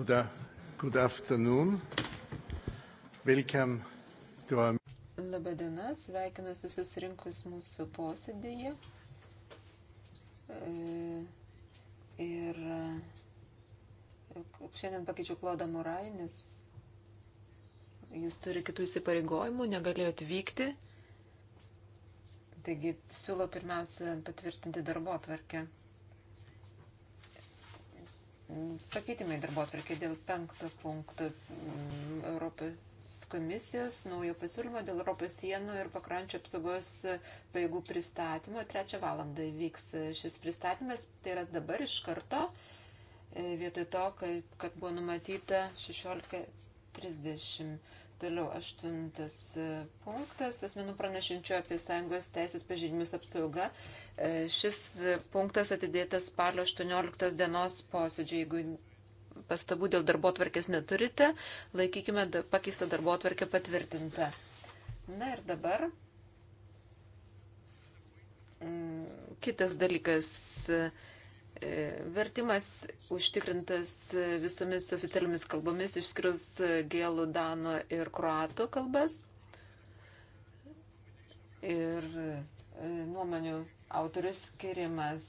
Good, good afternoon. Welcome to our. Labadiena, sveikinuosi susirinkus mūsų posėdėje. E, ir e, šiandien pakeičiu Klodą Murai, nes jis turi kitų įsipareigojimų, negalėjo atvykti. Taigi siūlau pirmiausia patvirtinti darbo tvarkę. Pakeitimai darbo atvarkė dėl penkto punkto mm, Europos komisijos naujo pasiūlymo dėl Europos sienų ir pakrančio apsaugos paėgų pristatymo. Trečią valandą vyks šis pristatymas, tai yra dabar iš karto, e, vietoj to, kad buvo numatyta 16.30. Toliau aštuntas e, punktas - asmenų pranašinčių apie sąjungos teisės pažydimus apsauga. E, šis e, punktas atidėtas spalio 18 dienos posėdžiai. Jeigu pastabų dėl darbo tvarkės neturite, laikykime pakeistą darbo tvarkę patvirtintą. Na ir dabar. Mm, kitas dalykas. E, vertimas užtikrintas visomis oficialiomis kalbomis, išskirius gėlų, danų ir kroatų kalbas. Ir e, nuomonių autorius skirimas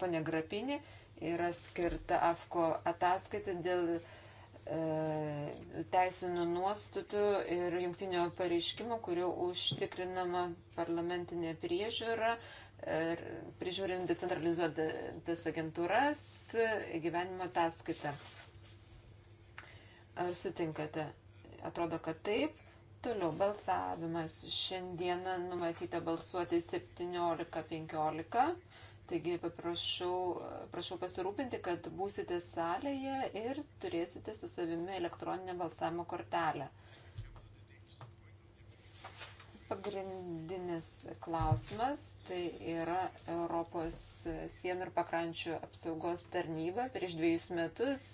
ponė Grapinė yra skirta AFKO ataskaita dėl e, teisinių nuostatų ir jungtinio pareiškimo, kuriuo užtikrinama parlamentinė priežiūra prižiūrint decentralizuotas agentūras gyvenimo ataskaitą. Ar sutinkate? Atrodo, kad taip. Toliau balsavimas. Šiandieną numatyta balsuoti 17.15. Taigi paprašau, prašau pasirūpinti, kad būsite salėje ir turėsite su savimi elektroninę balsavimo kortelę. Pagrindinis klausimas tai yra Europos sienų ir pakrančių apsaugos tarnyba. Prieš dviejus metus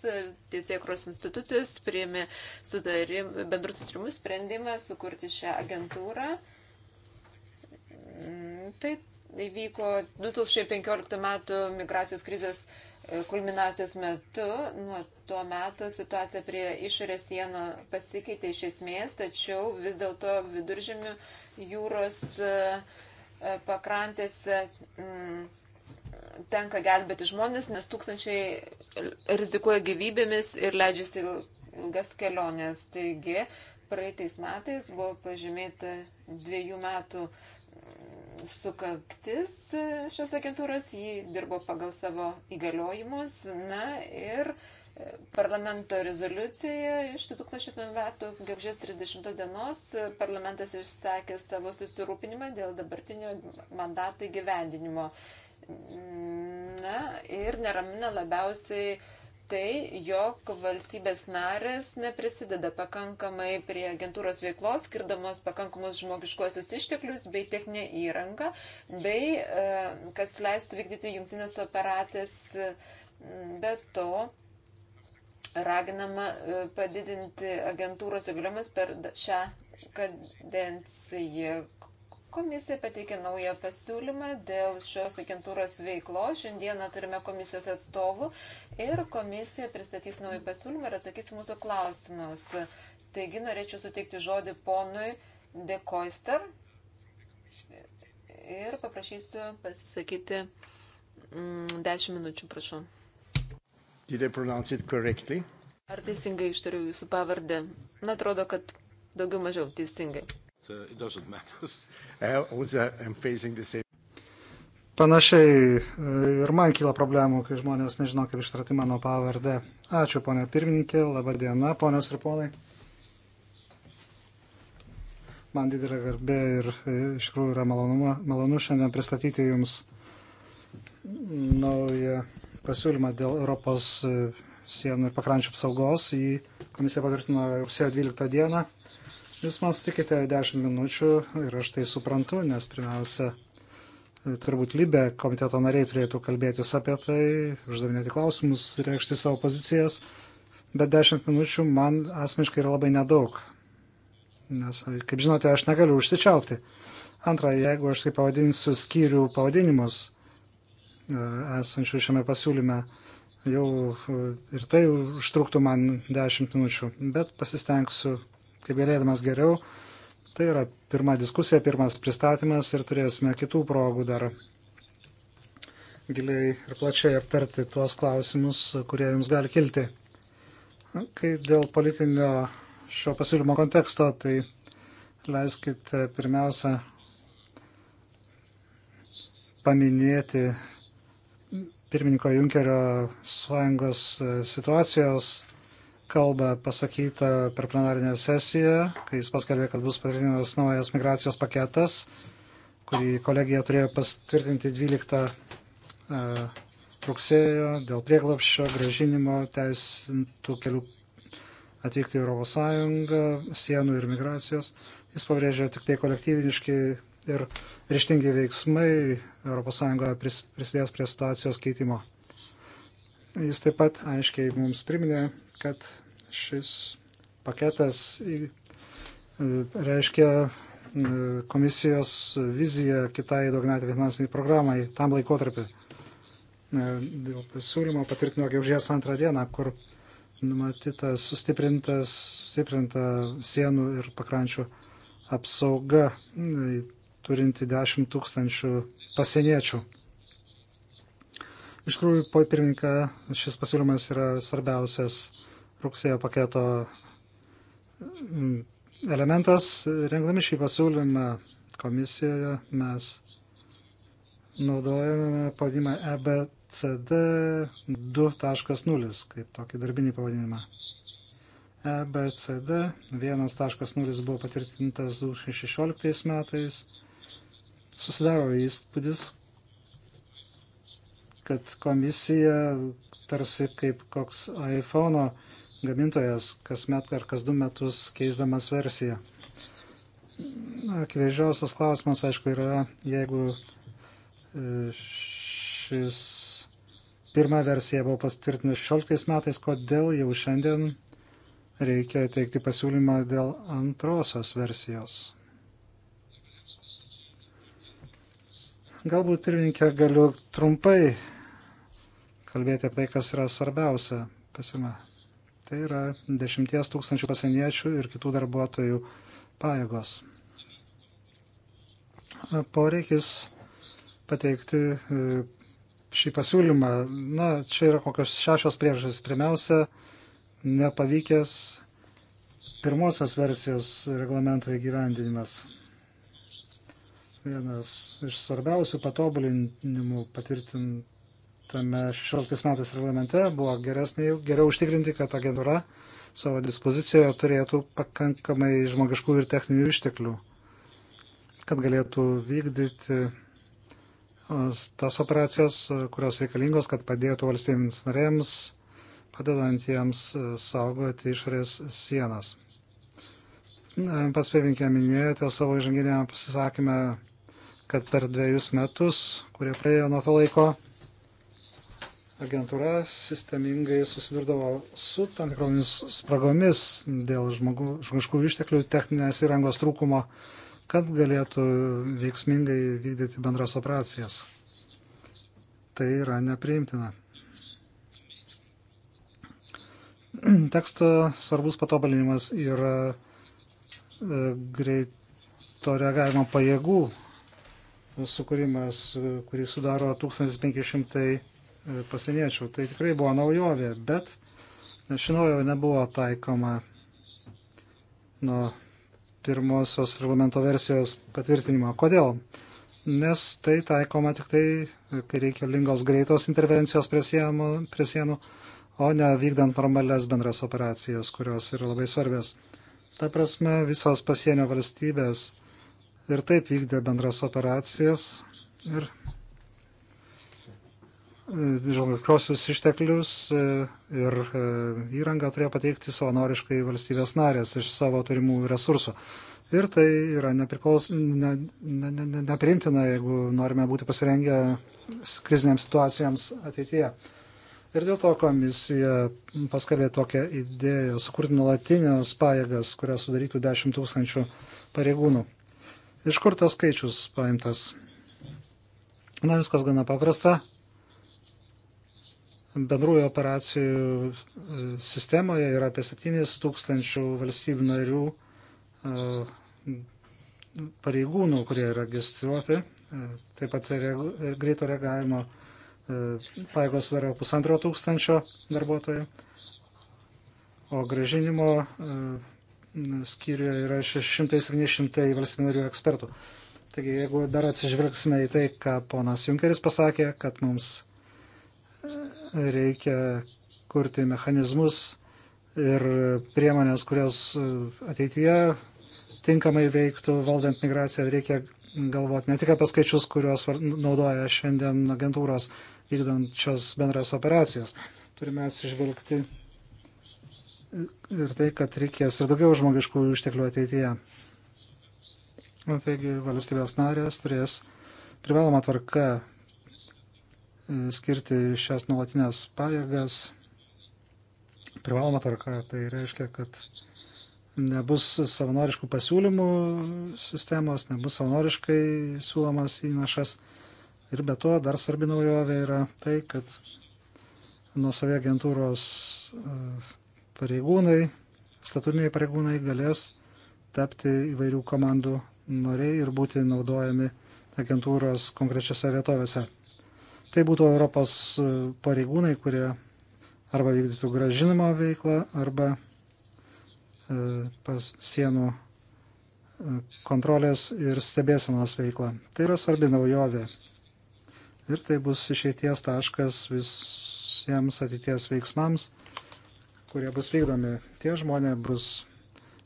Teisėkros institucijos priėmė sutarim, bendrus sutarimus sprendimą sukurti šią agentūrą. Mm, tai įvyko 2015 m. migracijos krizės e, kulminacijos metu, nuo tuo metu situacija prie išorės sienų pasikeitė iš esmės, tačiau vis dėlto viduržėmių uh, jūros e, e, pakrantėse mm, tenka gelbėti žmonės, nes tūkstančiai rizikuoja gyvybėmis ir leidžiasi ilgas keliones. Taigi, praeitais metais buvo pažymėta dviejų metų sukaktis šios agentūros, ji dirbo pagal savo įgaliojimus. Na ir uh, parlamento rezoliucijoje iš 2016 metų gegužės 30 dienos parlamentas išsakė savo susirūpinimą dėl dabartinio mandato įgyvendinimo. Na ir neramina labiausiai tai, jog valstybės narės neprisideda pakankamai prie agentūros veiklos, skirdamos pakankamus žmogiškuosius išteklius bei techninę įrangą, bei e, kas leistų vykdyti jungtinės operacijas. Be to, raginama e, padidinti agentūros įgaliojimus per šią kadenciją. Komisija pateikė naują pasiūlymą dėl šios agentūros veiklos. Šiandieną turime komisijos atstovų ir komisija pristatys naują pasiūlymą ir atsakys mūsų klausimus. Taigi norėčiau suteikti žodį ponui Dekoister ir paprašysiu pasisakyti 10 mm, minučių, prašau. Did I pronounce it correctly? Ar teisingai ištariau jūsų pavardę? Na, atrodo, kad daugiau mažiau teisingai. Uh, Panašiai e, ir man kyla problemų, kai žmonės nežino, kaip ištarti mano pavardę. Ačiū, ponia pirmininkė, laba diena, ponios ir ponai. Man didelė garbė ir e, iš tikrųjų yra malonu, malonu šiandien pristatyti jums naują pasiūlymą dėl Europos e, sienų ir pakrančių apsaugos. Jį komisija patvirtino rugsėjo 12 dieną. Jūs man sutikite 10 minučių ir aš tai suprantu, nes pirmiausia, e, turbūt Libė komiteto nariai turėtų kalbėtis apie tai, uždavinėti klausimus, reikšti savo pozicijas, bet 10 minučių man asmeniškai yra labai nedaug. Nes, kaip žinote, aš negaliu užsičiaupti. Antra, jeigu aš tai pavadinsiu skyrių pavadinimus, E, esančių šiame pasiūlyme jau e, ir tai užtruktų man 10 minučių, bet pasistengsiu, kaip galėdamas geriau. Tai yra pirma diskusija, pirmas pristatymas ir turėsime kitų progų dar giliai ir plačiai aptarti tuos klausimus, kurie jums gali kilti. Kai dėl politinio šio pasiūlymo konteksto, tai leiskit pirmiausia paminėti pirmininko Junkerio sąjungos e, situacijos kalbą pasakytą per plenarinę sesiją, kai jis paskelbė, kad bus patvirtintas naujas migracijos paketas, kurį kolegija turėjo pastvirtinti 12 e, rugsėjo dėl prieglapščio gražinimo teisintų kelių atvykti į ES, sienų ir migracijos. Jis pabrėžė tik tai kolektyviniški ir ryštingi veiksmai ES prisidės prie situacijos keitimo. Jis taip pat aiškiai mums priminė, kad šis paketas reiškia e, komisijos viziją kitai daugiametį finansiniai programai tam laikotarpiu. E, dėl pasiūlymo patvirtino gegužės antrą dieną, kur numatyta sustiprinta sienų ir pakrančių apsauga e, turinti 10 tūkstančių pasieniečių. Iš tikrųjų, po pirmininką šis pasiūlymas yra svarbiausias rugsėjo paketo mm, elementas. Rengdami šį pasiūlymą komisijoje mes naudojame pavadinimą EBCD 2.0 kaip tokį darbinį pavadinimą. EBCD 1.0 buvo patvirtintas 2016 metais Susidaro įspūdis, kad komisija tarsi kaip koks iPhone gamintojas kasmet ar kas du metus keisdamas versiją. Akivaizdžiausias klausimas, aišku, yra, jeigu e, šis pirma versija buvo pastvirtinta 16 metais, kodėl jau šiandien reikia teikti pasiūlymą dėl antrosios versijos. Galbūt, pirmininkė, galiu trumpai kalbėti apie tai, kas yra svarbiausia pasiūlyme. Tai yra 10 tūkstančių pasieniečių ir kitų darbuotojų pajėgos. Poreikis pateikti e, šį pasiūlymą, na, čia yra kokios šešios priežastys. Pirmiausia, nepavykęs pirmosios versijos reglamento įgyvendinimas vienas iš svarbiausių patobulinimų patvirtintame 16 metais reglamente buvo geresnė, geriau užtikrinti, kad agentūra savo dispozicijoje turėtų pakankamai žmogiškų ir techninių išteklių, kad galėtų vykdyti tas operacijas, kurios reikalingos, kad padėtų valstybėms narėms, padedant jiems e, saugoti išorės sienas. Pas pirmininkė minėjote savo įžanginėme pasisakymę kad per dviejus metus, kurie praėjo nuo to laiko, agentūra sistemingai susidurdavo su tam tikromis spragomis dėl žmogiškų išteklių techninės įrangos trūkumo, kad galėtų veiksmingai vykdyti bendras operacijas. Tai yra nepriimtina. Teksto svarbus patobulinimas yra e, greito reagavimo pajėgų sukūrimas, kurį sudaro 1500 e, pasieniečių. Tai tikrai buvo naujovė, bet ši naujovė nebuvo taikoma nuo pirmosios reglamento versijos patvirtinimo. Kodėl? Nes tai taikoma tik tai, e, kai reikalingos greitos intervencijos prie sienų, prie sienų, o ne vykdant normalias bendras operacijas, kurios yra labai svarbios. Ta prasme, visos pasienio valstybės ir taip vykdė bendras operacijas ir e, žmogiškosius išteklius e, ir e, įrangą turėjo pateikti savanoriškai valstybės narės iš savo turimų resursų. Ir tai yra nepriklaus, ne, ne, ne, nepriimtina, jeigu norime būti pasirengę krizinėms situacijoms ateityje. Ir dėl to komisija paskelbė tokią idėją sukurti nuolatinės pajėgas, kurias sudarytų 10 tūkstančių pareigūnų. Iš kur tas skaičius paimtas? Na, viskas gana paprasta. Bendrųjų operacijų e, sistemoje yra apie 7000 valstybių narių e, pareigūnų, kurie yra registruoti. E, taip pat greito reagavimo paėgos yra pusantro tūkstančio darbuotojų, o gražinimo skyriuje yra 600-700 valstybinarių ekspertų. Taigi, jeigu dar atsižvelgsime į tai, ką ponas Junkeris pasakė, kad mums e, reikia kurti mechanizmus ir priemonės, kurios e, ateityje tinkamai veiktų valdant migraciją, reikia galvoti ne tik apie skaičius, kuriuos naudoja šiandien agentūros vykdančios bendras operacijas. Turime atsižvelgti ir tai, kad reikės ir daugiau žmogiškų išteklių ateityje. Na, taigi valstybės narės turės privaloma tvarka e, skirti šias nuolatinės pajėgas. Privaloma tvarka tai reiškia, kad nebus savanoriškų pasiūlymų sistemos, nebus savanoriškai siūlomas įnašas. Ir be to dar svarbi naujovė yra tai, kad nuosavė agentūros uh, pareigūnai, statutiniai pareigūnai galės tapti įvairių komandų nariai ir būti naudojami agentūros konkrečiose vietovėse. Tai būtų Europos pareigūnai, kurie arba vykdytų gražinimo veiklą, arba e, pas sienų e, kontrolės ir stebėsenos veiklą. Tai yra svarbi naujovė. Ir tai bus išeities taškas visiems ateities veiksmams kurie bus vykdomi. Tie žmonės bus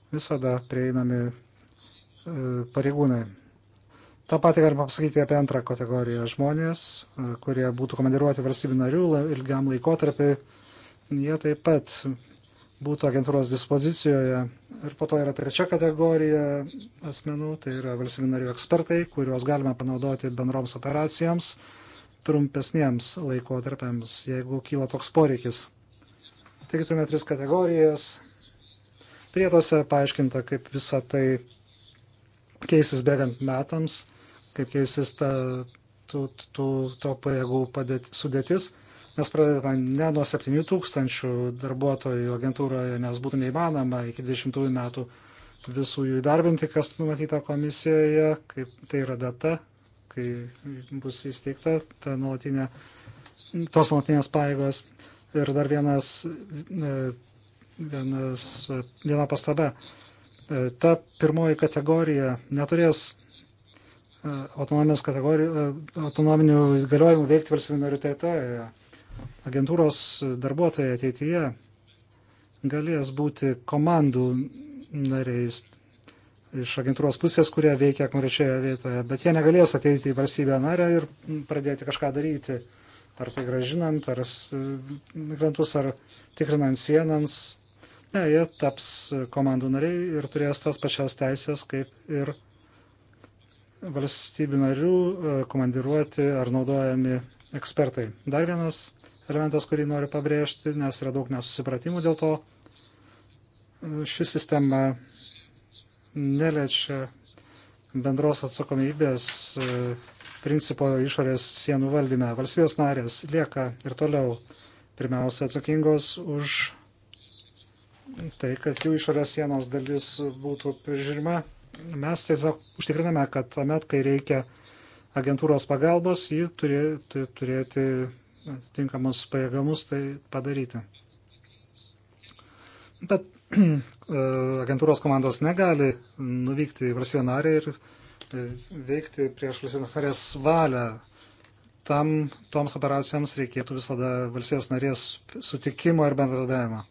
visada prieinami e, pareigūnai. Ta pati galima pasakyti apie antrą kategoriją žmonės, e, kurie būtų komandiruoti valstybių narių ilgiam laikotarpiai. Jie taip pat būtų agentūros dispozicijoje. Ir po to yra trečia kategorija asmenų, tai yra valstybių narių ekspertai, kuriuos galima panaudoti bendroms operacijoms trumpesniems laikotarpiams, jeigu kyla toks poreikis. Taigi turime tris kategorijas. Prietose paaiškinta, kaip visa tai keisis bėgant metams, kaip keisis ta, tų, tų, to pajėgų padėt, sudėtis. Mes pradedame ne nuo 7000 darbuotojų agentūroje, nes būtų neįmanoma iki 20 metų visų jų įdarbinti, kas numatyta komisijoje, kaip tai yra data, kai bus įsteigta ta nuolatinė, tos nuolatinės paėgos. Ir dar vienas, e, vienas, viena pastaba. E, ta pirmoji kategorija neturės e, autonominių įgaliojimų veikti valstybių narių teritorijoje. Agentūros darbuotojai ateityje galės būti komandų nariais iš agentūros pusės, kurie veikia konkrečioje vietoje, bet jie negalės ateiti į valstybę narę ir pradėti kažką daryti ar tai gražinant, ar migrantus, ar tikrinant sienans. Ne, jie taps komandų nariai ir turės tas pačias teisės kaip ir valstybių narių e, komandiruoti ar naudojami ekspertai. Dar vienas elementas, kurį noriu pabrėžti, nes yra daug nesusipratimų dėl to. E, ši sistema neliečia bendros atsakomybės e, principo išorės sienų valdyme. Valstybės narės lieka ir toliau pirmiausia atsakingos už tai, kad jų išorės sienos dalis būtų prižiūrima. Mes tiesiog užtikriname, kad tuomet, kai reikia agentūros pagalbos, ji turi, turi turėti atitinkamus pajėgamus tai padaryti. Bet e, agentūros komandos negali nuvykti į Varsienarį ir veikti prieš valstybės narės valią. Tam toms operacijoms reikėtų visada valstybės narės sutikimo ir bendradarbiavimo.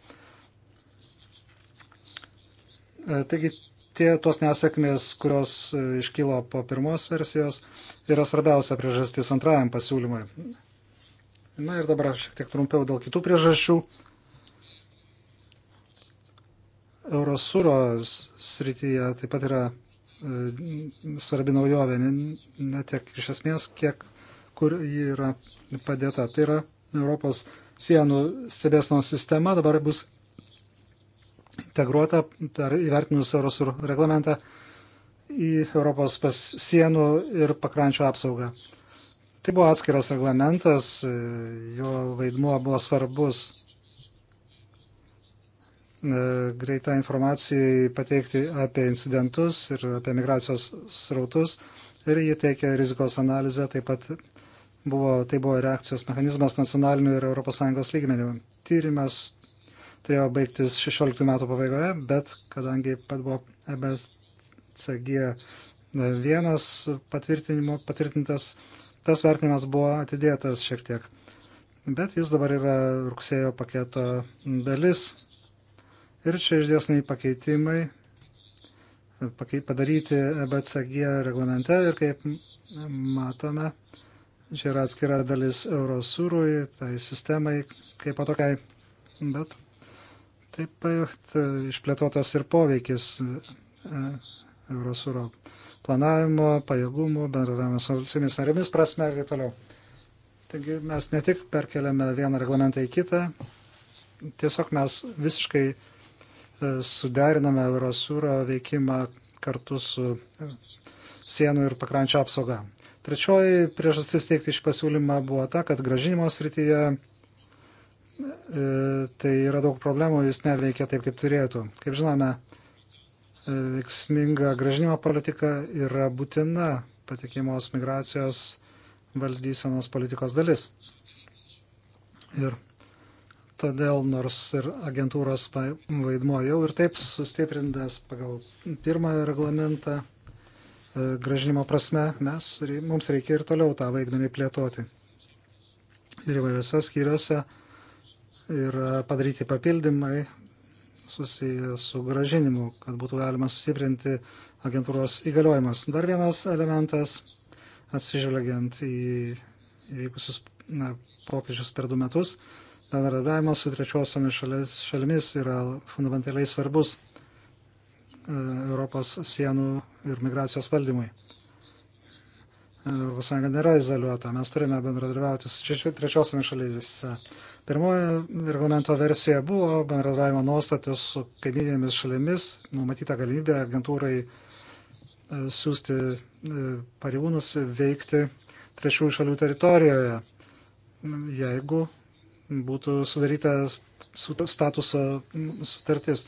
E, taigi tie tos nesėkmės, kurios e, iškylo po pirmos versijos, yra svarbiausia priežastis antrajam pasiūlymui. Na ir dabar šiek tiek trumpiau dėl kitų priežasčių. Eurosūros srityje taip pat yra E, svarbi naujovė, ne tiek iš esmės, kiek kur ji yra padėta. Tai yra Europos sienų stebėsnos sistema, dabar bus integruota per įvertinus Eurosur reglamentą į Europos sienų ir pakrančio apsaugą. Tai buvo atskiras reglamentas, e, jo vaidmuo buvo svarbus E, greitą informaciją pateikti apie incidentus ir apie migracijos srautus ir ji teikia rizikos analizę, taip pat buvo, tai buvo reakcijos mechanizmas nacionaliniu ir ES lygmeniu. Tyrimas turėjo baigtis 16 metų pabaigoje, bet kadangi pat buvo EBCG vienas patvirtintas, tas vertinimas buvo atidėtas šiek tiek. Bet jis dabar yra rugsėjo paketo dalis Ir čia išdėsniai pakeitimai padaryti e BCG reglamente ir kaip matome, čia yra atskira dalis Eurosūrui, tai sistemai kaip patokiai, bet taip pat išplėtotas ir poveikis e, Eurosūro planavimo, pajėgumų, bendradavimo su valstybėmis narėmis prasme ir taip toliau. Taigi mes ne tik perkeliame vieną reglamentą į kitą, tiesiog mes visiškai suderiname Eurosūro veikimą kartu su sienų ir pakrančio apsauga. Trečioji priežastis teikti šį pasiūlymą buvo ta, kad gražinimo srityje e, tai yra daug problemų, jis neveikia taip, kaip turėtų. Kaip žinome, e, veiksminga gražinimo politika yra būtina patikimos migracijos valdysenos politikos dalis. Ir Todėl nors ir agentūros vaidmo jau ir taip sustiprintas pagal pirmąjį reglamentą e, gražinimo prasme, mes, mums reikia ir toliau tą vaidmenį plėtoti. Ir įvairiose skyriuose yra padaryti papildymai susiję su gražinimu, kad būtų galima sustiprinti agentūros įgaliojimus. Dar vienas elementas, atsižvelgiant į įvykusius na, pokyčius per du metus, bendradarbiavimas su trečiosiomis šalimis yra fundamentaliai svarbus e, Europos sienų ir migracijos valdymui. ES nėra izoliuota, mes turime bendradarbiauti su trečiosiamis šalimis. Pirmoji reglamento versija buvo bendradarbiavimo nuostatos su kaiminėmis šalimis, numatyta galimybė agentūrai e, siūsti e, pareigūnus veikti trečiųjų šalių teritorijoje, jeigu būtų sudaryta statuso sutartis.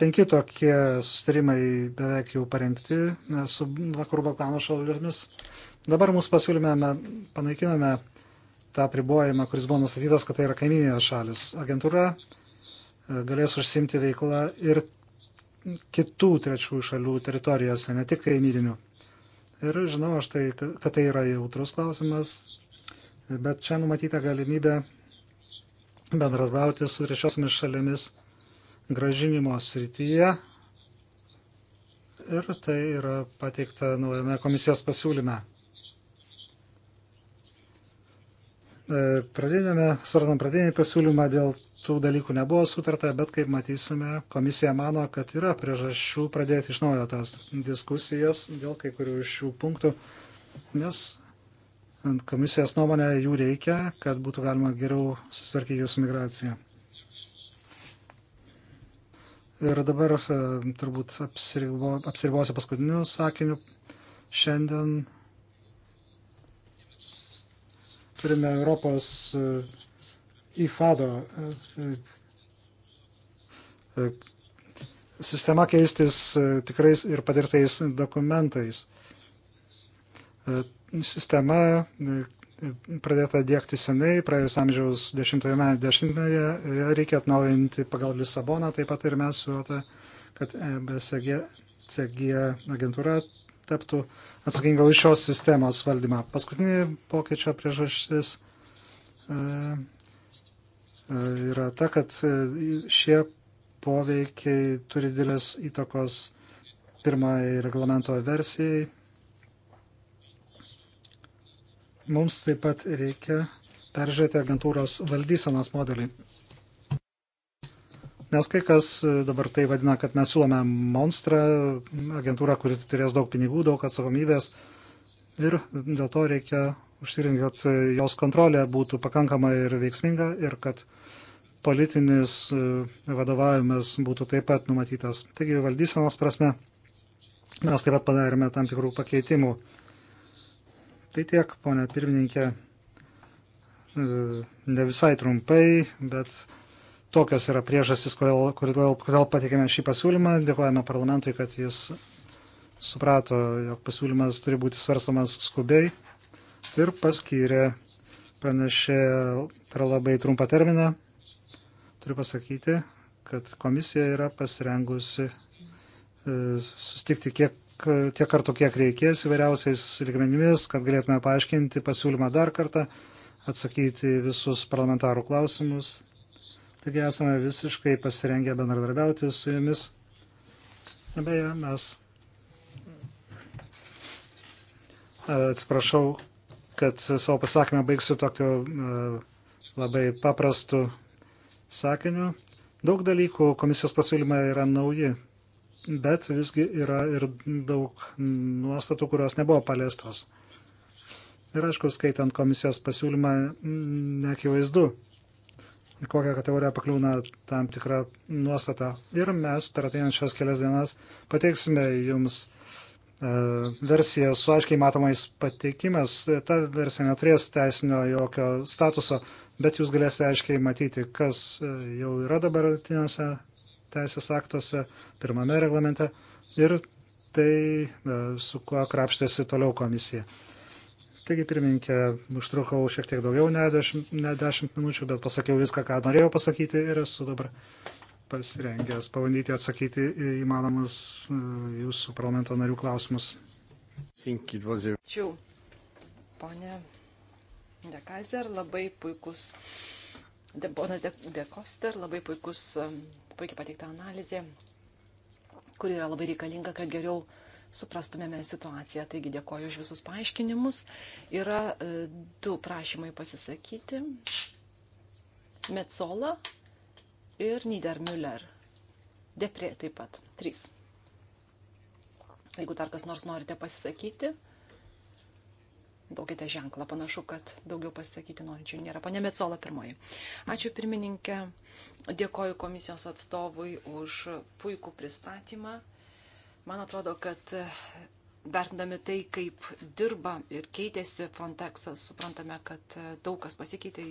Penki tokie sustarimai beveik jau parengti e, su Vakarų Balkanų šalimis. Dabar mūsų pasiūlyme panaikiname tą pribojimą, kuris buvo nustatytas, kad tai yra kaiminės šalis. Agentūra e, galės užsimti veiklą ir kitų trečių šalių teritorijose, ne tik kaimyninių. Ir žinau, aš tai, kad tai yra jautrus klausimas, bet čia numatyta galimybė bendradarbiauti su trečiosiomis šalimis gražinimo srityje. Ir tai yra pateikta naujame komisijos pasiūlyme. E, Pradinėme, svarstant pradinį pasiūlymą, dėl tų dalykų nebuvo sutarta, bet kaip matysime, komisija mano, kad yra priežasčių pradėti iš naujo tas diskusijas dėl kai kurių iš šių punktų, nes Komisijos nuomonė jų reikia, kad būtų galima geriau susitvarkyti su migracija. Ir dabar e, turbūt apsiribo, apsiribosiu paskutiniu sakiniu. Šiandien turime Europos e, IFADO e, sistema keistis tikrais ir padirtais dokumentais sistema pradėta dėkti senai, praėjus amžiaus 10-ame dešimtmetyje, e, reikia atnaujinti pagal Lisaboną, taip pat ir mes siūlote, kad e, BSG CG e agentūra taptų atsakinga už šios sistemos valdymą. Paskutinė pokyčio priežastis yra ta, kad šie poveikiai turi didelės įtakos pirmai reglamento versijai Mums taip pat reikia peržiūrėti agentūros valdysenos modelį. Nes kai kas dabar tai vadina, kad mes siūlome monstrą, agentūrą, kuri turės daug pinigų, daug atsakomybės ir dėl to reikia užtikrinti, kad jos kontrolė būtų pakankama ir veiksminga ir kad politinis e, vadovavimas būtų taip pat numatytas. Taigi valdysenos prasme mes taip pat padarėme tam tikrų pakeitimų. Tai tiek, ponė pirmininkė, ne visai trumpai, bet tokios yra priežastys, kodėl, kodėl, kodėl patikėme šį pasiūlymą. Dėkojame parlamentui, kad jis suprato, jog pasiūlymas turi būti svarstamas skubiai ir paskyrė pranešė per labai trumpą terminą. Turiu pasakyti, kad komisija yra pasirengusi e, sustikti kiek tiek kartų, kiek reikės įvairiausiais lygmenimis, kad galėtume paaiškinti pasiūlymą dar kartą, atsakyti visus parlamentarų klausimus. Taigi esame visiškai pasirengę bendradarbiauti su jumis. Beje, mes. E, atsiprašau, kad savo pasakymą baigsiu tokiu e, labai paprastu sakiniu. Daug dalykų komisijos pasiūlyme yra nauji, bet visgi yra ir daug nuostatų, kurios nebuvo paliestos. Ir aišku, skaitant komisijos pasiūlymą, nekivaizdu, kokią kategoriją pakliūna tam tikra nuostata. Ir mes per ateinančias kelias dienas pateiksime jums e, versija su aiškiai matomais pateikimas. Ta versija neturės teisinio jokio statuso, bet jūs galėsite aiškiai matyti, kas e, jau yra dabartiniuose teisės aktuose, pirmame reglamente ir tai, e, su kuo krapštėsi toliau komisija. Taigi, pirmininkė, užtrukau šiek tiek daugiau, ne 10, ne 10 minučių, bet pasakiau viską, ką norėjau pasakyti ir esu dabar pasirengęs pabandyti atsakyti į įmanomus e, jūsų parlamento narių klausimus. Ačiū. Pone Dekazer, labai puikus, ponas Dekoster, labai puikus puikiai pateikta analizė, kuri yra labai reikalinga, kad geriau suprastumėme situaciją. Taigi dėkoju už visus paaiškinimus. Yra e, du prašymai pasisakyti. Metzola ir Niedermüller. Deprė taip pat. Trys. Jeigu dar kas nors norite pasisakyti, Daukite ženklą, panašu, kad daugiau pasakyti norinčių nėra. Pane Metsola pirmoji. Ačiū pirmininkė, dėkoju komisijos atstovui už puikų pristatymą. Man atrodo, kad e, vertindami tai, kaip dirba ir keitėsi Frontexas, suprantame, kad e, daug kas pasikeitė,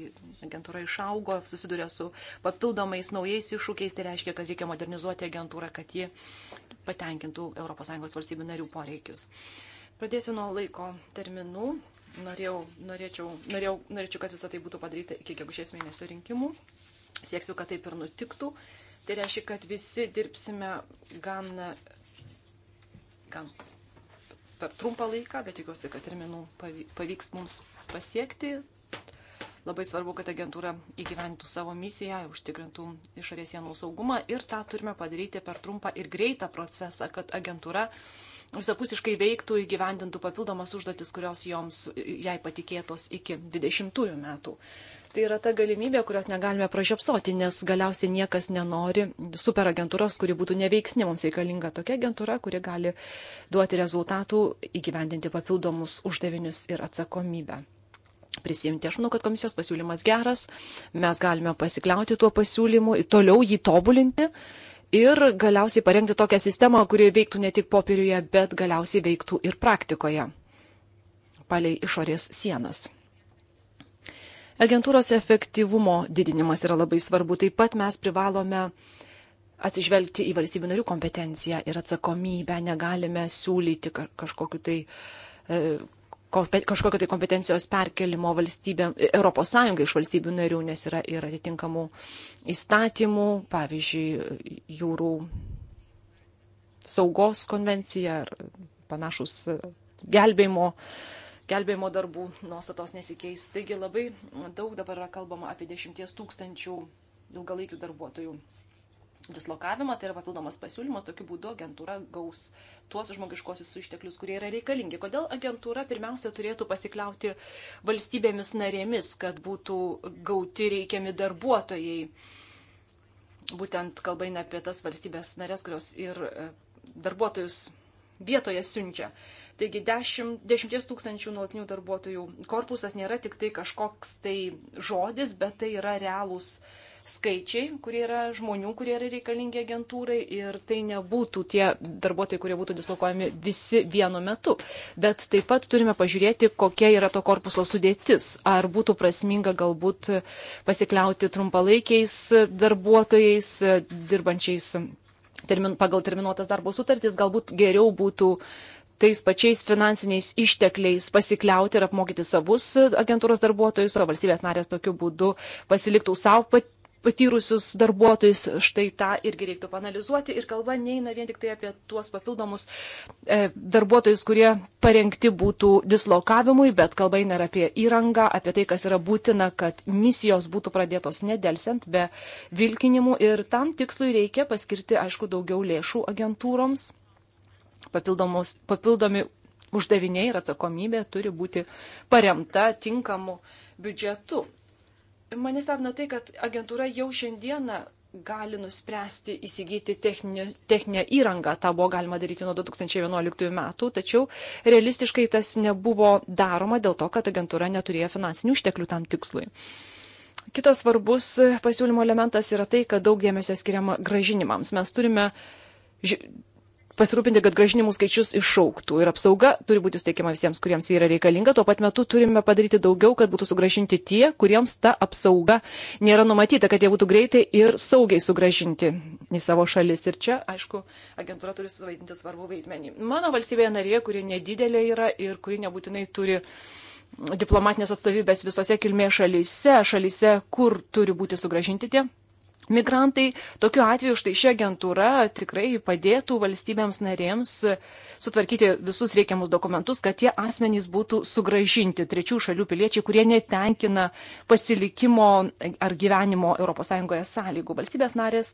agentūra išaugo, susiduria su papildomais naujais iššūkiais, tai reiškia, kad reikia modernizuoti agentūrą, kad ji patenkintų ES valstybių narių poreikius. Pradėsiu nuo laiko terminų. Norėjau, norėčiau, norėjau, norėčiau, kad visą tai būtų padaryta iki gegužės mėnesio rinkimų. Sieksiu, kad taip ir nutiktų. Tai reiškia, kad visi dirbsime gan, gan per trumpą laiką, bet tikiuosi, kad terminų pavyks mums pasiekti. Labai svarbu, kad agentūra įgyventų savo misiją, užtikrintų išorės sienų saugumą ir tą turime padaryti per trumpą ir greitą procesą, kad agentūra uh, visapusiškai veiktų įgyvendintų papildomas užduotis, kurios joms jai patikėtos iki 20 metų. Tai yra ta galimybė, kurios negalime pražiopsoti, nes galiausiai niekas nenori superagentūros, kuri būtų neveiksni. Mums reikalinga tokia agentūra, kuri gali duoti rezultatų, įgyvendinti papildomus uždavinius ir atsakomybę. Prisimti. Aš manau, kad komisijos pasiūlymas geras, mes galime pasikliauti tuo pasiūlymu, toliau jį tobulinti. Uh, ir galiausiai parengti tokią sistemą, kuri veiktų ne tik popieriuje, bet galiausiai veiktų ir praktikoje, palei išorės sienas. Agentūros efektyvumo didinimas yra labai svarbu. Taip pat mes privalome atsižvelgti į valstybių narių kompetenciją ir atsakomybę. Negalime siūlyti kažkokiu tai e, kažkokio tai kompetencijos perkelimo valstybė, ES iš valstybių narių, nes yra ir atitinkamų įstatymų, pavyzdžiui, jūrų saugos konvencija ar panašus gelbėjimo, gelbėjimo darbų nuostatos nesikeis. Taigi labai daug dabar yra kalbama apie 10 tūkstančių ilgalaikių darbuotojų dislokavimą, tai yra papildomas pasiūlymas, tokiu būdu agentūra gaus tuos žmogiškosius išteklius, kurie yra reikalingi. Kodėl agentūra pirmiausia turėtų pasikliauti valstybėmis narėmis, kad būtų gauti reikiami darbuotojai? Būtent kalba eina apie tas valstybės narės, kurios ir e, darbuotojus vietoje siunčia. Taigi 10 dešimt, tūkstančių nuolatinių darbuotojų korpusas nėra tik tai kažkoks tai žodis, bet tai yra realūs uh, skaičiai, kurie yra žmonių, kurie yra reikalingi agentūrai ir tai nebūtų tie darbuotojai, kurie būtų dislokuojami visi vienu metu. Bet taip pat turime pažiūrėti, kokia yra to korpuso sudėtis. Ar būtų prasminga galbūt pasikliauti trumpalaikiais darbuotojais, dirbančiais termin, pagal terminuotas darbo sutartys, galbūt geriau būtų tais pačiais finansiniais ištekliais pasikliauti ir apmokyti savus agentūros darbuotojus, o valstybės narės tokiu būdu pasiliktų savo patyrusius darbuotojus, štai tą irgi reiktų panalizuoti. Ir kalba neina vien tik tai apie tuos papildomus e, darbuotojus, kurie parengti būtų dislokavimui, bet kalba eina ir apie įrangą, apie tai, kas yra būtina, kad misijos būtų pradėtos nedelsiant, be vilkinimų. Ir tam tikslui reikia paskirti, aišku, daugiau lėšų agentūroms. Papildomi uždaviniai ir atsakomybė turi būti paremta tinkamu biudžetu. Mane stebina tai, kad agentūra jau šiandieną gali nuspręsti įsigyti techninio, techninę įrangą. Ta buvo galima daryti nuo 2011 metų, tačiau realistiškai tas nebuvo daroma dėl to, kad agentūra neturėjo finansinių išteklių tam tikslui. Kitas svarbus pasiūlymo elementas yra tai, kad daug dėmesio skiriama gražinimams. Mes turime pasirūpinti, kad gražinimų skaičius išauktų ir apsauga turi būti suteikiama visiems, kuriems yra reikalinga. Tuo pat metu turime padaryti daugiau, kad būtų sugražinti tie, kuriems ta apsauga nėra numatyta, kad jie būtų greitai ir saugiai sugražinti į savo šalis. Ir čia, aišku, agentūra turi suvaidinti svarbų vaidmenį. Mano valstybėje narėje, kuri nedidelė yra ir kuri nebūtinai turi diplomatinės atstovybės visose kilmės šalyse, šalyse, kur turi būti sugražinti tie Migrantai tokiu atveju štai ši agentūra tikrai padėtų valstybėms narėms sutvarkyti visus reikiamus dokumentus, kad tie asmenys būtų sugražinti trečių šalių piliečiai, kurie netenkina pasilikimo ar gyvenimo ES sąlygų. Valstybės narės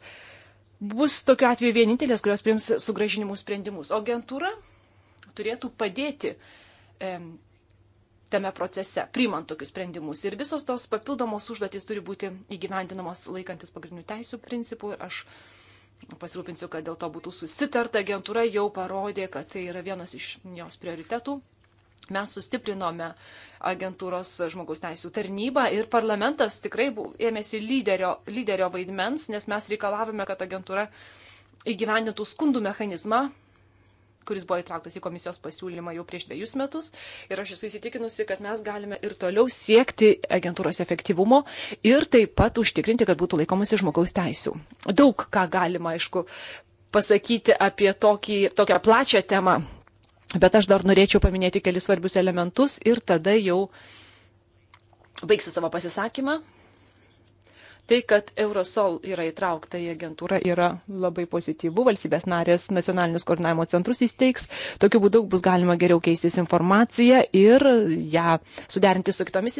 bus tokiu atveju vienintelės, kurios priims sugražinimų sprendimus. O agentūra turėtų padėti e, tame procese, priimant tokius sprendimus. Ir visos tos papildomos užduotys turi būti įgyvendinamos laikantis pagrindinių teisų principų. Ir aš pasirūpinsiu, kad dėl to būtų susitarta. Agentūra jau parodė, kad tai yra vienas iš jos prioritetų. Mes sustiprinome agentūros žmogaus teisų tarnybą ir parlamentas tikrai buvo, ėmėsi lyderio, lyderio vaidmens, nes mes reikalavome, kad agentūra įgyvendintų skundų mechanizmą kuris buvo įtrauktas į komisijos pasiūlymą jau prieš dviejus metus. Ir aš esu įsitikinusi, kad mes galime ir toliau siekti agentūros efektyvumo ir taip pat užtikrinti, kad būtų laikomasi žmogaus teisų. Daug ką galima, aišku, pasakyti apie tokį, tokią plačią temą, bet aš dar norėčiau paminėti kelis svarbius elementus ir tada jau baigsiu savo pasisakymą Tai, kad Eurosol yra įtraukta į agentūrą, yra labai pozityvu. Valstybės narės nacionalinius koordinavimo centrus įsteigs. Tokiu būdu bus galima geriau keistis informaciją ir ją suderinti su kitomis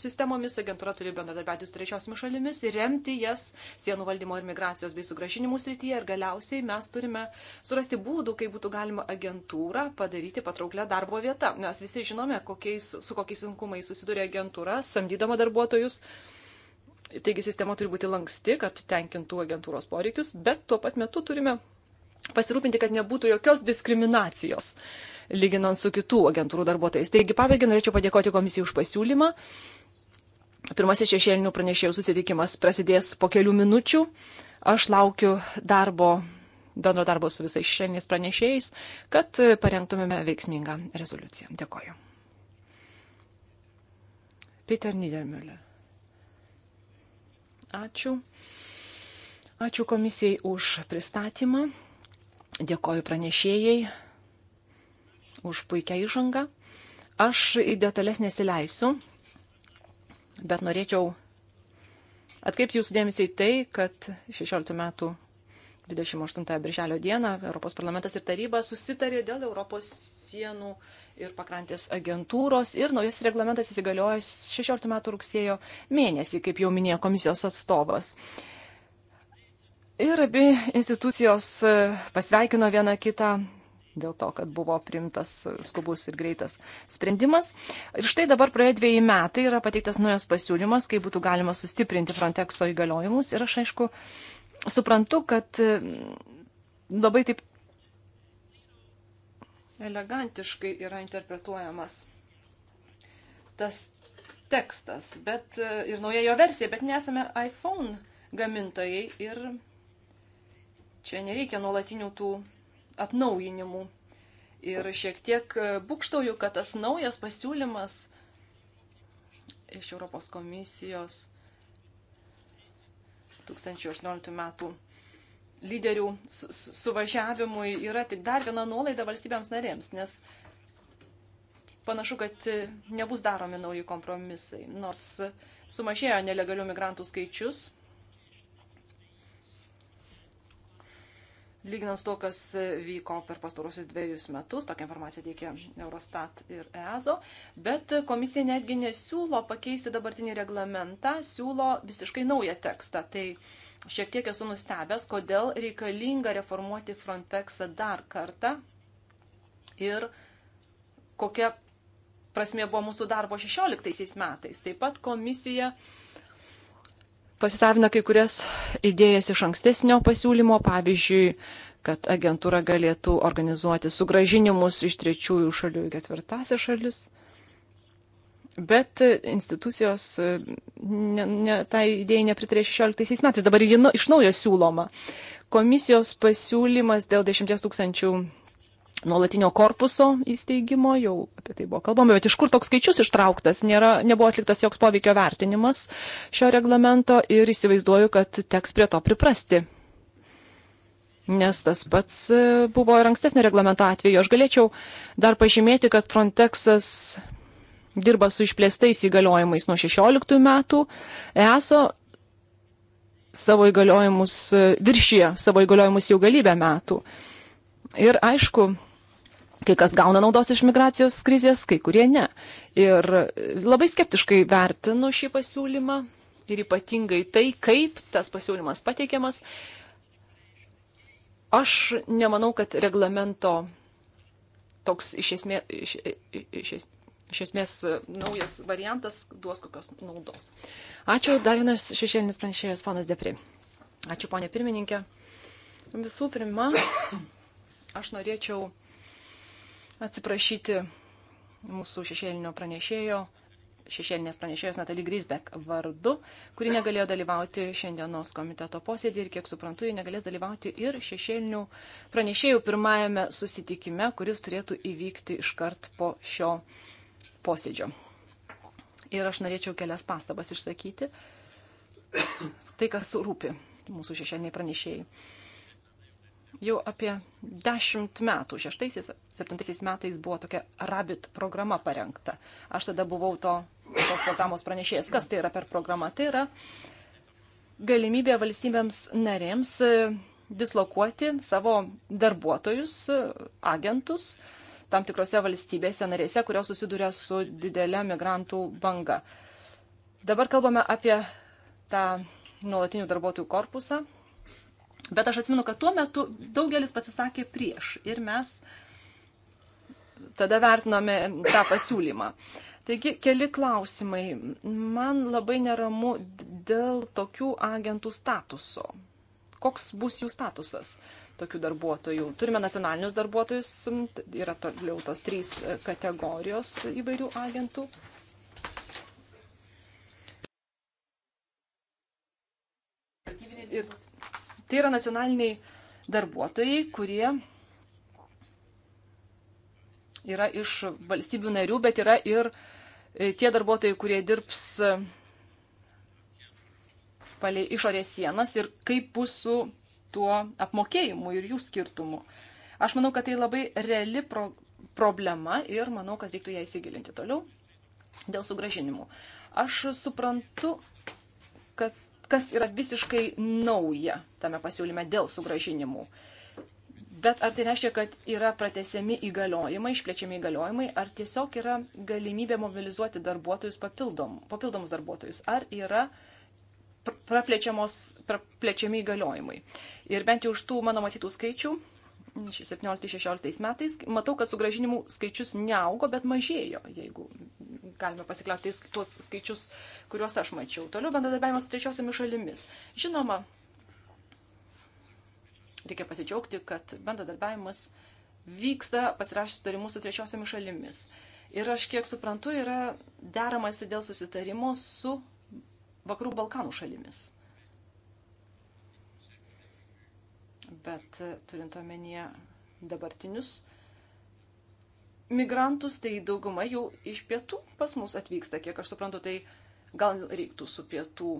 sistemomis. Agentūra turi bendradarbiauti su trečiosiomis šalimis ir remti jas sienų valdymo ir migracijos bei sugražinimų srityje. Ir galiausiai mes turime surasti būdų, kaip būtų galima agentūrą padaryti patrauklę darbo vietą. Mes visi žinome, kokiais, su kokiais sunkumais susiduria agentūra, samdydama darbuotojus. Thank you Taigi sistema turi būti lanksti, kad tenkintų agentūros poreikius, bet tuo pat metu turime pasirūpinti, kad nebūtų jokios diskriminacijos lyginant su kitų agentūrų darbuotojais. Taigi, pabaigai, norėčiau padėkoti komisijai už pasiūlymą. Pirmasis šešėlinių pranešėjų susitikimas prasidės po kelių minučių. Aš laukiu darbo, bendro darbo su visais šešėliniais pranešėjais, kad parengtumėme veiksmingą rezoliuciją. Dėkoju. Peter Niedermüller. Ačiū. Ačiū komisijai už pristatymą. Dėkoju pranešėjai už puikią įžangą. Aš į detalės nesileisiu, bet norėčiau atkreipti jūsų dėmesį į tai, kad 16 metų 28 birželio dieną Europos parlamentas ir taryba susitarė dėl Europos sienų ir pakrantės agentūros ir naujas reglamentas įsigaliojo 16 metų rugsėjo mėnesį, kaip jau minėjo komisijos atstovas. Ir abi institucijos e, pasveikino vieną kitą dėl to, kad buvo primtas skubus ir greitas sprendimas. Ir štai dabar praėjo dviejai metai yra pateiktas naujas pasiūlymas, kaip būtų galima sustiprinti Frontexo įgaliojimus. Ir aš aišku, suprantu, kad mm, labai taip elegantiškai yra interpretuojamas tas tekstas, bet e, ir nauja jo versija, bet nesame iPhone gamintojai ir čia nereikia nuolatinių tų atnaujinimų. Ir šiek tiek e, būkštauju, kad tas naujas pasiūlymas iš Europos komisijos 2018 metų lyderių suvažiavimui yra tik dar viena nuolaida valstybėms narėms, nes panašu, kad nebus daromi nauji kompromisai. Nors sumažėjo nelegalių migrantų skaičius lyginant su to, kas vyko per pastarosius dviejus metus, tokia informacija teikia Eurostat ir EASO, bet komisija netgi nesiūlo pakeisti dabartinį reglamentą, siūlo visiškai naują tekstą. Tai šiek tiek esu nustebęs, kodėl reikalinga reformuoti Frontexą dar kartą ir kokia prasmė buvo mūsų darbo 16 metais. Taip pat komisija uh, pasisavina kai kurias idėjas iš ankstesnio pasiūlymo, pavyzdžiui, kad agentūra galėtų organizuoti sugražinimus iš trečiųjų šalių į ketvirtąsias šalis. Bet institucijos e, ne, ne, tai idėjai nepritarė 16 metais, dabar ji nu, iš naujo siūloma. Komisijos pasiūlymas dėl 10 tūkstančių 000 nuolatinio korpuso įsteigimo, jau apie tai buvo kalbama, bet iš kur toks skaičius ištrauktas, nėra, nebuvo atliktas joks poveikio vertinimas šio reglamento ir įsivaizduoju, kad teks prie to priprasti. Nes tas pats e, buvo ir ankstesnio reglamento atveju. Aš galėčiau dar pažymėti, kad Frontexas dirba su išplėstais įgaliojimais nuo 16 metų. ESO savo įgaliojimus e, viršyje, savo įgaliojimus jau galybę metų. Ir aišku, Kai kas gauna naudos iš migracijos krizės, kai kurie ne. Ir labai skeptiškai vertinu šį pasiūlymą ir ypatingai tai, kaip tas pasiūlymas pateikiamas. Aš nemanau, kad reglamento toks iš esmės, iš, iš, iš esmės naujas variantas duos kokios naudos. Ačiū, dar vienas šešėlinis pranešėjas, panas Depri. Ačiū, ponė pirmininkė. Visų pirma, aš norėčiau atsiprašyti mūsų šešėlinio pranešėjo, šešėlinės pranešėjos Natali Grisbek vardu, kuri negalėjo dalyvauti šiandienos komiteto posėdį ir, kiek suprantu, ji negalės dalyvauti ir šešėlinių pranešėjų pirmajame susitikime, kuris turėtų įvykti iškart po šio posėdžio. Ir aš norėčiau kelias pastabas išsakyti. Tai, kas rūpi mūsų šešėliniai pranešėjai jau apie dešimt metų, šeštaisiais, septintaisiais metais buvo tokia Rabbit programa parengta. Aš tada buvau to, tos programos pranešėjas. Kas tai yra per programą? Tai yra galimybė valstybėms narėms e, dislokuoti savo darbuotojus, agentus tam tikrose valstybėse narėse, kurios susiduria su didelė migrantų banga. Dabar kalbame apie tą nuolatinių darbuotojų korpusą, Bet aš atsimenu, kad tuo metu daugelis pasisakė prieš ir mes tada vertinome tą pasiūlymą. Taigi, keli klausimai. Man labai neramu dėl tokių agentų statuso. Koks bus jų statusas tokių darbuotojų? Turime nacionalinius darbuotojus, yra toliau tos trys kategorijos įvairių agentų. Ir Tai yra nacionaliniai darbuotojai, kurie yra iš valstybių narių, bet yra ir e, tie darbuotojai, kurie dirbs e, palei išorės sienas ir kaip bus su tuo apmokėjimu ir jų skirtumu. Aš manau, kad tai labai reali pro problema ir manau, kad reiktų ją įsigilinti toliau dėl sugražinimų. Aš suprantu, kad kas yra visiškai nauja tame pasiūlyme dėl sugražinimų. Bet ar tai reiškia, kad yra pratesiami įgaliojimai, išplečiami įgaliojimai, ar tiesiog yra galimybė mobilizuoti darbuotojus papildom, papildomus darbuotojus, ar yra praplečiami įgaliojimai. Ir bent jau už tų mano matytų skaičių 17-16 metais. Matau, kad sugražinimų skaičius neaugo, bet mažėjo, jeigu galime pasikliauti tuos skaičius, kuriuos aš mačiau. Toliau bendradarbiavimas su trečiosiomis šalimis. Žinoma, reikia pasidžiaugti, kad bendradarbiavimas vyksta pasirašus sutarimus su trečiosiomis šalimis. Ir aš kiek suprantu, yra deramasi dėl susitarimo su Vakarų Balkanų šalimis. bet e, turint omenyje dabartinius migrantus, tai dauguma jau iš pietų pas mus atvyksta, kiek aš suprantu, tai gal reiktų su pietų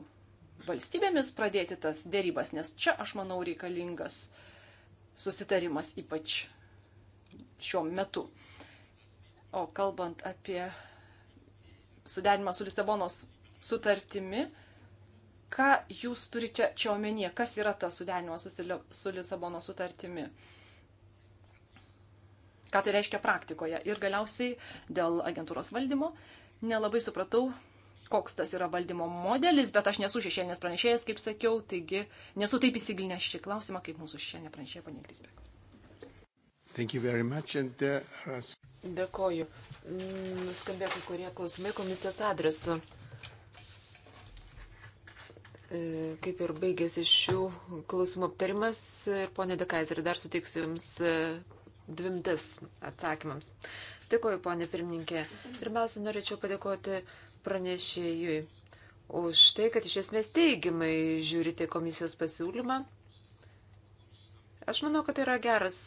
valstybėmis pradėti tas dėrybas, nes čia, aš manau, reikalingas susitarimas ypač šiuo metu. O kalbant apie suderinimą su Lisabonos sutartimi, ką jūs turite čia omenyje, kas yra tas suderinimas su Lisabono sutartimi? Ką tai reiškia praktikoje? Ir galiausiai dėl agentūros valdymo nelabai supratau, koks tas yra valdymo modelis, bet aš nesu šešėlinės pranešėjas, kaip sakiau, taigi nesu taip įsigilinęs šį klausimą, kaip mūsų šešėlinė pranešėja panė Grisbek. Uh, Dėkoju. Nuskambėjo kai kurie klausimai komisijos adresu. E, kaip ir baigėsi šių klausimų aptarimas, ponė Dekaiser, dar suteiksiu Jums e, dvimtis atsakymams. Dėkuoju, ponė pirmininkė. Pirmiausia, norėčiau padėkoti pranešėjui už tai, kad iš esmės teigiamai žiūrite komisijos pasiūlymą. Aš manau, kad tai yra geras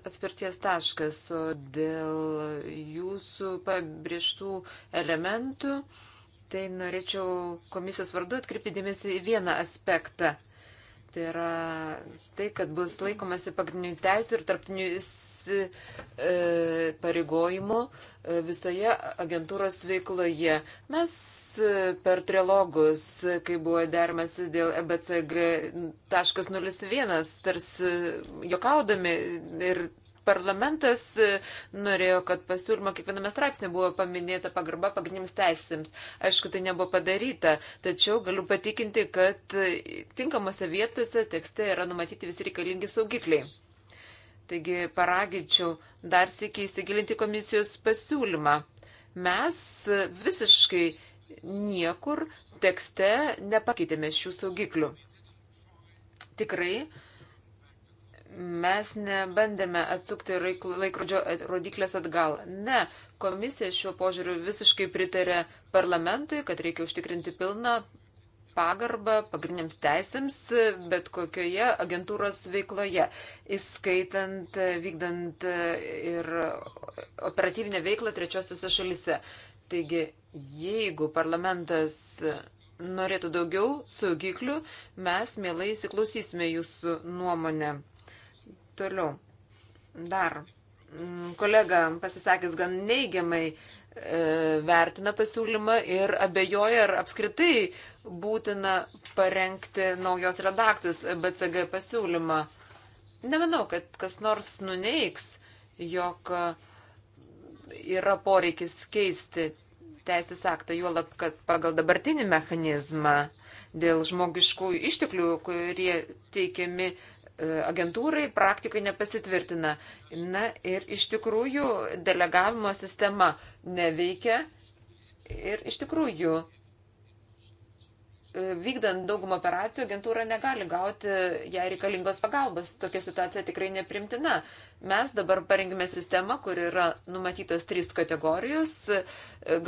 atspirties taškas, o dėl jūsų pabrėžtų elementų. Uh, tai norėčiau komisijos vardu atkreipti dėmesį į vieną aspektą. Tai yra tai, kad bus laikomasi pagrindinių teisų ir tarptinių e, pareigojimų e, visoje agentūros veikloje. Mes e, per trilogus, kai buvo dermasi dėl EBCG.01, tarsi jokaudami ir parlamentas e, norėjo, kad pasiūlymo kiekviename straipsnė buvo paminėta pagarba pagrindiniams teisėms. Aišku, tai nebuvo padaryta, tačiau galiu patikinti, kad e, tinkamose vietose tekste yra numatyti visi reikalingi saugikliai. Taigi paraginčiau dar sėkiai įsigilinti komisijos pasiūlymą. Mes e, visiškai niekur tekste nepakeitėme šių saugiklių. Tikrai Mes nebandėme atsukti laikrodžio e, rodiklės atgal. Ne, komisija šiuo požiūriu visiškai pritarė parlamentui, kad reikia užtikrinti pilną pagarbą pagrindiniams teisėms e, bet kokioje agentūros veikloje, įskaitant, e, vykdant ir operatyvinę veiklą trečiosiuose šalise. Taigi, jeigu parlamentas norėtų daugiau saugiklių, mes mielai įsiklausysime jūsų nuomonę. Toliau. Dar. Mm, kolega pasisakęs gan neigiamai e, vertina pasiūlymą ir abejoja, ar apskritai būtina parengti naujos redaktus BCG pasiūlymą. Nemanau, kad kas nors nuneiks, jog yra poreikis keisti teisės aktą, juolab, kad pagal dabartinį mechanizmą dėl žmogiškųjų išteklių, kurie teikiami E, agentūrai praktikai nepasitvirtina. Na ir iš tikrųjų delegavimo sistema neveikia ir iš tikrųjų vykdant daugum operacijų agentūra negali gauti jai reikalingos pagalbos. Tokia situacija tikrai neprimtina. Mes dabar parengėme sistemą, kur yra numatytos trys kategorijos.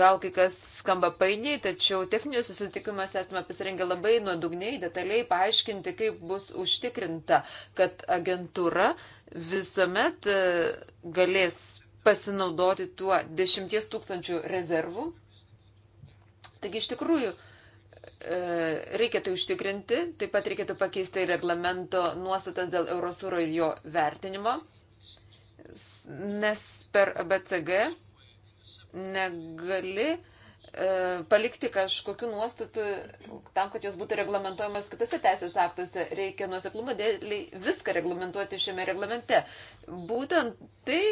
Gal kai kas skamba painiai, tačiau techninius susitikimus esame pasirengę labai nuodugniai, detaliai paaiškinti, kaip bus užtikrinta, kad agentūra visuomet e, galės pasinaudoti tuo dešimties tūkstančių rezervų. Taigi iš tikrųjų E, reikėtų tai užtikrinti, taip pat reikėtų pakeisti reglamento nuostatas dėl Eurosūro ir jo vertinimo, nes per BCG negali e, palikti kažkokių nuostatų tam, kad jos būtų reglamentuojamos kitose teisės aktuose. Reikia nuoseklumo dėliai viską reglamentuoti šiame reglamente. Būtent tai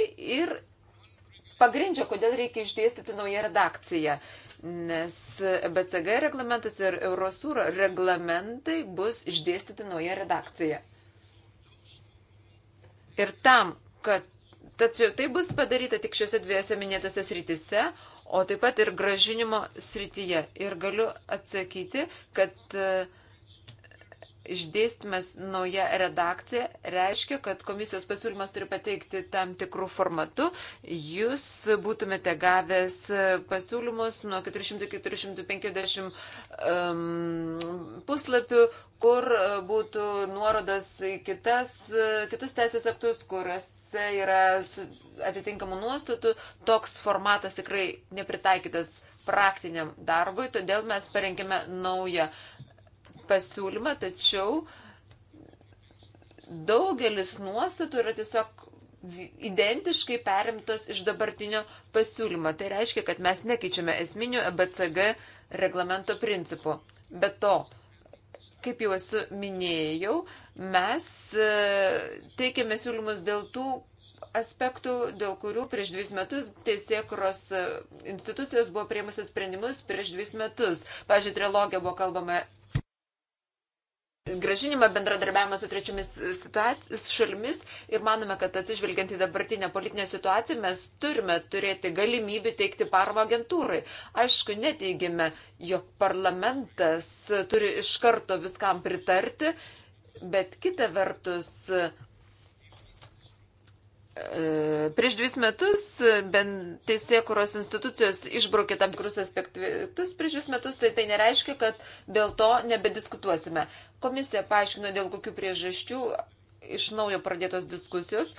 ir pagrindžia, kodėl reikia išdėstyti naują redakciją. Uh, nes BCG reglamentas ir Eurosūro reglamentai bus išdėstyti nauja redakcija. Ir tam, kad tačiau tai bus padaryta tik šiuose dviejose minėtose srityse, o taip pat ir gražinimo srityje. Ir galiu atsakyti, kad uh, išdėstymas nauja redakcija reiškia, kad komisijos pasiūlymas turi pateikti tam tikrų formatų. Jūs būtumėte gavęs pasiūlymus nuo 400-450 um, puslapių, kur būtų nuorodas į kitas, kitus teisės aktus, kuras yra atitinkamų nuostatų, toks formatas tikrai nepritaikytas praktiniam darbui, todėl mes parengėme naują uh, pasiūlymą, tačiau daugelis nuostatų yra tiesiog identiškai perimtos iš dabartinio pasiūlymo. Tai reiškia, kad mes nekeičiame esminio EBCG reglamento principų. Be to, kaip jau esu minėjau, mes e, teikėme siūlymus dėl tų aspektų, dėl kurių prieš dvis metus teisėkuros e, institucijos buvo prieimusios sprendimus prieš dvis metus. Pavyzdžiui, trilogija buvo kalbama gražinimą bendradarbiavimą su trečiomis e, šalimis ir manome, kad atsižvelgiant į dabartinę politinę situaciją mes turime turėti galimybę teikti paramą agentūrai. Aišku, neteigime, jog parlamentas turi iš karto viskam pritarti, bet kita vertus E, prieš dvis metus e, bent teisėkuros institucijos išbraukė tam tikrus aspektus, prieš dvis metus tai tai nereiškia, kad dėl to nebediskutuosime. Komisija paaiškino, dėl kokių priežasčių iš naujo pradėtos diskusijos,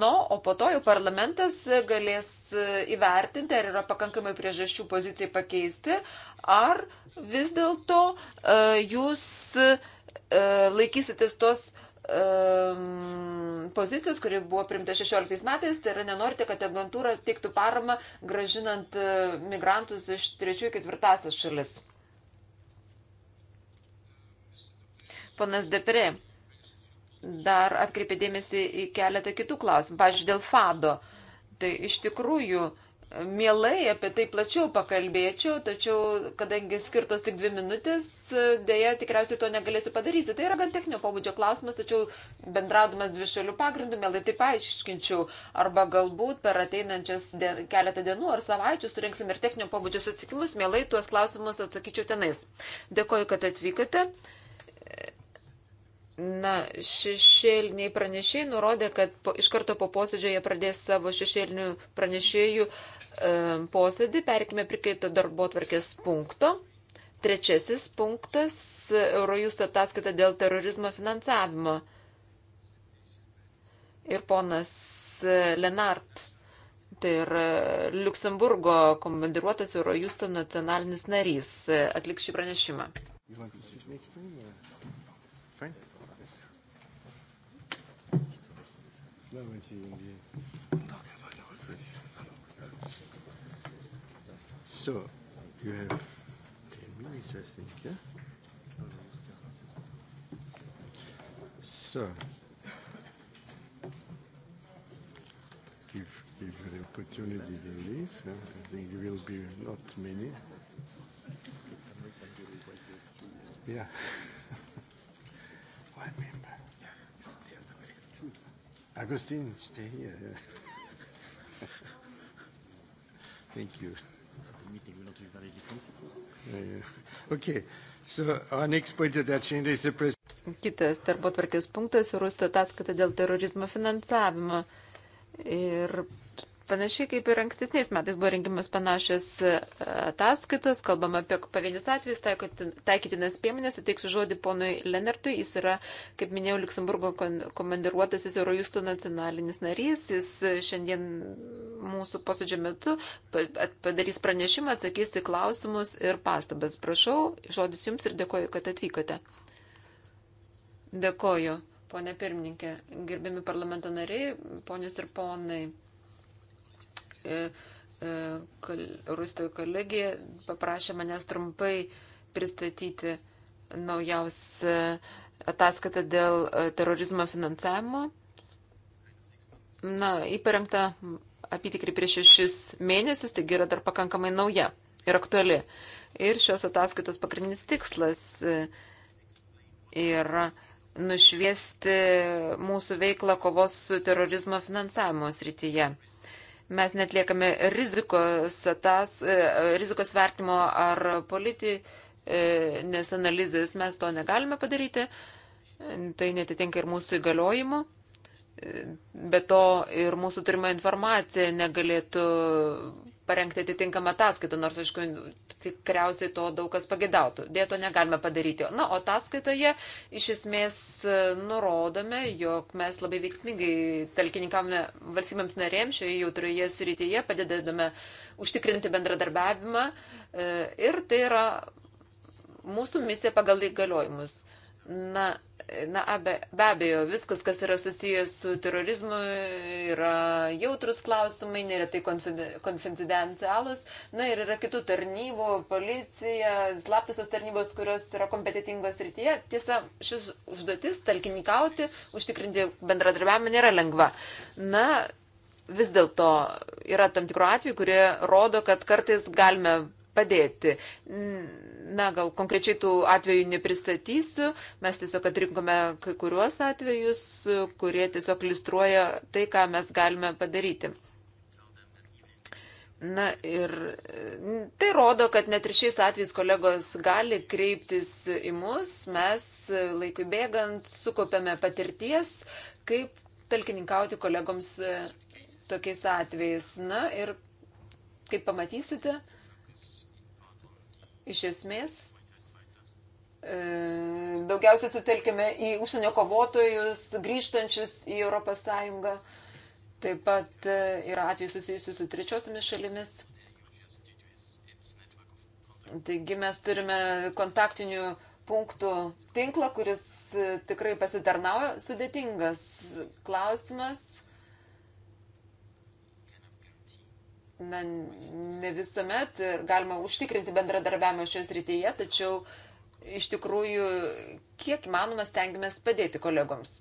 no, o po to jau parlamentas galės e, įvertinti, ar yra pakankamai priežasčių pozicijai pakeisti, ar vis dėlto jūs laikysitės tos um, pozicijos, kuri buvo primta 16 metais, tai yra nenorite, kad agentūra teiktų paramą gražinant e, migrantus iš trečiųjų ketvirtasias šalis. Ponas Depre dar atkreipė dėmesį į keletą kitų klausimų, pažiūrėjau, dėl fado. Tai iš tikrųjų uh, Mielai apie tai plačiau pakalbėčiau, tačiau kadangi skirtos tik dvi minutės, dėja tikriausiai to negalėsiu padaryti. Tai yra gan techninio pobūdžio klausimas, tačiau bendraudamas dvi šalių pagrindų, mielai tai paaiškinčiau. Arba galbūt per ateinančias dien, keletą dienų ar savaičių surinksim ir techninio pobūdžio susitikimus, mielai tuos klausimus atsakyčiau tenais. Dėkoju, kad atvykote. Na, šešėliniai pranešėjai nurodė, kad po, iš karto po posėdžio jie pradės savo šešėlinių pranešėjų e, posėdį. Perkime prie kito darbo tvarkės punkto. Trečiasis punktas - Eurojusto ataskaita dėl terorizmo finansavimo. Ir ponas Lenart, tai yra Luksemburgo komandiruotas Eurojusto nacionalinis narys, atliks šį pranešimą. Frank? So, you have 10 minutes, I think, yeah? So, give, give the opportunity to leave. Yeah? I think there will be not many. Yeah. One minute. Agustin, stay here. Thank you. The meeting will not be very defensive. Okay. So our next point of agenda is the president. Kitas darbo tvarkės punktas - Eurostato ataskaita dėl terorizmo finansavimo. Ir Panašiai kaip ir ankstesniais metais buvo rengimas panašias e, ataskaitas, kalbam apie pavienis atvejus, taikytinas priemonės, suteiksiu žodį ponui Lenertui, jis yra, kaip minėjau, Luxemburgo komandiruotas, jis Eurojusto nacionalinis narys, jis e, šiandien mūsų posėdžio metu padarys pranešimą, atsakys į klausimus ir pastabas. Prašau, žodis jums ir dėkoju, kad atvykote. Dėkoju, ponė pirmininkė, gerbiami parlamento nariai, ponios ir ponai. E, e, Rustojų kolegija paprašė manęs trumpai pristatyti naujausią ataskaitą dėl e, terorizmo finansavimo. Na, įparengta apytikri prieš šešis mėnesius, taigi yra dar pakankamai nauja ir aktuali. Ir šios ataskaitos pagrindinis tikslas yra nušviesti mūsų veiklą kovos su terorizmo finansavimo srityje. Mes netliekame rizikos, tas, e, rizikos vertimo ar politinės e, analizės, mes to negalime padaryti, tai netitinka ir mūsų įgaliojimų. E, be to ir mūsų turima informacija negalėtų parengti atitinkamą ataskaitą, nors, aišku, tikriausiai to daug kas pagėdautų. Dėl to negalime padaryti. Na, o ataskaitoje iš esmės e, nurodome, jog mes labai veiksmingai talkininkavome valstybėms narėms šioje jautrioje srityje, padedame užtikrinti bendradarbiavimą e, ir tai yra mūsų misija pagal įgaliojimus. Tai Na, na be, be abejo, viskas, kas yra susijęs su terorizmu, yra jautrus klausimai, neretai konfidencialus. Na ir yra kitų tarnybų, policija, slaptosios tarnybos, kurios yra kompetitingos rytyje. Tiesa, šis užduotis talkininkauti, užtikrinti bendradarbiavimą nėra lengva. Na, vis dėlto yra tam tikro atveju, kurie rodo, kad kartais galime padėti. Na, gal konkrečiai tų atvejų nepristatysiu, mes tiesiog atrinkome kai kuriuos atvejus, kurie tiesiog iliustruoja tai, ką mes galime padaryti. Na ir tai rodo, kad net ir šiais atvejais kolegos gali kreiptis į mus, mes laikui bėgant sukopėme patirties, kaip talkininkauti kolegoms e, tokiais atvejais. Na ir kaip pamatysite, Iš esmės, e, daugiausiai sutelkime į užsienio kovotojus, grįžtančius į ES. Taip pat e, yra atvejai susijusių su trečiosiomis šalimis. Taigi mes turime kontaktinių punktų tinklą, kuris e, tikrai pasitarnauja. Sudėtingas klausimas, na, ne visuomet galima užtikrinti bendradarbiavimą šioje srityje, tačiau iš tikrųjų kiek įmanoma stengiamės padėti kolegoms.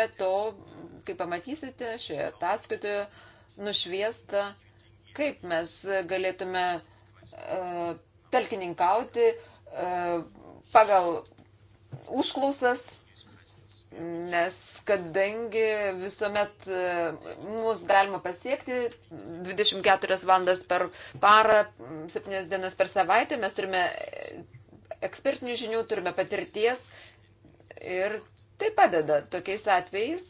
Be to, kaip pamatysite, šioje ataskaitoje nušviesta, kaip mes galėtume uh, talkininkauti uh, pagal užklausas Nes kadangi visuomet e, mus galima pasiekti 24 valandas per parą, 7 dienas per savaitę, mes turime e, ekspertinių žinių, turime patirties ir tai padeda tokiais atvejais.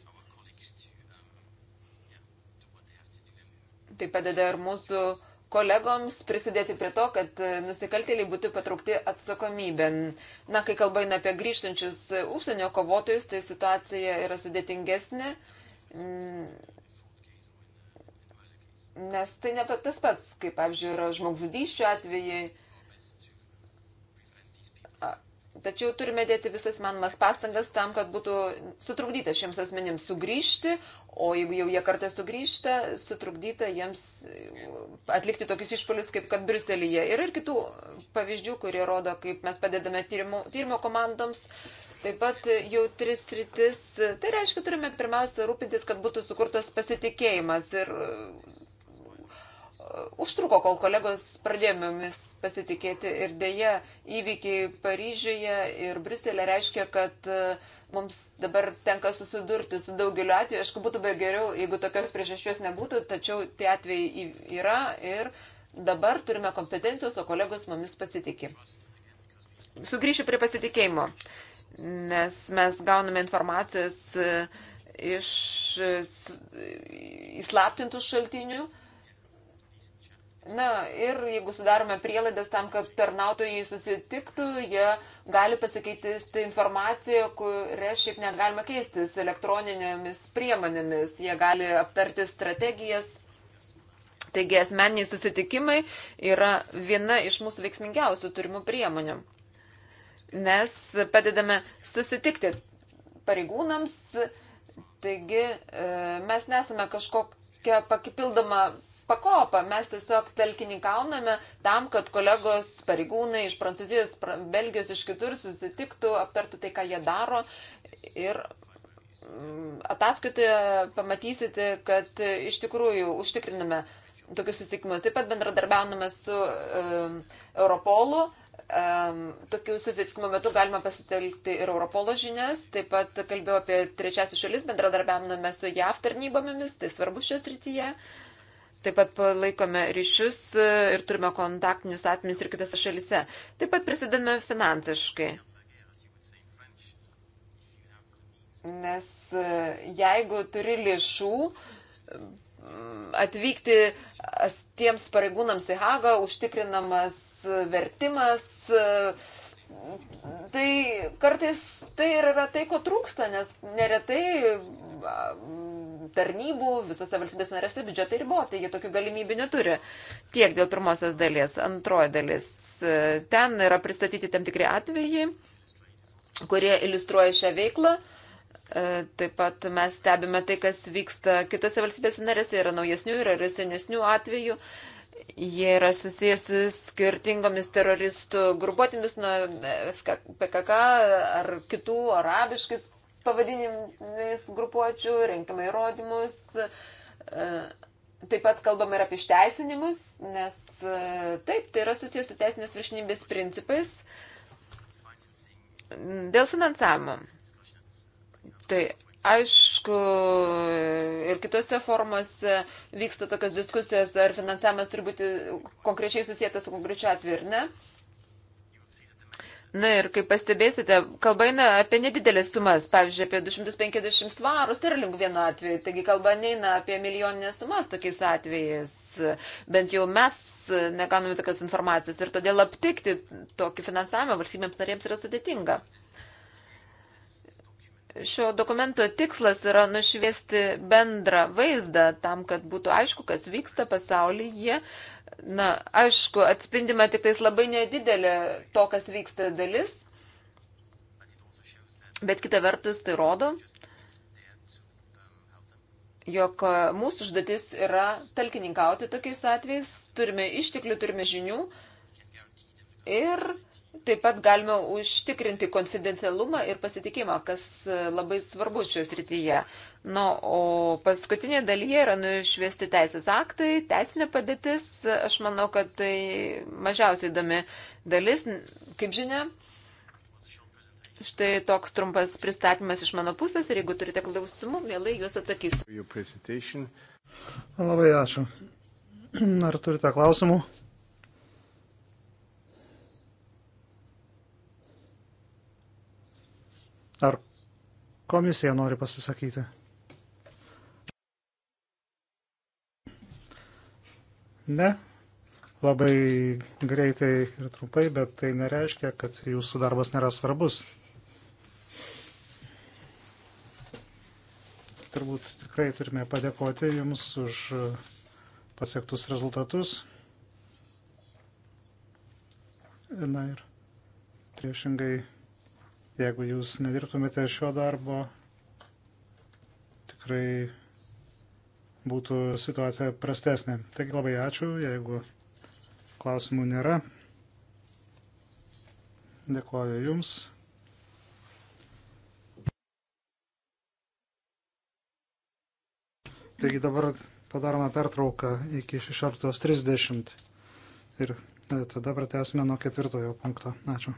Tai padeda ir mūsų kolegoms prisidėti prie to, kad e, nusikaltėliai būtų patraukti atsakomybę. Na, kai kalba eina apie grįžtančius e, užsienio kovotojus, tai situacija yra sudėtingesnė, mm. nes tai ne tas pats, kaip, pavyzdžiui, yra žmogžudyščių atvejai. Tačiau turime dėti visas manomas pastangas tam, kad būtų sutrukdyta šiems asmenims sugrįžti, o jeigu jau jie kartą sugrįžta, sutrukdyta jiems atlikti tokius išpolius, kaip kad Briuselyje. Yra ir kitų pavyzdžių, kurie rodo, kaip mes padedame tyrimo, tyrimo komandoms. Taip pat jau tris rytis. Tai reiškia, turime pirmiausia rūpintis, kad būtų sukurtas pasitikėjimas ir užtruko, kol kolegos pradėjomis pasitikėti ir dėja įvykiai Paryžiuje ir Briuselė reiškia, kad e, mums dabar tenka susidurti su daugeliu atveju. Aišku, būtų be geriau, jeigu tokios priežasčios nebūtų, tačiau tie atvejai yra ir dabar turime kompetencijos, o kolegos mumis pasitikė. Sugryšiu prie pasitikėjimo, nes mes gauname informacijos e, iš e, įslaptintų šaltinių. Na ir jeigu sudarome prielaidas tam, kad tarnautojai susitiktų, jie gali pasikeisti informaciją, kurią šiaip net galima keistis elektroninėmis priemonėmis. Jie gali aptarti strategijas. Taigi asmeniniai susitikimai yra viena iš mūsų veiksmingiausių turimų priemonių. Nes padedame susitikti pareigūnams, taigi e, mes nesame kažkokia papildoma pakopą. Mes tiesiog telkininkauname tam, kad kolegos pareigūnai iš Prancūzijos, Belgijos, iš kitur susitiktų, aptartų tai, ką jie daro. Ir mm, ataskaitoje pamatysite, kad iš tikrųjų užtikriname tokius susitikimus. Taip pat bendradarbiauname su um, Europolu. Um, tokių susitikimų metu galima pasitelkti ir Europolo žinias. Taip pat kalbėjau apie trečiasis šalis, bendradarbiauname su JAV tarnybomis, tai svarbu šios rytyje. Uh, Taip pat palaikome ryšius e, ir turime kontaktinius asmenys ir kitose šalise. Taip pat prisidedame finansiškai. Nes e, jeigu turi lėšų atvykti tiems pareigūnams į Hagą, užtikrinamas e, vertimas, tai kartais tai yra tai, ko trūksta, nes neretai tarnybų visose valstybės narėse biudžetai riboti, jie tokių galimybių neturi. Tiek dėl pirmosios dalies. Antroji dalis. Ten yra pristatyti tam tikri atvejai, kurie iliustruoja šią veiklą. E, taip pat mes stebime tai, kas vyksta kitose valstybės narėse, yra naujesnių, yra senesnių atvejų. Jie yra susijęs su skirtingomis teroristų grupuotėmis nuo PKK ar kitų arabiškais pavadinimais grupuočių, renkame įrodymus. E, taip pat kalbame ir apie išteisinimus, nes e, taip, tai yra susijęs su teisinės viršinybės principais dėl finansavimo. Tai aišku, ir kitose formose vyksta tokios diskusijos, ar finansavimas turi būti konkrečiai susijęs su konkrečiu atveju ar ne. Na ir kaip pastebėsite, kalba eina apie nedidelės sumas, pavyzdžiui, apie 250 svarų sterlingų vienu atveju, taigi kalba neina apie milijoninės sumas tokiais atvejais. Bent jau mes nekanome tokios informacijos ir todėl aptikti tokį finansavimą valstybėms narėms yra sudėtinga. Šio dokumento tikslas yra nušviesti bendrą vaizdą tam, kad būtų aišku, kas vyksta pasaulyje. Uh, na, aišku, atspindima tik tais labai nedidelė to, kas vyksta dalis, bet kita vertus tai rodo, jog mūsų užduotis yra talkininkauti tokiais atvejais, turime išteklių, turime žinių ir Taip pat galime užtikrinti konfidencialumą ir pasitikimą, kas e, labai svarbu šioje srityje. Na, nu, o paskutinė dalyje yra nušviesti teisės aktai, teisinė padėtis. Aš manau, kad tai mažiausiai įdomi dalis. Kaip žinia, štai toks trumpas pristatymas iš mano pusės ir jeigu turite klausimų, mielai juos atsakysiu. Labai ačiū. Ar turite klausimų? Ar komisija nori pasisakyti? Ne. Labai greitai ir trumpai, bet tai nereiškia, kad jūsų darbas nėra svarbus. Turbūt tikrai turime padėkoti Jums už pasiektus rezultatus. Na ir priešingai Jeigu jūs nedirbtumėte šio darbo, tikrai būtų situacija prastesnė. Taigi labai ačiū, jeigu klausimų nėra. Dėkuoju Jums. Taigi dabar padarome pertrauką iki 16.30 ir tada pratęsime nuo ketvirtojo punkto. Ačiū.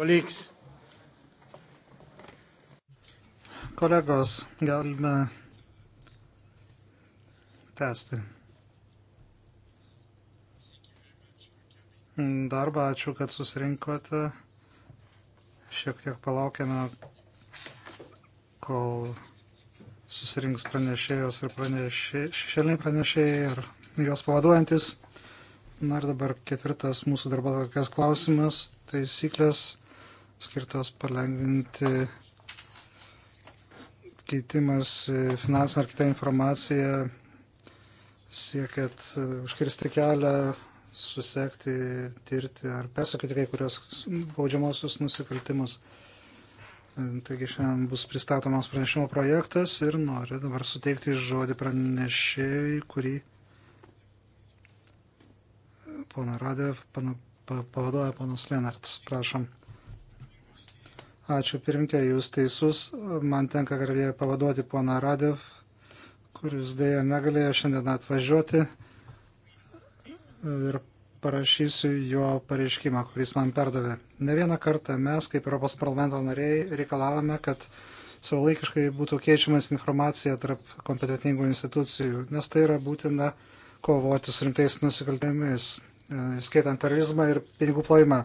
Colleagues. Kolegos, galime tęsti darbą. Ačiū, kad susirinkote. Šiek tiek palaukėme, kol susirinks pranešėjos ir pranešė, šešėliniai pranešėjai ir juos pavaduojantis. Na ir dabar ketvirtas mūsų darbo tokias klausimas - taisyklės skirtos palengvinti keitimas e, finansinę ar kitą informaciją, siekiant e, užkirsti kelią, susekti, tirti ar persakyti kai kurios baudžiamosius nusikaltimus. E, taigi šiandien bus pristatomas pranešimo projektas ir noriu dabar suteikti žodį pranešėjui, kurį pana Radė pavaduoja pana, panas Lenartas. Prašom. Ačiū pirmtė, jūs teisus. Man tenka garbė pavaduoti poną Radev, kuris dėja negalėjo šiandien atvažiuoti. Ir parašysiu jo pareiškimą, kuris man perdavė. Ne vieną kartą mes, kaip Europos parlamento nariai, reikalavome, kad savalaikiškai būtų keičiamas informacija tarp kompetitingų institucijų, nes tai yra būtina kovoti su rimtais nusikaltėmis, skaitant terorizmą ir pinigų plovimą.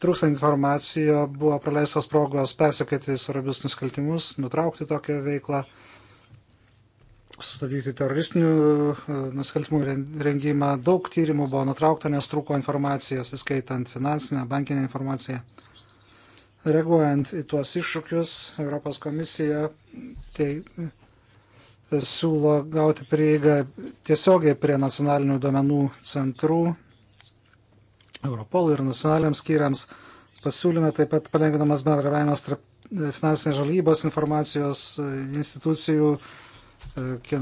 Trūksta informacija, buvo praleistas progos persekėti svarbius nusikaltimus, nutraukti tokią veiklą, sustabdyti teroristinių e, nusikaltimų rengimą. Daug tyrimų buvo nutraukta, nes trūko informacijos, įskaitant finansinę, bankinę informaciją. Reaguojant į tuos iššūkius, Europos komisija tai, siūlo gauti prieigą tiesiogiai prie nacionalinių duomenų centrų Europol ir nacionaliniams skyriams. Pasiūlyme taip pat palengvinamas bendravimas tarp e, finansinės žalybos informacijos e, institucijų e,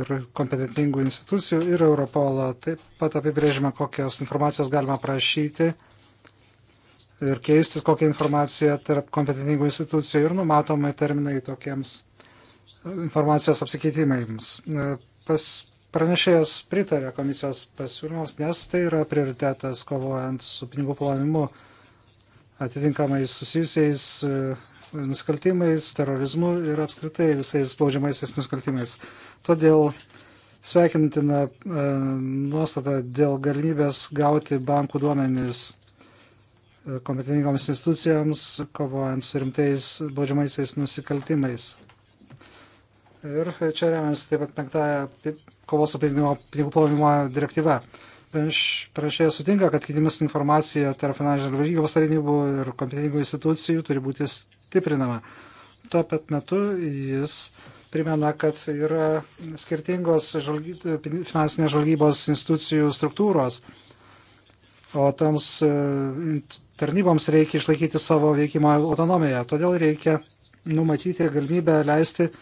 ir kompetentingų institucijų ir Europolo. Taip pat apibrėžime, kokios informacijos galima prašyti ir keistis kokią informaciją tarp kompetentingų institucijų ir numatomi terminai tokiems informacijos apsikeitimams. Pas Pranešėjas pritarė komisijos pasiūlymams, nes tai yra prioritetas kovojant su pinigų plovimu atitinkamai susijusiais e, nusikaltimais, terorizmu ir apskritai visais spaudžiamaisiais nusikaltimais. Todėl sveikintina e, nuostata dėl galimybės gauti bankų duomenis e, kompetentingoms institucijoms, kovojant su rimtais baudžiamaisiais nusikaltimais. Ir čia remiamės taip pat penktąją kovos su pinigų plovimo direktyva. Pranešėjas sutinka, kad keitimas informacija tarp finansinių žvalgybos tarnybų ir kompetentingų institucijų turi būti stiprinama. Tuo pat metu jis primena, kad yra skirtingos žalgy... finansinės žvalgybos institucijų struktūros, o toms e, tarnyboms reikia išlaikyti savo veikimo autonomiją. Todėl reikia numatyti galimybę leisti e,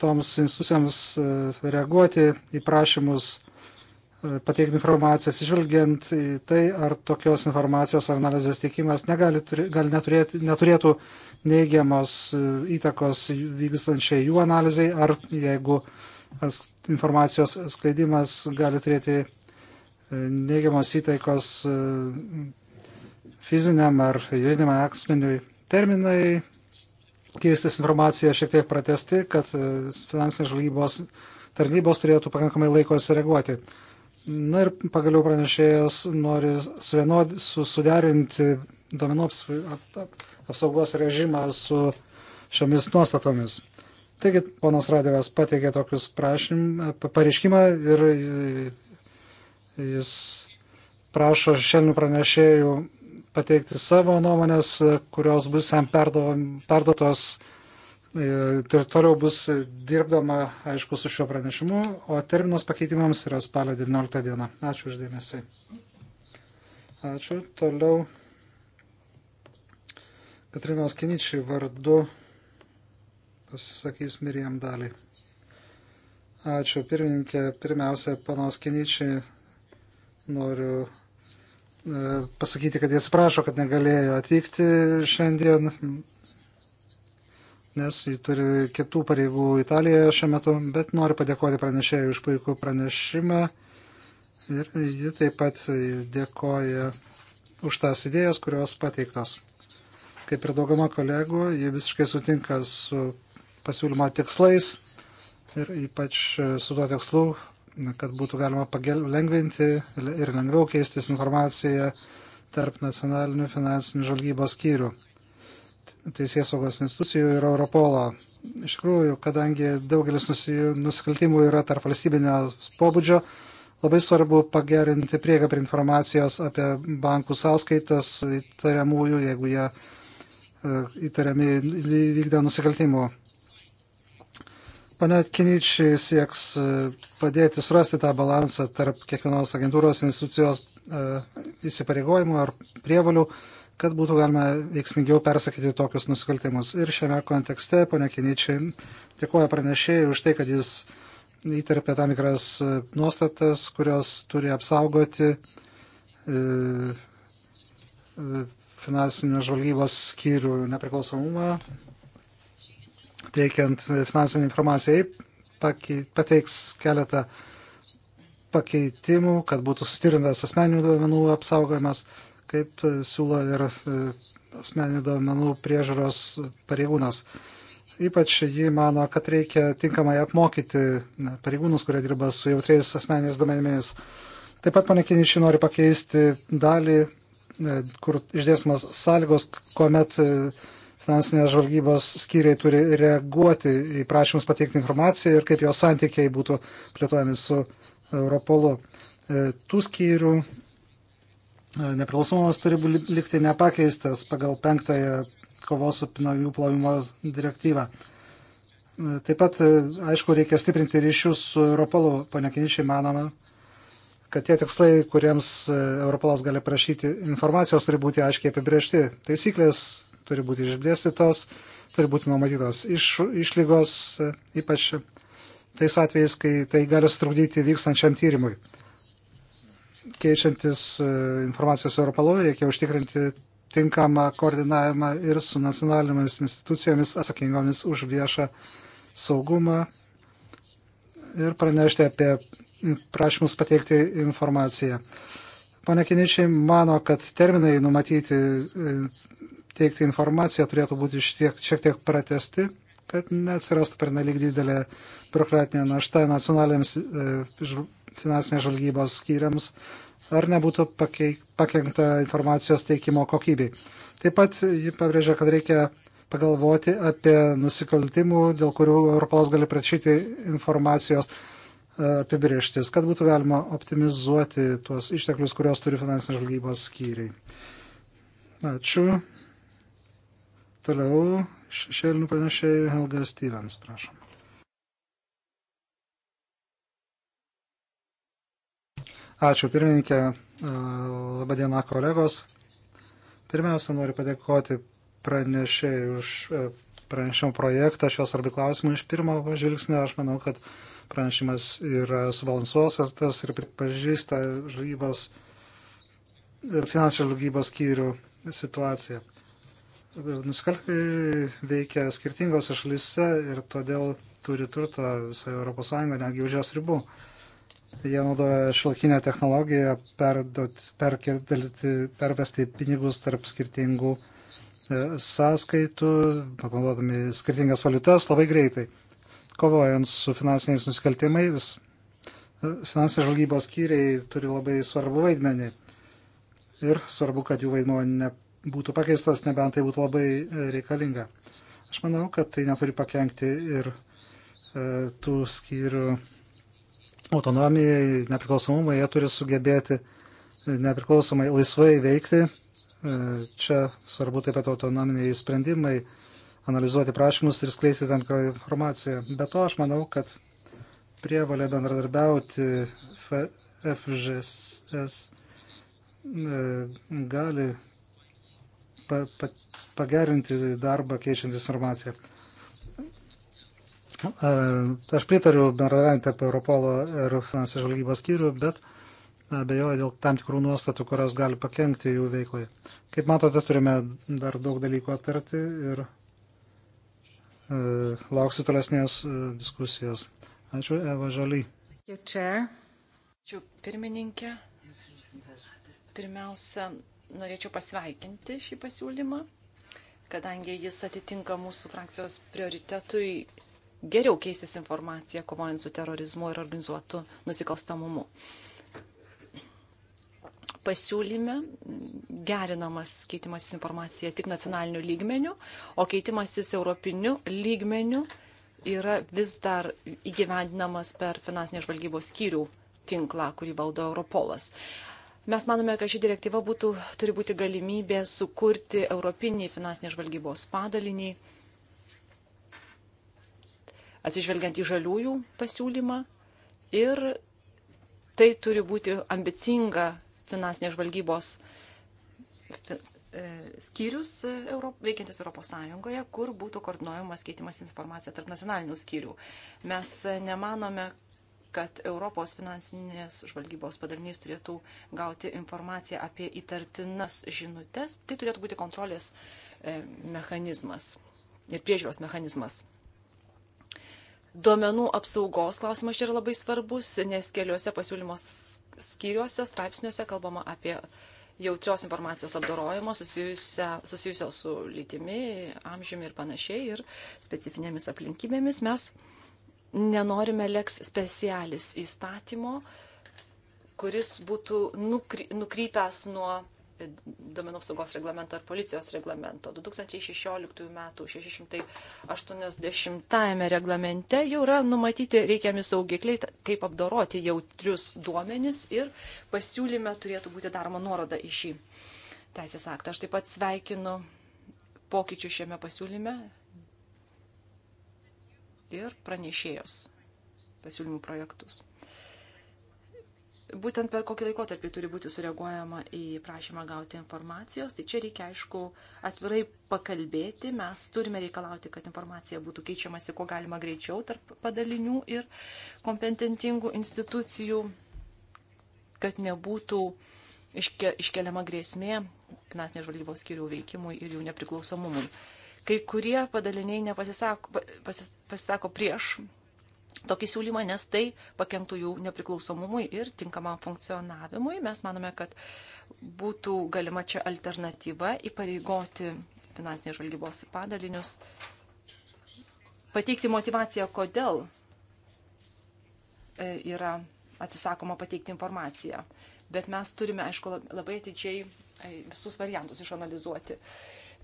toms institucijoms e, reaguoti į prašymus e, pateikti informaciją, atsižvelgiant į tai, ar tokios informacijos ar analizės teikimas negali, gali neturėti, neturėtų neigiamos e, įtakos vykstančiai jų analizai, ar jeigu informacijos skleidimas gali turėti neigiamos įtaikos fiziniam ar juridiniam asmeniui. Terminai keistis informacija šiek tiek pratesti, kad e, finansinės žvalgybos tarnybos turėtų pakankamai laiko sureaguoti. Na ir pagaliau pranešėjas nori suvienod, su, suderinti duomenų aps, ap, ap, apsaugos režimą su šiomis nuostatomis. Taigi, ponas Radėvas pateikė tokius prašym, pareiškimą ir e, jis prašo šelnių pranešėjų pateikti savo nuomonės, kurios bus jam perdotos e, ir tai toliau bus dirbdama, aišku, su šiuo pranešimu, o terminas pakeitimams yra spalio 19 diena. Ačiū uždėmesi. Ačiū. Toliau Katrinos Kiničiai vardu pasisakys Mirjam dalį. Ačiū pirmininkė. Pirmiausia, panos Kiničiai noriu pasakyti, kad jis prašo, kad negalėjo atvykti šiandien, nes jis turi kitų pareigų Italijoje šiuo metu, bet noriu padėkoti pranešėjui už puikų pranešimą ir ji taip pat dėkoja už tas idėjas, kurios pateiktos. Kaip ir daugama kolegų, ji visiškai sutinka su pasiūlymo tikslais ir ypač su tuo tikslu, kad būtų galima lengvinti ir lengviau keistis informaciją tarp nacionalinių finansinių žvalgybos skyrių, teisės saugos institucijų ir Europolo. Iš tikrųjų, kadangi daugelis nusikaltimų yra tarp valstybinio pobūdžio, labai svarbu pagerinti prieigą prie informacijos apie bankų sąskaitas įtariamųjų, jeigu jie e, įtariami vykdė nusikaltimų. Pane Kiničiai sieks e, padėti surasti tą balansą tarp kiekvienos agentūros institucijos e, įsipareigojimų ar prievalių, kad būtų galima veiksmingiau persakyti tokius nusikaltimus. Ir šiame kontekste, pane Kiničiai, dėkuoja pranešėjai už tai, kad jis įterpė tam tikras e, nuostatas, kurios turi apsaugoti finansinio žvalgybos skyrių nepriklausomumą teikiant finansinį informaciją, pateiks keletą pakeitimų, kad būtų sustirintas asmeninių duomenų apsaugojimas, kaip siūlo ir e, asmeninių duomenų priežaros pareigūnas. Ypač ji mano, kad reikia tinkamai apmokyti pareigūnus, kurie dirba su jautriais asmeniniais duomenimis. Taip pat pane Kiničiai nori pakeisti dalį, e, kur išdėsmas sąlygos, kuomet e, finansinės žvalgybos skyriai turi reaguoti į prašymus pateikti informaciją ir kaip jos santykiai būtų plėtojami su Europolu. E, tų skyrių e, nepriklausomumas turi likti nepakeistas pagal penktąją kovos su pinigų plovimo direktyvą. E, taip pat, aišku, reikia stiprinti ryšius su Europolu. Pane Kiničiai, manoma, kad tie tikslai, kuriems Europolas gali prašyti informacijos, turi būti aiškiai apibriežti. Taisyklės turi būti išdėstytos, turi būti numatytos iš, išlygos, ypač tais atvejais, kai tai gali sutrukdyti vykstančiam tyrimui. Keičiantis e, informacijos Europalui, reikia užtikrinti tinkamą koordinavimą ir su nacionalinėmis institucijomis atsakingomis už viešą saugumą ir pranešti apie prašymus pateikti informaciją. Pane Kiničiai mano, kad terminai numatyti e, teikti informaciją turėtų būti šiek, šiek tiek pratesti, kad neatsirastų per nelik didelė biurokratinė našta nacionaliniams e, finansinės žvalgybos skyriams ar nebūtų pakeik, pakengta informacijos teikimo kokybei. Taip pat ji pabrėžia, kad reikia pagalvoti apie nusikaltimų, dėl kurių Europolas gali prašyti informacijos e, apibrieštis, kad būtų galima optimizuoti tuos išteklius, kurios turi finansinės žvalgybos skyriai. Ačiū. Toliau šešėlinių pranešėjų Helga Stevens, prašom. Ačiū pirmininkė, labadiena kolegos. Pirmiausia, noriu padėkoti pranešėjai už e, pranešimo projektą šios arbi klausimų. Iš pirmo žvilgsnio aš manau, kad pranešimas yra subalansuosas tas ir pripažįsta žvalgybos, e, finansinės žvalgybos skyrių situaciją. Nusikaltėliai veikia skirtingose šalyse ir todėl turi turtą visoje Europos Sąjungoje, netgi už jos ribų. Jie naudoja šilkinę technologiją perduot, perkelti, pervesti pinigus tarp skirtingų e, sąskaitų, panaudodami skirtingas valiutas labai greitai. Kovojant su finansiniais nusikaltimais, e, finansinės žvalgybos skyriai turi labai svarbu vaidmenį. Ir svarbu, kad jų vaidmuo ne būtų pakeistas, nebent tai būtų labai e, reikalinga. Aš manau, kad tai neturi pakengti ir e, tų skyrių autonomijai, nepriklausomumai, jie turi sugebėti e, nepriklausomai laisvai veikti. E, čia svarbu taip pat autonominiai sprendimai, analizuoti prašymus ir skleisti tam tikrą informaciją. Be to, aš manau, kad prievalė bendradarbiauti FGS e, gali pa, pa, pagerinti darbą keičiant informaciją. Aš pritariu bendradarbiavimui tarp Europolo ir finansų žvalgybos skyrių, bet abejoju dėl tam tikrų nuostatų, kurios gali pakengti jų veiklai. Kaip matote, turime dar daug dalykų aptarti ir e, lauksiu tolesnės e, diskusijos. Ačiū, Eva Žaly. Ačiū, pirmininkė. Pirmiausia, norėčiau pasveikinti šį pasiūlymą, kadangi jis atitinka mūsų frakcijos prioritetui geriau keistis informaciją, kovojant su terorizmu ir organizuotu nusikalstamumu. Pasiūlyme gerinamas keitimasis informacija tik nacionaliniu lygmeniu, o keitimasis europiniu lygmeniu yra vis dar įgyvendinamas per finansinės žvalgybos skyrių tinklą, kurį valdo Europolas. Mes manome, kad ši direktyva būtų, turi būti galimybė sukurti Europinį finansinės žvalgybos padalinį, atsižvelgiant į žaliųjų pasiūlymą ir tai turi būti ambicinga finansinės žvalgybos e, skyrius e, Europ, veikiantis ES, kur būtų koordinuojamas keitimas informacija tarp nacionalinių skyrių. Mes e, nemanome, kad Europos finansinės žvalgybos padalinys turėtų gauti informaciją apie įtartinas žinutės. Tai turėtų būti kontrolės e, mechanizmas ir priežiūros mechanizmas. Duomenų apsaugos klausimas čia yra labai svarbus, nes keliuose pasiūlymos skyriuose, straipsniuose kalbama apie jautrios informacijos apdorojimo susijusio su lytimi, amžiumi ir panašiai ir specifinėmis aplinkybėmis mes nenorime leks specialis įstatymo, kuris būtų nukry, nukrypęs nuo duomenų apsaugos reglamento ar policijos reglamento. 2016 m. 680 reglamente jau yra numatyti reikiami saugikliai, kaip apdoroti jautrius duomenis ir pasiūlyme turėtų būti daroma nuoroda į šį teisės aktą. Aš taip pat sveikinu pokyčių šiame pasiūlyme, ir pranešėjos pasiūlymų projektus. Būtent per kokį laikotarpį turi būti sureaguojama į prašymą gauti informacijos, tai čia reikia, aišku, atvirai pakalbėti, mes turime reikalauti, kad informacija būtų keičiamasi kuo galima greičiau tarp padalinių ir kompetentingų institucijų, kad nebūtų iške, iškeliama grėsmė finansinės žvalgybos skirių veikimui ir jų nepriklausomumui. Kai kurie padaliniai nepasisako pasis, pasisako prieš tokį siūlymą, nes tai pakenktų jų nepriklausomumui ir tinkamam funkcionavimui. Mes manome, kad būtų galima čia alternatyva įpareigoti finansinės žvalgybos padalinius, pateikti motivaciją, kodėl e, yra atsisakoma pateikti informaciją. Bet mes turime, aišku, labai atidžiai e, visus variantus išanalizuoti.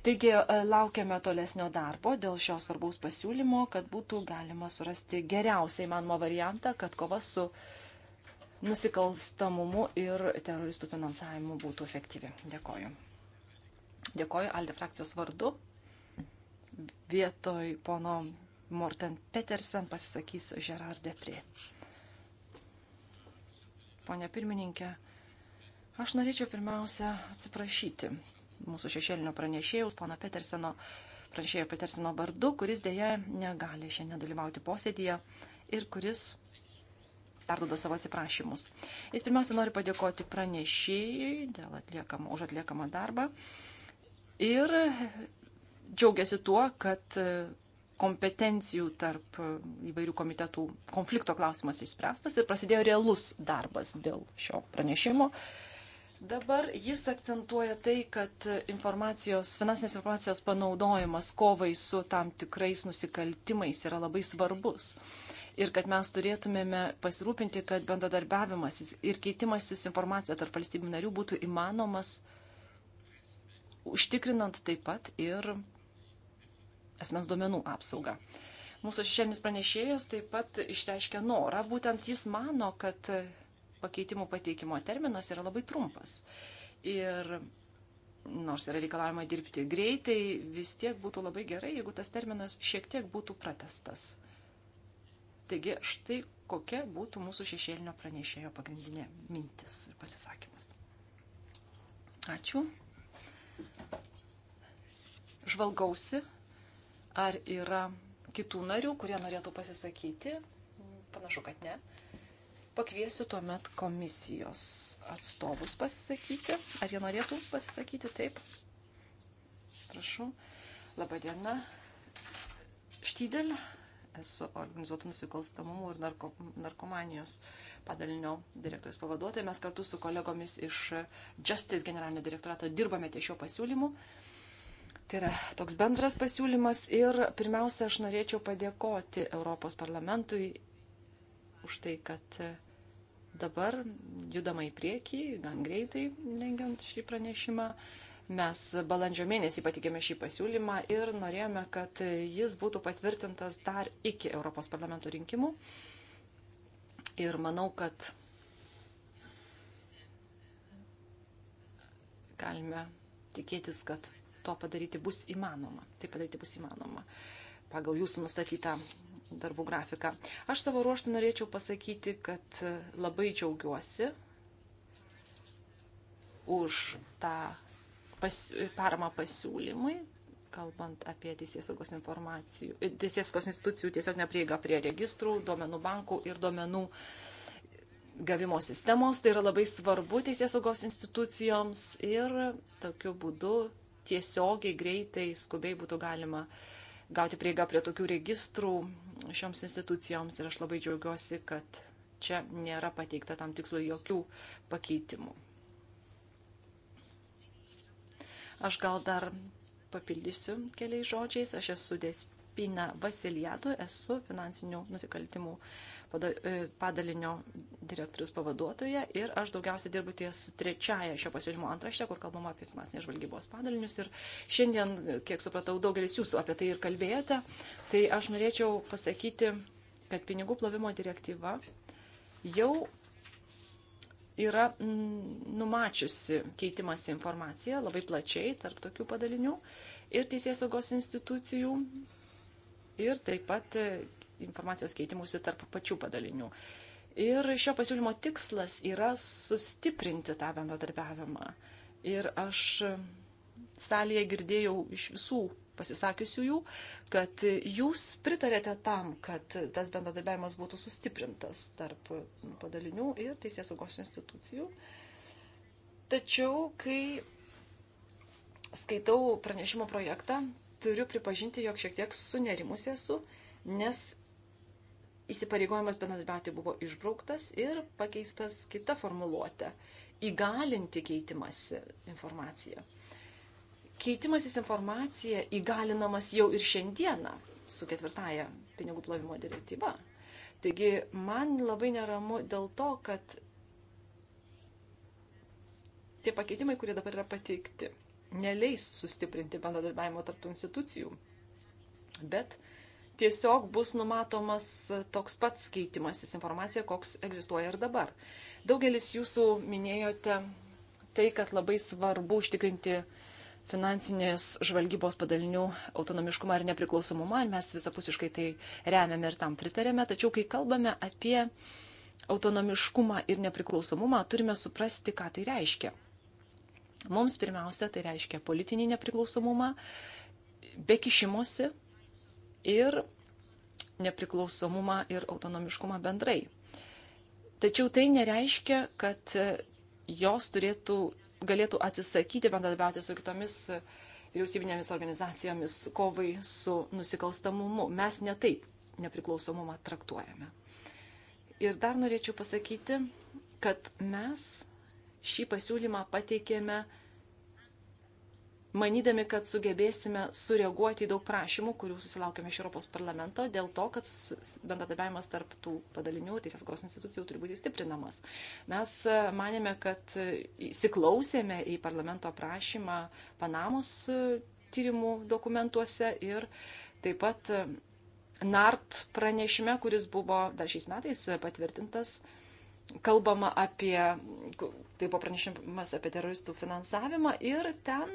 Taigi e, laukiame tolesnio darbo dėl šios svarbaus pasiūlymo, kad būtų galima surasti geriausiai manmo variantą, kad kova su nusikalstamumu ir teroristų finansavimu būtų efektyvi. Dėkoju. Dėkoju Alde frakcijos vardu. Vietoj pono Morten Petersen pasisakys Gerard Deprie. Pone pirmininkė, aš norėčiau pirmiausia atsiprašyti mūsų šešėlinio pranešėjus, pono Peterseno, pranešėjo Peterseno vardu, kuris dėja negali šiandien dalyvauti posėdėje ir kuris perduoda savo atsiprašymus. Jis pirmiausia nori padėkoti pranešėjai atliekam, už atliekamą darbą ir džiaugiasi tuo, kad kompetencijų tarp įvairių komitetų konflikto klausimas išspręstas ir prasidėjo realus darbas dėl šio pranešimo. Uh, Dabar jis akcentuoja tai, kad informacijos, finansinės informacijos panaudojimas kovai su tam tikrais nusikaltimais yra labai svarbus. Ir kad mes turėtumėme pasirūpinti, kad bendradarbiavimas ir keitimasis informacija tarp valstybių narių būtų įmanomas, užtikrinant taip pat ir asmens duomenų apsaugą. Mūsų šešėlinis pranešėjas taip pat išteiškė norą, būtent jis mano, kad pakeitimų pateikimo terminas yra labai trumpas. Ir nors yra reikalavimai dirbti greitai, vis tiek būtų labai gerai, jeigu tas terminas šiek tiek būtų pratestas. Taigi štai kokia būtų mūsų šešėlinio pranešėjo pagrindinė mintis ir pasisakymas. Ačiū. Žvalgausi, ar yra kitų narių, kurie norėtų pasisakyti. Panašu, kad ne pakviesiu tuomet komisijos atstovus pasisakyti. Ar jie norėtų pasisakyti? Taip. Prašau. Labadiena. Štydel. Esu organizuotų nusikalstamumų ir narko, narkomanijos padalinio direktorius pavaduotoja. Mes kartu su kolegomis iš Justice generalinio direktorato dirbame ties šiuo pasiūlymu. Tai yra toks bendras pasiūlymas ir pirmiausia, aš norėčiau padėkoti Europos parlamentui už tai, kad dabar judama į priekį, gan greitai rengiant šį pranešimą. Mes balandžio mėnesį patikėme šį pasiūlymą ir norėjome, kad jis būtų patvirtintas dar iki Europos parlamento rinkimų. Ir manau, kad galime tikėtis, kad to padaryti bus įmanoma. Tai padaryti bus įmanoma pagal jūsų nustatytą darbų grafiką. Aš savo ruoštų norėčiau pasakyti, kad e, labai džiaugiuosi už tą pas, paramą pasiūlymui, kalbant apie teisėsaugos e, teisėsaugos institucijų tiesiog neprieiga prie registrų, duomenų bankų ir duomenų gavimo sistemos. Tai yra labai svarbu teisėsaugos institucijoms ir tokiu būdu tiesiogiai, greitai, skubiai būtų galima gauti prieigą prie tokių registrų, šioms institucijoms ir aš labai džiaugiuosi, kad čia nėra pateikta tam tikslo jokių pakeitimų. Aš gal dar papildysiu keliais žodžiais. Aš esu Despina Vasiliato, esu finansinių nusikaltimų uh, E, padalinio direktorius pavaduotoja ir aš daugiausiai dirbu ties trečiaja šio pasiūlymo antrašte, kur kalbama apie finansinės žvalgybos padalinius. Ir šiandien, kiek supratau, daugelis jūsų apie tai ir kalbėjote. Tai aš norėčiau pasakyti, kad pinigų plovimo direktyva jau yra numačiusi keitimąsi informaciją labai plačiai tarp tokių padalinių ir teisės saugos institucijų ir taip pat informacijos keitimusi tarp pačių padalinių. Ir šio pasiūlymo tikslas yra sustiprinti tą bendradarbiavimą. Ir aš salėje girdėjau iš visų pasisakiusiųjų, kad jūs pritarėte tam, kad tas bendradarbiavimas būtų sustiprintas tarp padalinių ir teisės saugos institucijų. Tačiau, kai skaitau pranešimo projektą, turiu pripažinti, jog šiek tiek sunerimus esu, nes įsipareigojimas bendradarbiauti buvo išbrauktas ir pakeistas kita formuluotė - įgalinti keitimąsi informaciją. Keitimasis informacija įgalinamas jau ir šiandieną su ketvirtaja pinigų plovimo direktyva. Taigi man labai neramu dėl to, kad tie pakeitimai, kurie dabar yra pateikti, neleis sustiprinti bendradarbiavimo tarptų institucijų, bet tiesiog bus numatomas e, toks pats keitimasis informacija, koks egzistuoja ir dabar. Daugelis jūsų minėjote tai, kad labai svarbu užtikrinti finansinės žvalgybos padalinių autonomiškumą ir nepriklausomumą, mes visapusiškai tai remiame ir tam pritarėme, tačiau kai kalbame apie autonomiškumą ir nepriklausomumą, turime suprasti, ką tai reiškia. Mums pirmiausia, tai reiškia politinį nepriklausomumą, be kišimosi ir nepriklausomumą ir autonomiškumą bendrai. Tačiau tai nereiškia, kad jos turėtų, galėtų atsisakyti bendradarbiauti su kitomis vyriausybinėmis organizacijomis kovai su nusikalstamumu. Mes netaip nepriklausomumą traktuojame. Ir dar norėčiau pasakyti, kad mes šį pasiūlymą pateikėme manydami, kad sugebėsime sureaguoti į daug prašymų, kurių susilaukėme iš Europos parlamento, dėl to, kad bendradarbiavimas tarp tų padalinių teisės saugos institucijų turi būti stiprinamas. Mes e, manėme, kad e, įsiklausėme į parlamento prašymą Panamos e, tyrimų dokumentuose ir taip pat NART pranešime, kuris buvo dar šiais metais patvirtintas, kalbama apie, tai buvo pranešimas apie teroristų finansavimą ir ten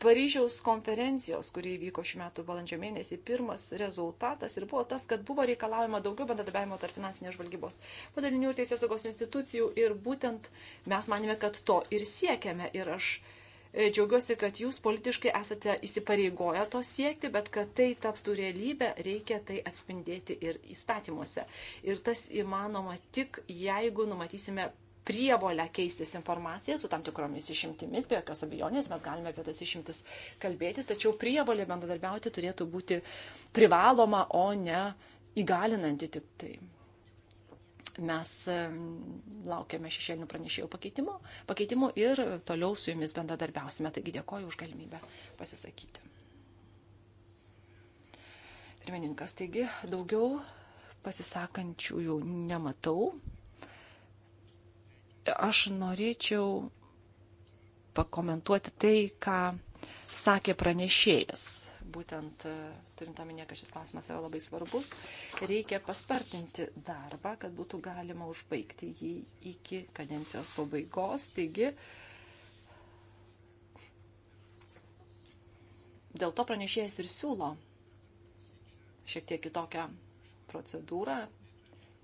Paryžiaus konferencijos, kurie vyko šiuo metu balandžio mėnesį, pirmas rezultatas ir buvo tas, kad buvo reikalaujama daugiau bendradarbiavimo tarp finansinės žvalgybos padalinių ir teisės saugos institucijų ir būtent mes manėme, kad to ir siekiame ir aš e, džiaugiuosi, kad jūs politiškai esate įsipareigoję to siekti, bet kad tai taptų realybę, reikia tai atspindėti ir įstatymuose. Ir tas įmanoma tik, jeigu numatysime prievolę keistis informaciją su tam tikromis išimtimis, be jokios abejonės mes galime apie tas išimtis kalbėtis, tačiau prievolė bendradarbiauti turėtų būti privaloma, o ne įgalinanti tik tai. Mes laukiame šešėlinių pranešėjų pakeitimo, pakeitimo ir toliau su jumis bendradarbiausime. Taigi dėkoju už galimybę pasisakyti. Pirmininkas, taigi daugiau pasisakančių jau nematau. Aš norėčiau pakomentuoti tai, ką sakė pranešėjas. Būtent e, turint omenyje, kad šis klausimas yra labai svarbus, reikia paspartinti darbą, kad būtų galima užbaigti jį iki kadencijos pabaigos. Taigi, dėl to pranešėjas ir siūlo šiek tiek kitokią procedūrą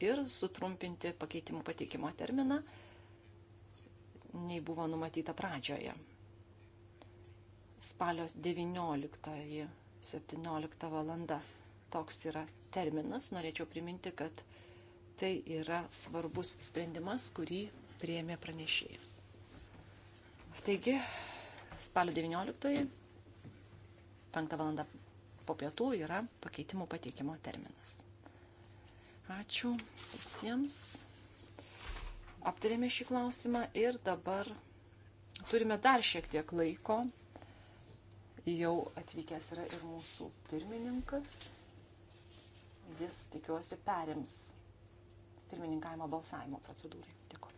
ir sutrumpinti pakeitimų pateikimo terminą nei buvo numatyta pradžioje. Spalios 19.17 valanda. Toks yra terminas. Norėčiau priminti, kad tai yra svarbus sprendimas, kurį prieėmė pranešėjas. Taigi, spalio 19. 5 val. po pietų yra pakeitimų pateikimo terminas. Ačiū visiems aptarėme šį klausimą ir dabar turime dar šiek tiek laiko. Jau atvykęs yra ir mūsų pirmininkas. Jis, tikiuosi, perims pirmininkavimo balsavimo procedūrai. Dėkui.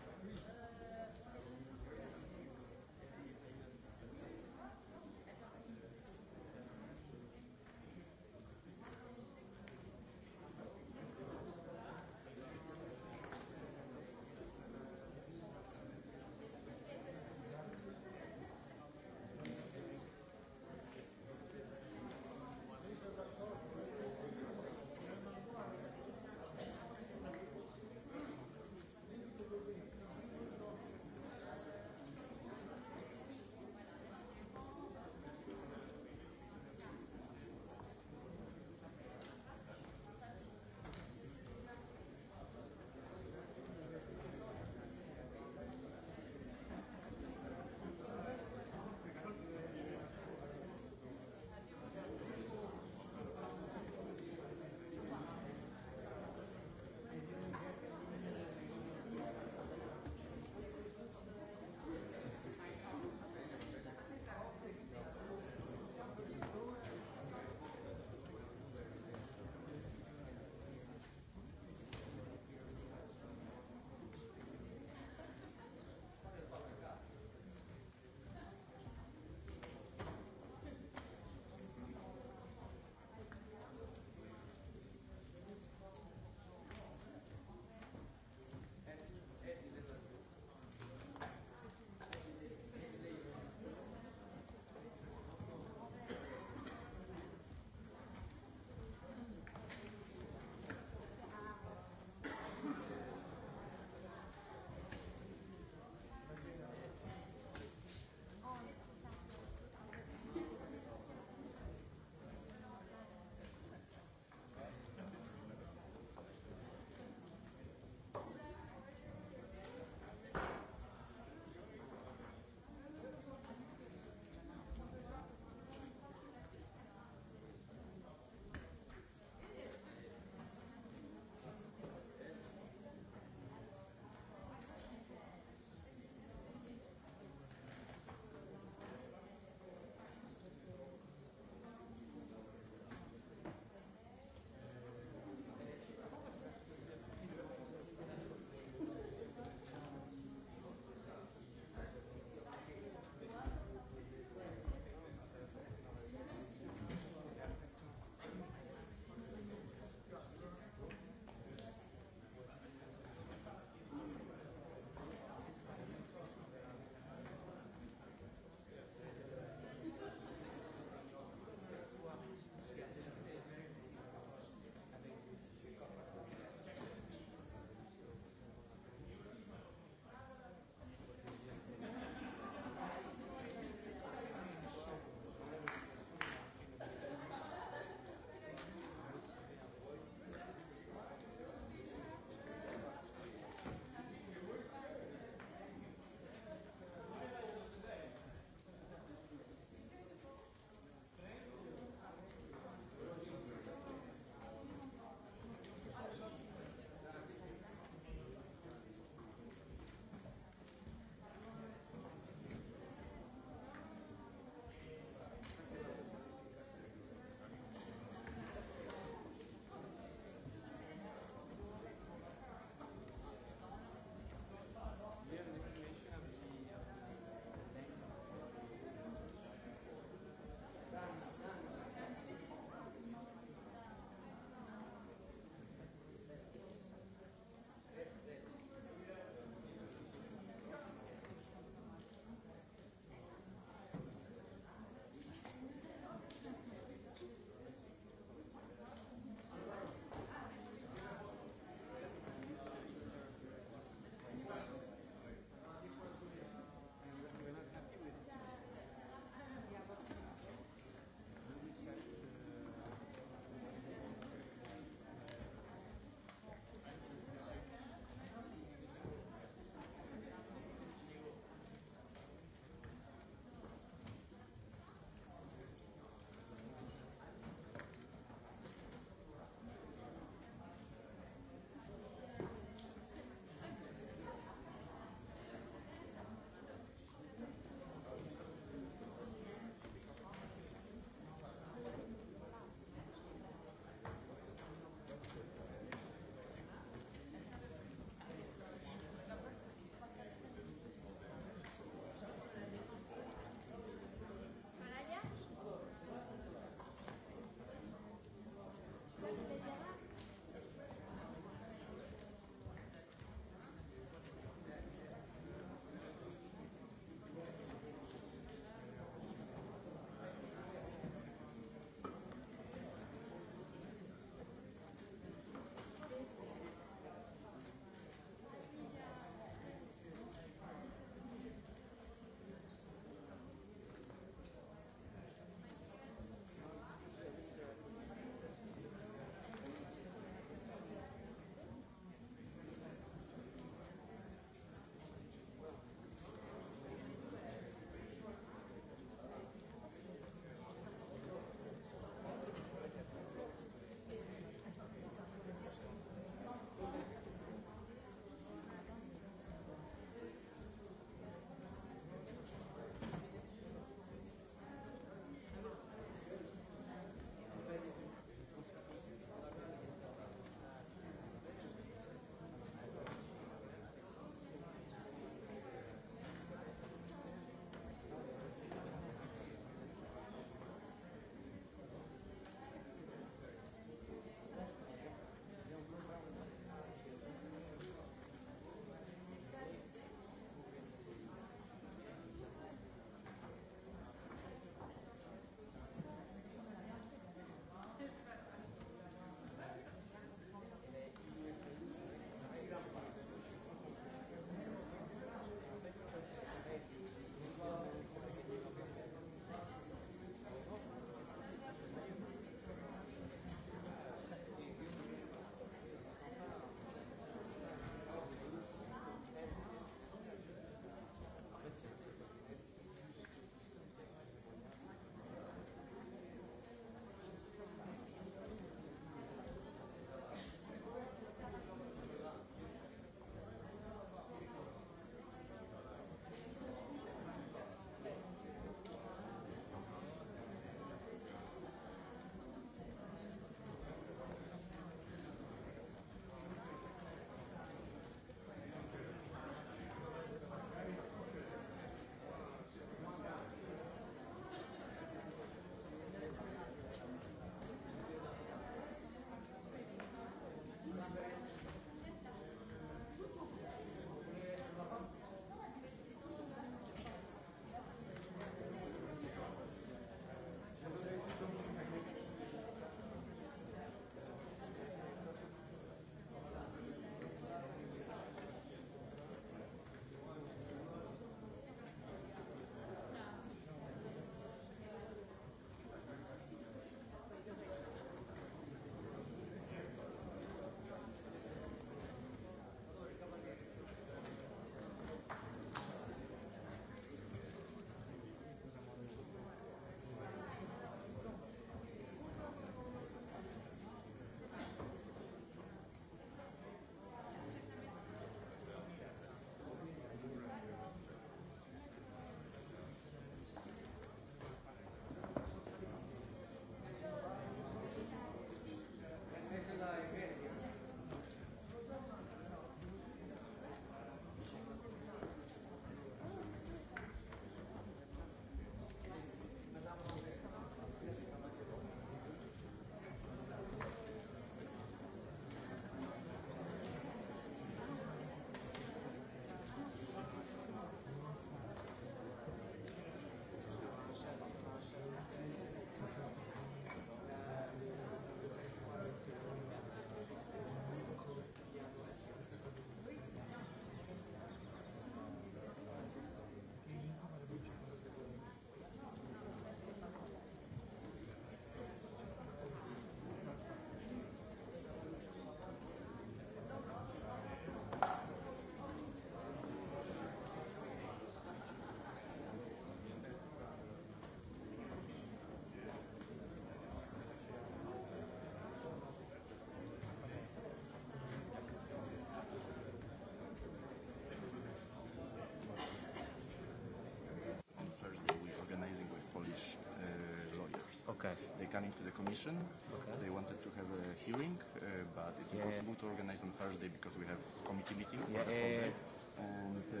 Okay. They came into the commission. Okay. They wanted to have a hearing, uh, but it's yeah. impossible to organize on Thursday because we have committee meeting for yeah. the whole day. And uh,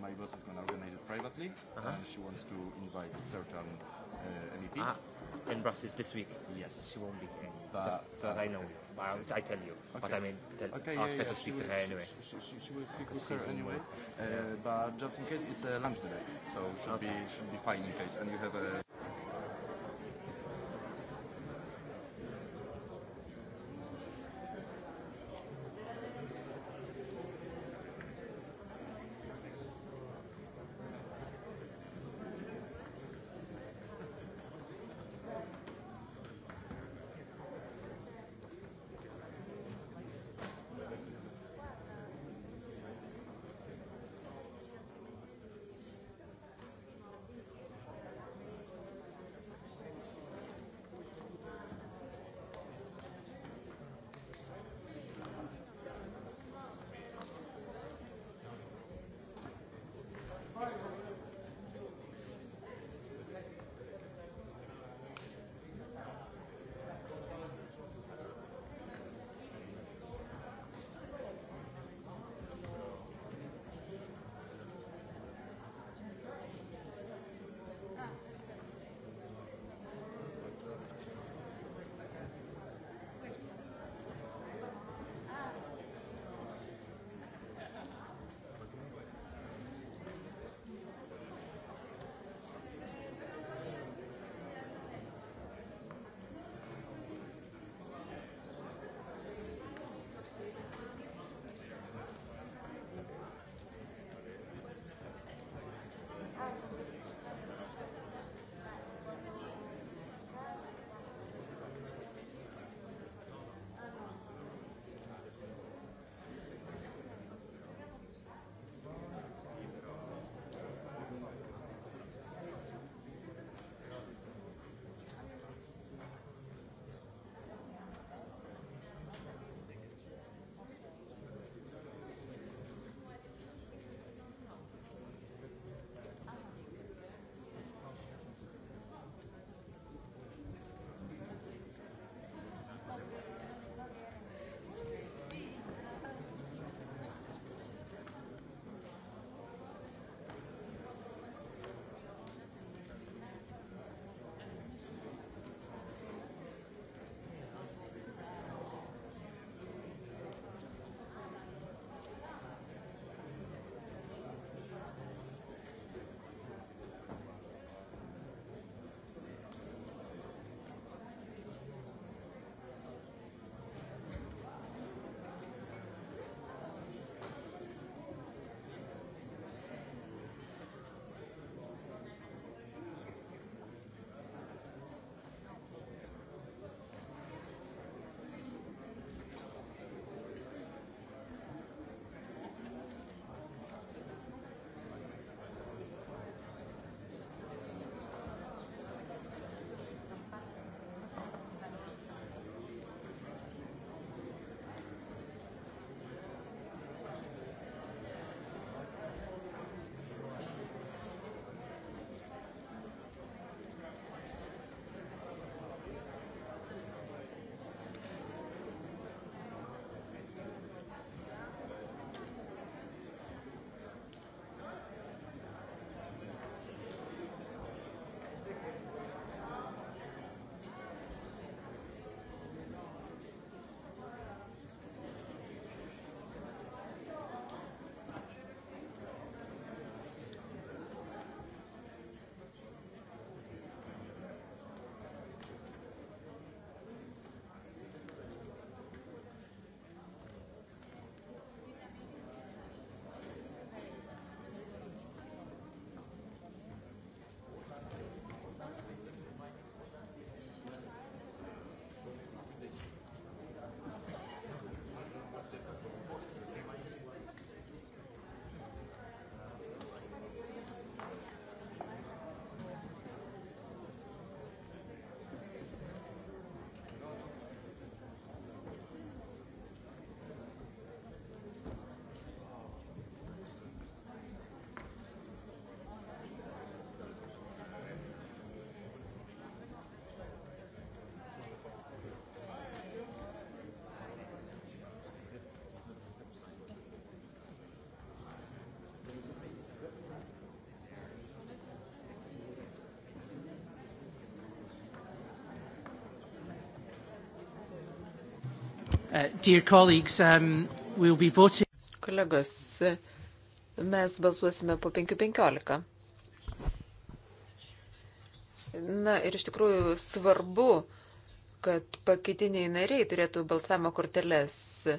my boss is going to organize it privately, uh-huh. and she wants to invite certain uh, MEPs. Ah, in Brussels this week. Yes. She won't be here. But, Just so uh, that I know. I, I tell you. Okay. But I mean, tell, okay, ask yeah, her yeah. to speak she to will, her she, anyway. She, she, she will speak with her anyway. Uh, yeah. But just in case, it's a lunch delay, so should okay. be should be fine in case. And you have a. Uh, um, we'll Kolegos, mes balsuosime po 5.15. Na ir iš tikrųjų svarbu, kad pakeitiniai nariai turėtų balsavimo korteles. E,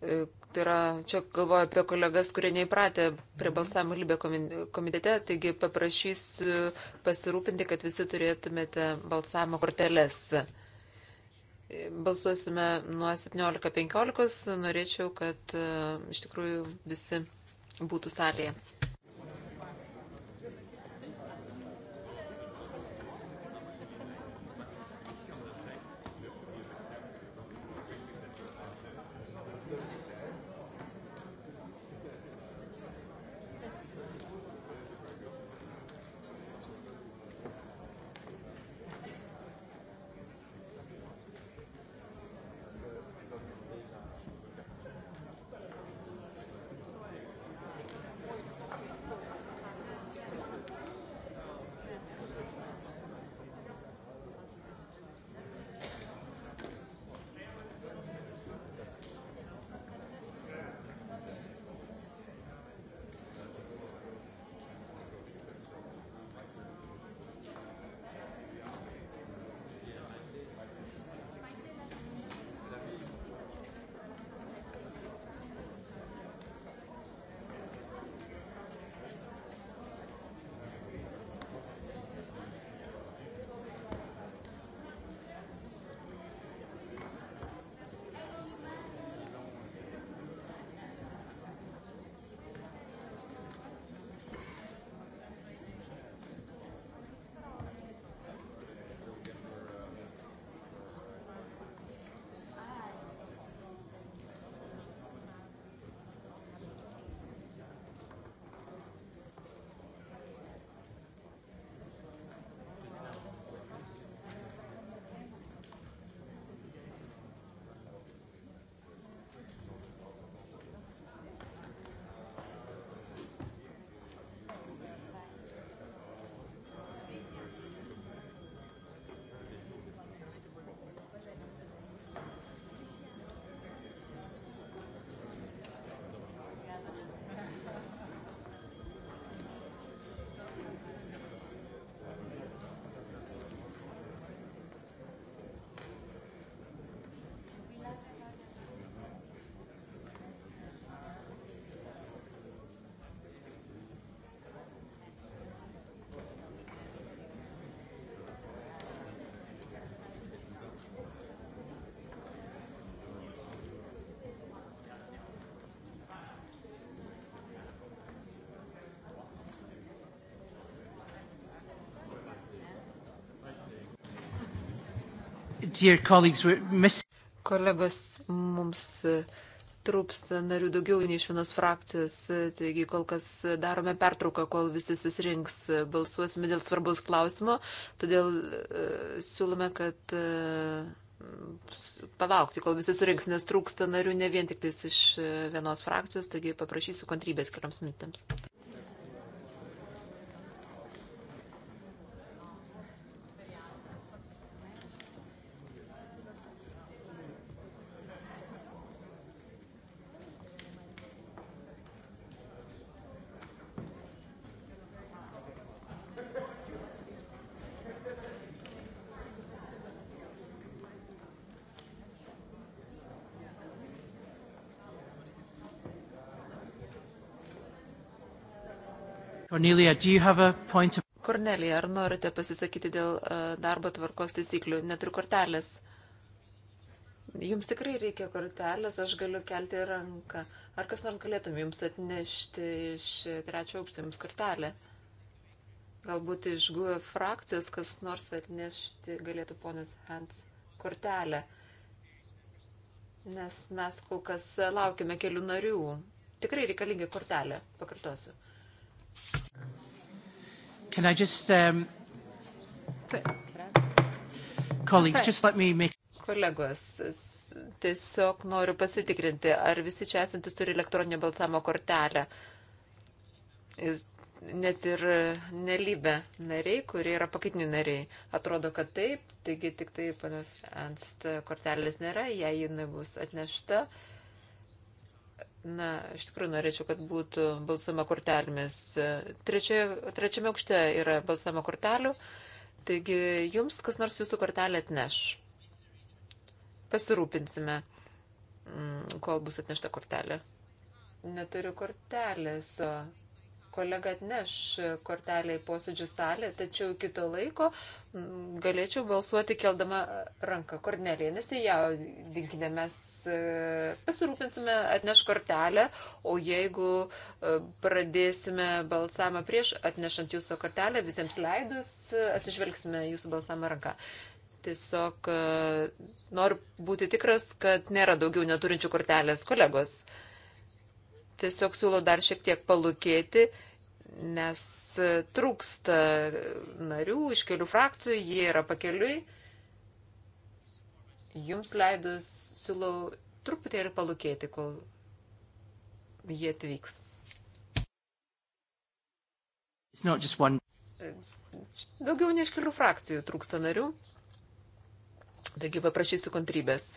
tai yra, čia galvoju apie kolegas, kurie neįpratę prie balsavimo lybė komitete, taigi paprašysiu pasirūpinti, kad visi turėtumėte balsavimo korteles balsuosime nuo 17.15. Norėčiau, kad e, iš tikrųjų visi būtų salėje. Kolegos, mums e, trūksta narių daugiau nei iš vienos frakcijos, e, taigi kol kas darome pertrauką, kol visi susirinks, balsuosime dėl svarbaus klausimo, todėl e, siūlome, kad palaukti, kol visi surinks, nes trūksta narių ne vien tik iš vienos frakcijos, taigi paprašysiu kantrybės kelioms minutėms. Cornelia, do you have a point of... Kornelija, ar norite pasisakyti dėl e, darbo tvarkos taisyklių? Neturiu kortelės. Jums tikrai reikia kortelės, aš galiu kelti ranką. Ar kas nors galėtum jums atnešti iš trečio aukšto jums kortelę? Galbūt iš GUE frakcijos kas nors atnešti galėtų ponas Hans kortelę. Nes mes kol kas laukime kelių narių. Tikrai reikalinga kortelė, pakartosiu. Can I just... Um, colleagues, just let me make... Kolegos, tiesiog noriu pasitikrinti, ar visi čia esantis turi elektroninę balsamo kortelę. Net ir nelybė nariai, kurie yra pakaitiniai nariai. Atrodo, kad taip, taigi tik tai panas ant kortelės nėra, jei ji nebus atnešta. Uh, Na, iš tikrųjų norėčiau, kad būtų balsama kortelėmis. Trečioje, trečiame aukšte yra balsama kortelių, taigi jums kas nors jūsų kortelę atneš. Pasirūpinsime, mm, kol bus atnešta kortelė. Neturiu kortelės. O kolega atneš kortelę į posėdžių salę, tačiau kito laiko mm, galėčiau balsuoti keldama ranką. Kornelija, nesijaudinkite, mes e, pasirūpinsime, atneš kortelę, o jeigu e, pradėsime balsamą prieš atnešant jūsų kortelę, visiems leidus e, atsižvelgsime jūsų balsamą ranką tiesiog noriu būti tikras, kad nėra daugiau neturinčių kortelės kolegos tiesiog siūlau dar šiek tiek palūkėti, nes e, trūksta narių iš kelių frakcijų, jie yra pakeliui. Jums leidus siūlau truputį ir palūkėti, kol jie atvyks. E, daugiau nei iš kelių frakcijų trūksta narių, taigi paprašysiu kontrybės.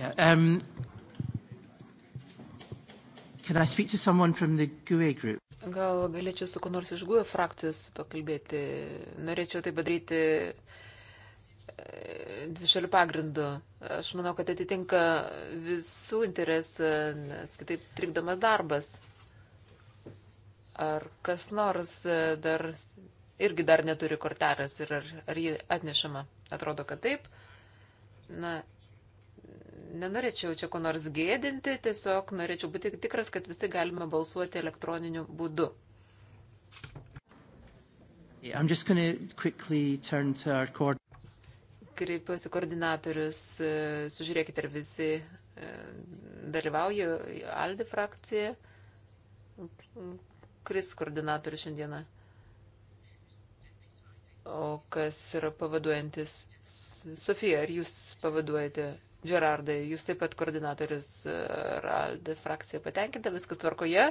Yeah, um, can I speak to someone from the GUE group? Gal galėčiau su kuo nors iš GUE frakcijos pakalbėti. Norėčiau tai padaryti e, dvišalių pagrindų. Aš manau, kad atitinka visų interesą, nes kitaip trikdomas darbas. Ar kas nors e, dar irgi dar neturi kortelės ir ar, ar ji atnešama? Atrodo, kad taip. Na Nenorėčiau čia ko nors gėdinti, tiesiog norėčiau būti tikras, kad visi galime balsuoti elektroniniu būdu. Kreipiuosi koordinatorius, e, sužiūrėkite, ar visi e, dalyvauja Aldi frakcija. Kris koordinatorius šiandieną. O kas yra pavaduojantis? Sofija, ar jūs pavaduojate Gerardai, jūs taip pat koordinatorius e, RALD frakcija patenkinta, viskas tvarkoje,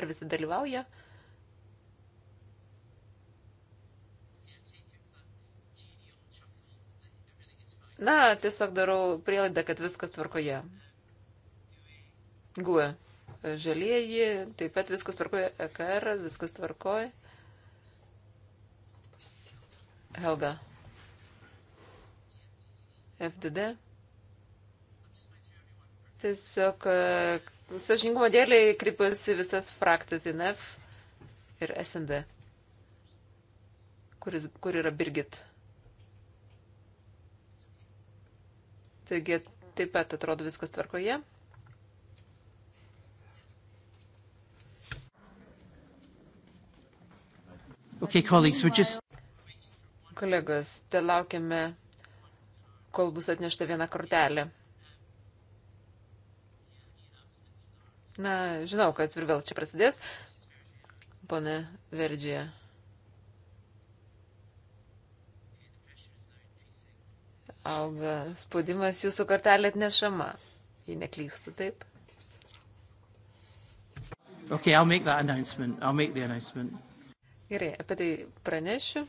ar visi dalyvauja? Na, tiesiog darau prielaidą, kad viskas tvarkoje. Gue, žalieji, taip pat viskas tvarkoje, EKR, viskas tvarkoje. Helga. FDD. Tiesiog e, sažingumo dėliai kreipiuosi visas frakcijas INF e ir SND, kuris, kur yra Birgit. Taigi taip pat atrodo viskas tvarkoje. Okay, colleagues, we're just... Kolegos, te laukiame, kol bus atnešta viena kortelė. Na, žinau, kad ir vėl čia prasidės. Pone Verdžija. Auga spaudimas jūsų kartelė atnešama. Jei neklystu, taip. Okay, I'll make that announcement. I'll make the announcement. Gerai, apie tai pranešiu.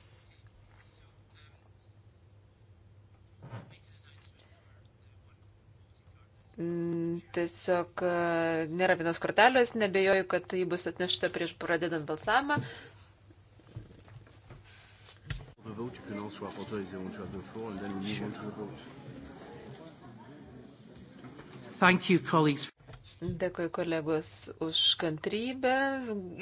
Mm, tiesiog e, nėra vienos kortelės, nebejoju, kad tai bus atnešta prieš pradedant balsavimą. Dėkui kolegos už kantrybę.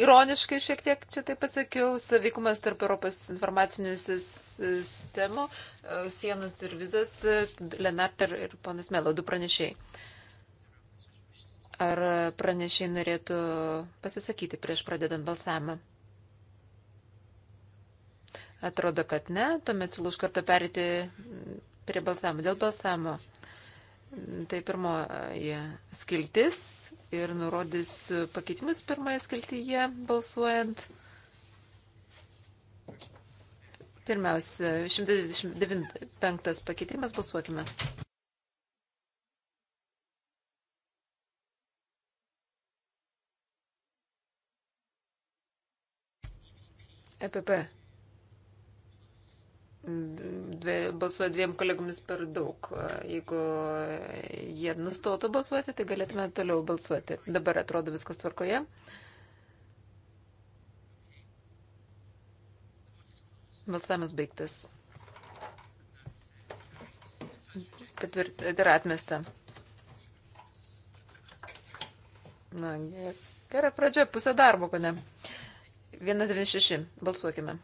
Ironiškai šiek tiek čia tai pasakiau. Savykumas tarp Europos informacinių sistemų, e, sienos ir vizas, Lenarter ir ponas Melo, du pranešiai. Ar pranešiai norėtų pasisakyti prieš pradedant balsavimą? Atrodo, kad ne. Tuomet siūlau iš karto perėti prie balsavimo. Dėl balsavimo. Tai pirmoji skiltis ir nurodys pakeitimus pirmąją skiltyje balsuojant. Pirmiausia, 125 pakeitimas balsuokime. EPP balsuoja dviem kolegomis per daug. Jeigu jie nustotų balsuoti, tai galėtume toliau balsuoti. Dabar atrodo viskas tvarkoje. Balsavimas baigtas. Patvirt, tai yra atmesta. Na, gera pradžia, pusė darbo, ko ne. 196. Balsuokime.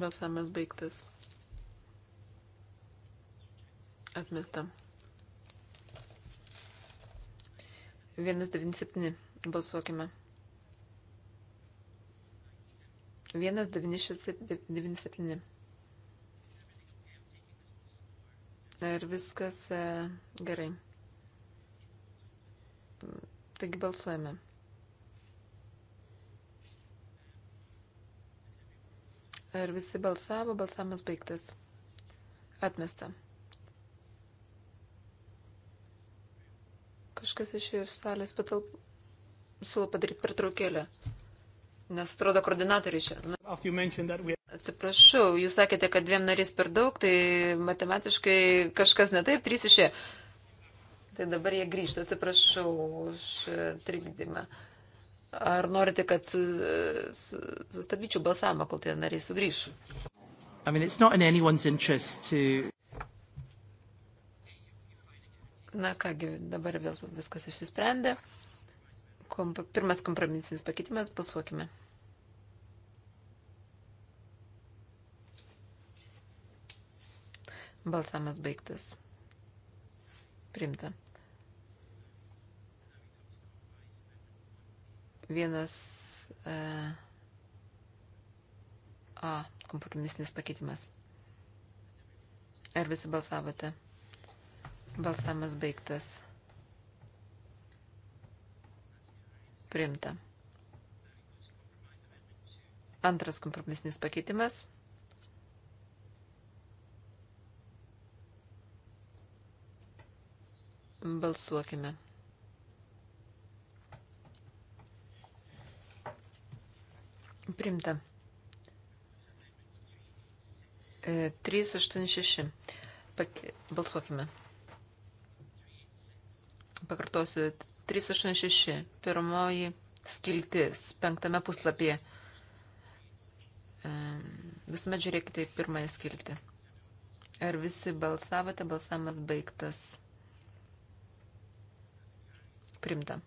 Balsavimas baigtas. Atmesta. 197. Balsuokime. 197. Ir viskas e, gerai. Taigi balsuojame. Ar visi balsavo? Balsamas baigtas. Atmesta. Kažkas išėjo iš salės patalpų. Siūlau padaryti pertraukėlę. Nes atrodo koordinatoriai šiandien. Atsiprašau, jūs sakėte, kad dviem narys per daug, tai matematiškai kažkas ne taip, trys išėjo. Tai dabar jie grįžta, atsiprašau už e, trikdymą. Uh, Ar norite, kad su, su, sustabdyčiau balsavimą, kol tie nariai sugrįš? I mean, in to... Na kągi, dabar vėl viskas išsisprendė. Komp pirmas kompromisinis pakeitimas, balsuokime. Balsamas baigtas. Primta. Vienas e, A kompromisinis pakeitimas. Ar visi balsavote? Balsamas baigtas. Primta. Antras kompromisinis pakeitimas. Balsuokime. Primta. 386. E, balsuokime. Pakartosiu. 386. Pirmoji skiltis penktame puslapyje. E, visuomet žiūrėkite į pirmąją skiltį. Ar visi balsavote? Balsavimas baigtas. Primta.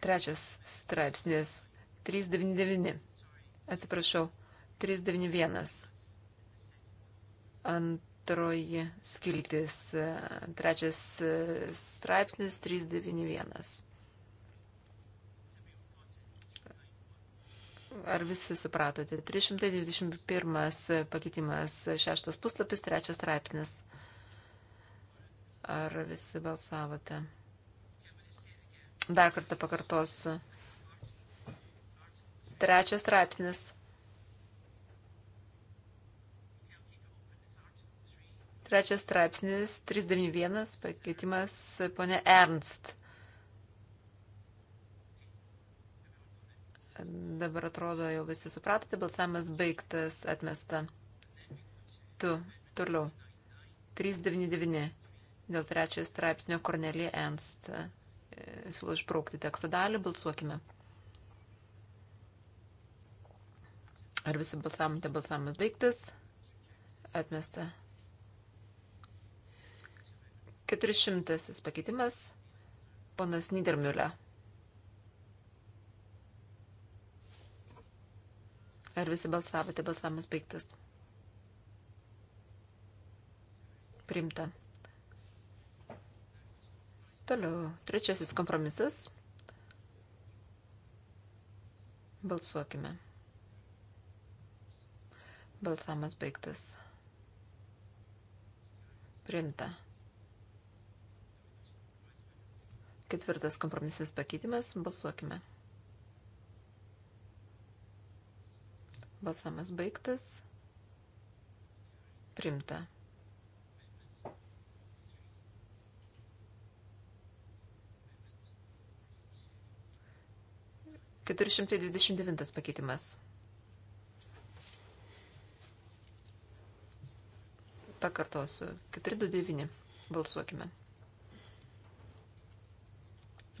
Trečias straipsnis 399. Atsiprašau, 391. Antroji skiltis. Trečias e, straipsnis 391. Ar visi supratote? 321 pakeitimas, šeštas puslapis, trečias straipsnis. Ar visi balsavote? Dar kartą pakartosiu. Trečias straipsnis. Trečias straipsnis, 391, pakeitimas ponė Ernst. Dabar atrodo, jau visi supratote, balsavimas baigtas, atmesta. Tu, toliau. 399. Dėl trečiojo straipsnio Kornelija Ernst siūlau išbraukti teksto dalį, balsuokime. Ar visi balsavote, tai balsavimas baigtas? Atmesta. 400 pakeitimas. Ponas Nidermiulė. Ar visi balsavote, balsavimas baigtas? Primta. Toliau, trečiasis kompromisas. Balsuokime. Balsamas baigtas. Primta. Ketvirtas kompromisinis pakeitimas. Balsuokime. Balsamas baigtas. Primta. 429 pakeitimas. Pakartosiu. 429. Balsuokime.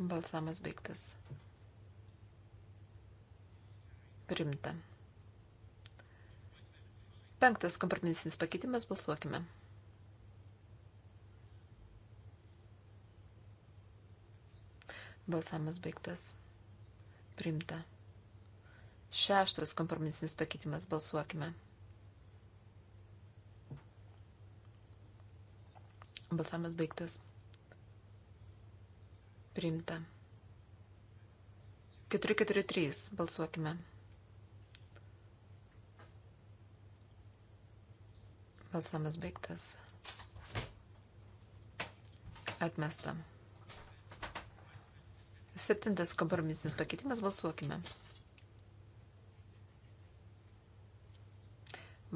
Balsamas baigtas. Primta. Penktas kompromisinis pakeitimas. Balsuokime. Balsamas baigtas. Primta. Šeštas kompromisinis pakeitimas. Balsuokime. Balsamas baigtas. Primta. 443. Balsuokime. Balsamas baigtas. Atmesta. Septintas kompromisinis pakeitimas. Balsuokime.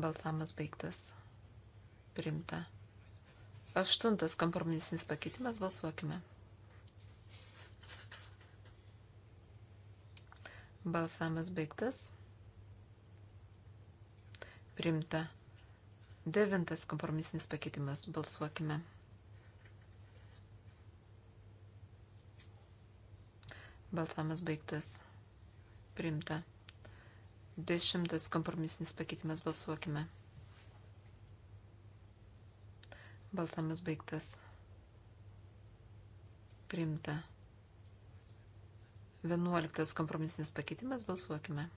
Balsamas baigtas. Primta. Aštuntas kompromisinis pakeitimas. Balsuokime. Balsamas baigtas. Primta. Devintas kompromisinis pakeitimas. Balsuokime. Balsavimas baigtas. Primta. Dešimtas kompromisinis pakeitimas balsuokime. Balsavimas baigtas. Primta. Vienuoliktas kompromisinis pakeitimas balsuokime.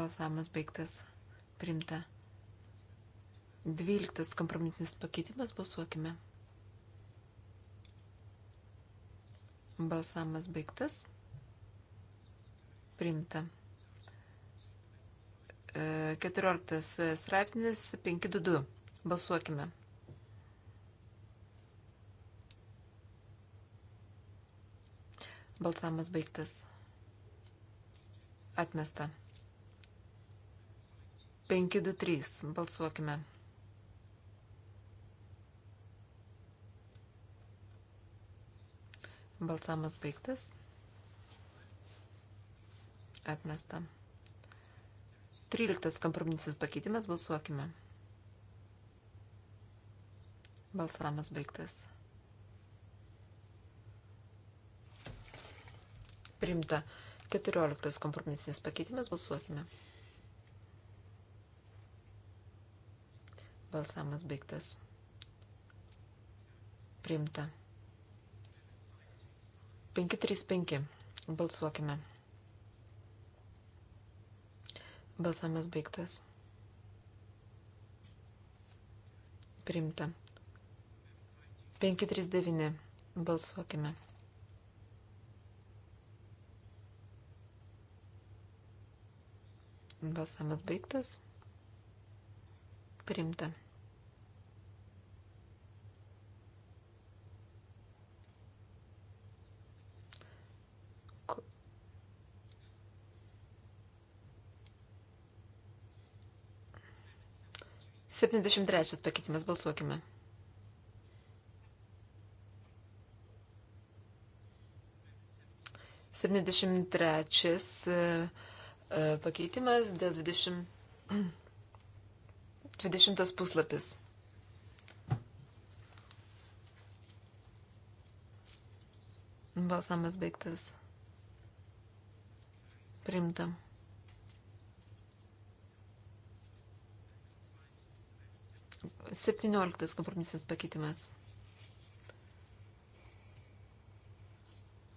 Balsavimas baigtas. Primta. Dvyliktas kompromisinis pakeitimas balsuokime. Balsamas baigtas. Primta. 14 e, straipsnis 522. Balsuokime. Balsamas baigtas. Atmesta. 523. Balsuokime. Balsamas baigtas. Atmesta. 13 kompromisinis pakeitimas. Balsuokime. Balsamas baigtas. Primta. 14 kompromisinis pakeitimas. Balsuokime. Balsamas baigtas. Primta. 535. Balsuokime. Balsamas baigtas. Primta. 539. Balsuokime. Balsamas baigtas. Primta. 73 pakeitimas balsuokime. Septyniasdešimt trečias e, e, pakeitimas dėl 20, 20 puslapis. Balsamas baigtas. Primtam. 17 kompromisinis pakeitimas.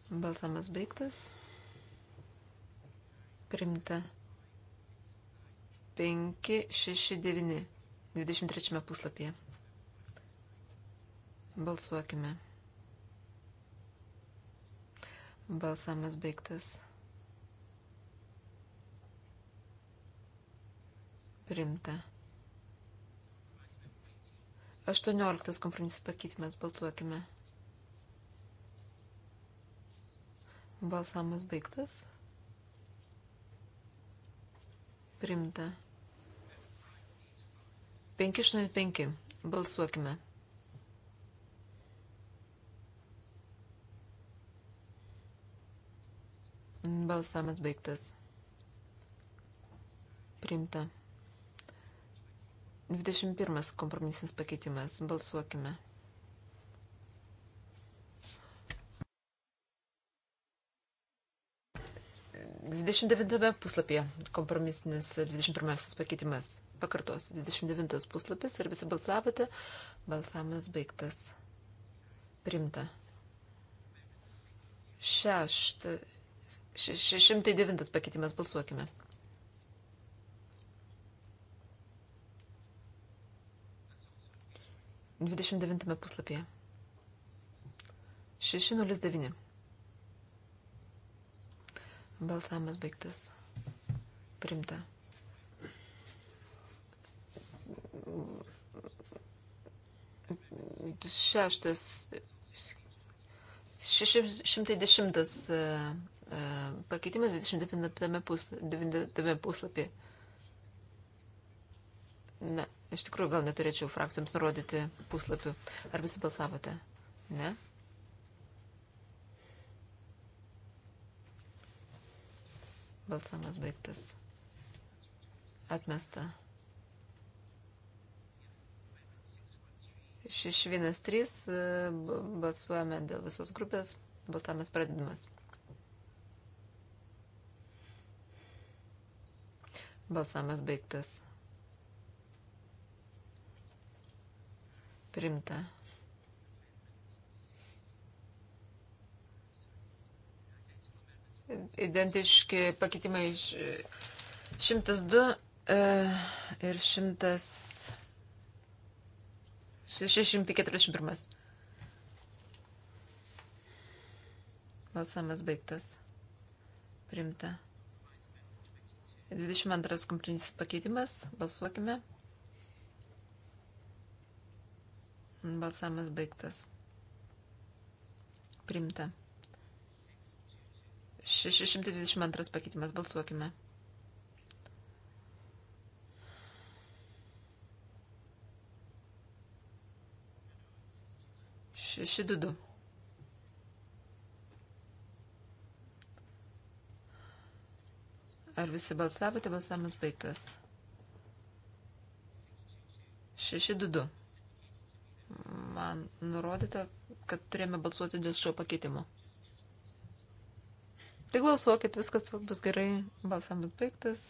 Balsamas baigtas. Primta. 569. 23 puslapyje. Balsuokime. Balsamas baigtas. Primta. 18 kompromisas pakeitimas. Balsuokime. Balsamas baigtas. Primta. 585. Balsuokime. Balsamas baigtas. Primta. 21 kompromisinis pakeitimas. Balsuokime. Dvidešimt devintame puslapyje kompromisinis 21 pakeitimas. Pakartos. 29 puslapis ir visi balsavote. Balsavimas baigtas. Primta. Šešta. 609 pakeitimas. Balsuokime. 29 puslapyje. 609. Balsamas baigtas. Primta. Šeštas. 610 e, e, pakeitimas 29 puslapyje. Na, Iš tikrųjų, gal neturėčiau frakcijoms nurodyti puslapių. Ar visi balsavote? Ne? Balsamas baigtas. Atmesta. 613 e, balsuojame dėl visos grupės. Balsavimas pradedamas. Balsavimas baigtas. Primta. Identiški pakitimai 102 e, ir 641. Balsavimas baigtas. Primta. 22 kompromisinis pakeitimas. Balsuokime. Balsamas baigtas. Primta. 622 pakeitimas. Balsuokime. Šeši du du. Ar visi balsavote? Balsavimas baigtas. Šeši du du man nurodyta, kad turėjome balsuoti dėl šio pakeitimo. Tik balsuokit, viskas bus gerai, balsamas baigtas.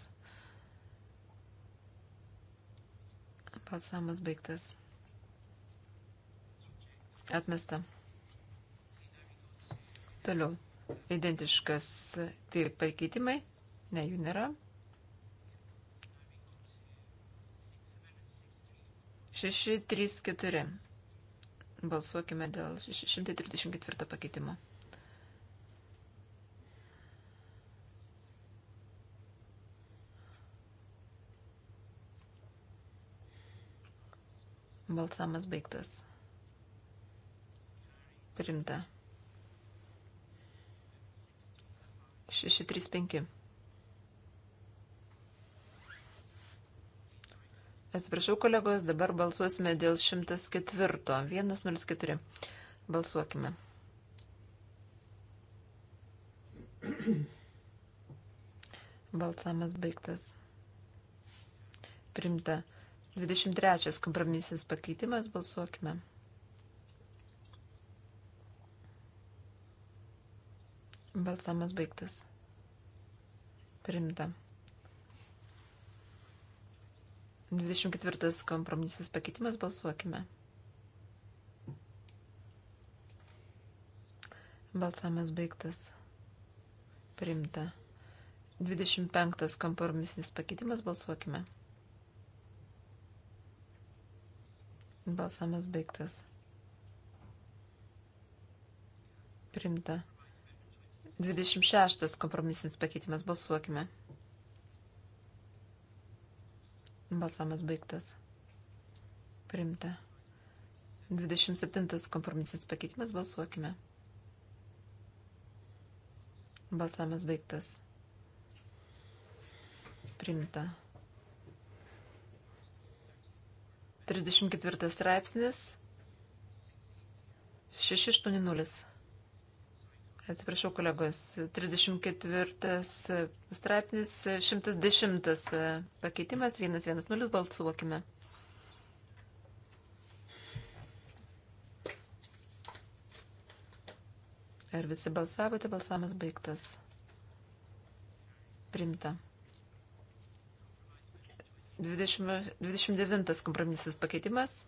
Balsamas baigtas. Atmesta. Toliau. Identiškas tai pakeitimai. Ne, jų nėra. 6, 3, 4. Balsuokime dėl 634 pakeitimo. Balsamas baigtas. Primta. 635. Atsiprašau, kolegos, dabar balsuosime dėl 104. 104. Balsuokime. Balsamas baigtas. Primta. 23. Kompromisinis pakeitimas. Balsuokime. Balsamas baigtas. Primta. 24 kompromisas pakeitimas balsuokime. Balsamas baigtas. Primta. 25 kompromisinis pakeitimas balsuokime. Balsamas baigtas. Primta. 26 kompromisinis pakeitimas balsuokime. Balsamas baigtas. Primta. 27 kompromisinis pakeitimas. Balsuokime. Balsamas baigtas. Primta. 34 straipsnis 680. Atsiprašau, kolegos, 34 straipsnis, 110 pakeitimas, 110 balsuokime. Ar visi balsavote, balsamas baigtas. Primta. 20, 29 kompromisas pakeitimas.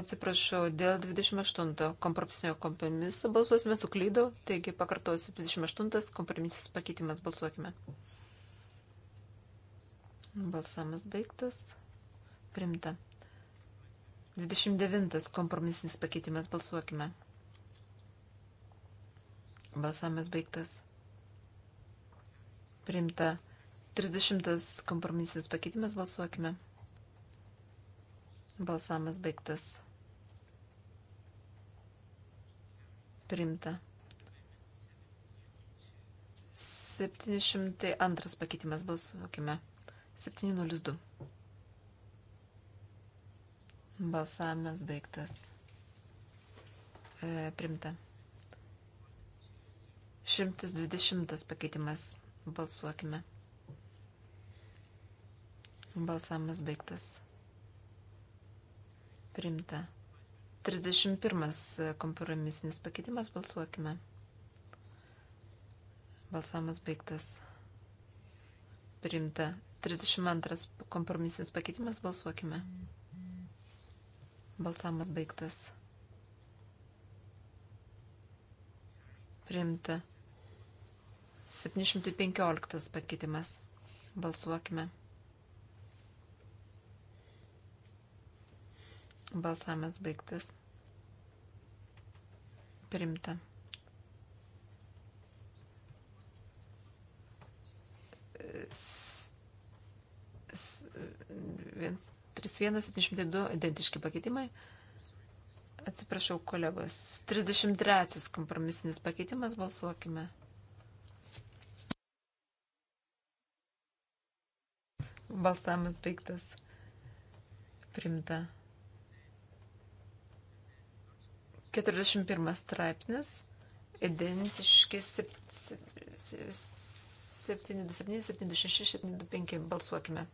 Atsiprašau, dėl 28 kompromisinio kompromiso balsuosime, suklydau, taigi pakartosiu 28 kompromisinis pakeitimas balsuokime. Balsamas baigtas. Primta. 29 kompromisinis pakeitimas balsuokime. Balsamas baigtas. Primta. 30 kompromisinis pakeitimas balsuokime. Balsavimas baigtas. Primta. 702 pakeitimas balsuokime. 702. Balsavimas baigtas. E, primta. 120 pakeitimas. Balsuokime. Balsavimas baigtas. Primta. 31 kompromisinis pakeitimas. Balsuokime. Balsamas baigtas. Primta. 32 kompromisinis pakeitimas. Balsuokime. Balsamas baigtas. Primta. 715 pakeitimas. Balsuokime. Balsavimas baigtas. Primta. S, s, 31-72 identiški pakeitimai. Atsiprašau, kolegos. 33 kompromisinis pakeitimas. Balsuokime. Balsavimas baigtas. Primta. 41 straipsnis, identiški 727, 76, 75. Balsuokime.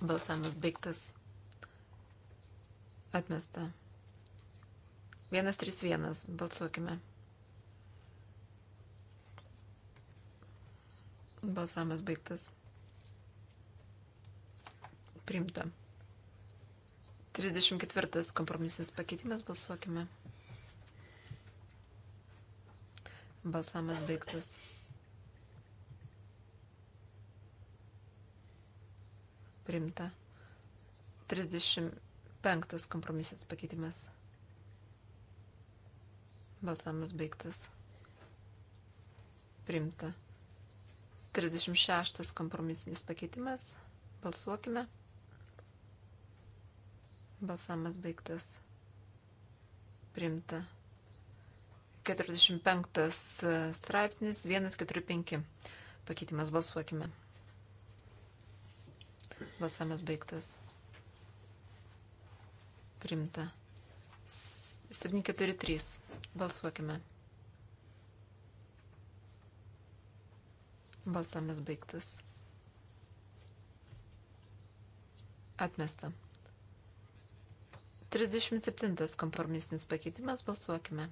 Balsavimas baigtas. Atmesta. 131. Balsuokime. Balsavimas baigtas. Primta. 34 kompromisinis pakeitimas, balsuokime. Balsamas baigtas. Primta. 35 kompromisinis pakeitimas. Balsamas baigtas. Primta. 36 kompromisinis pakeitimas. Balsuokime. Balsamas baigtas. Primta. 45 e, straipsnis 145. Pakeitimas balsuokime. Balsamas baigtas. Primta. 743. Balsuokime. Balsamas baigtas. Atmesta. 37 kompromisinis pakeitimas. Balsuokime.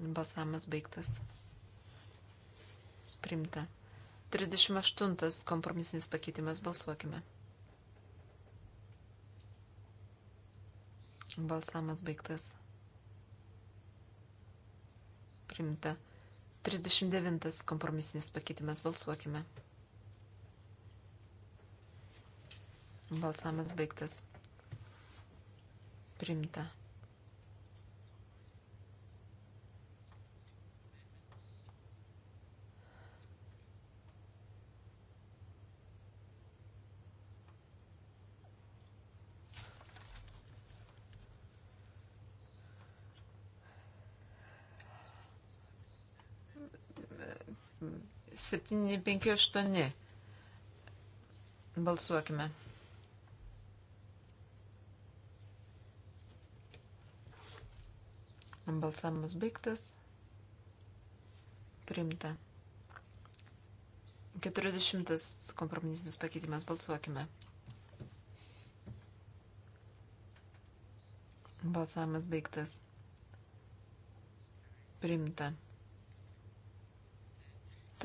Balsamas baigtas. Primta. 38 kompromisinis pakeitimas. Balsuokime. Balsamas baigtas. Primta. 39 kompromisinis pakeitimas. Balsuokime. Balsamas baigtas primta. Septyni, penki, aštuoni. Balsuokime. Balsavimas baigtas. Primta. 40 kompromisinis pakeitimas. Balsuokime. Balsavimas baigtas. Primta.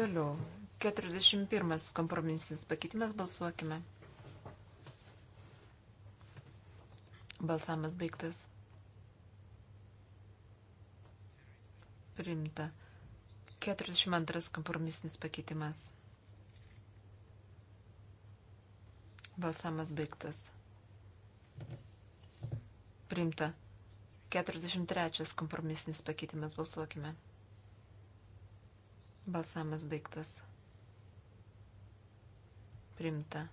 Toliau. 41 kompromisinis pakeitimas. Balsuokime. Balsavimas baigtas. Primta. 42 kompromisinis pakeitimas. Balsamas baigtas. Primta. 43 kompromisinis pakeitimas. Balsuokime. Balsamas baigtas. Primta.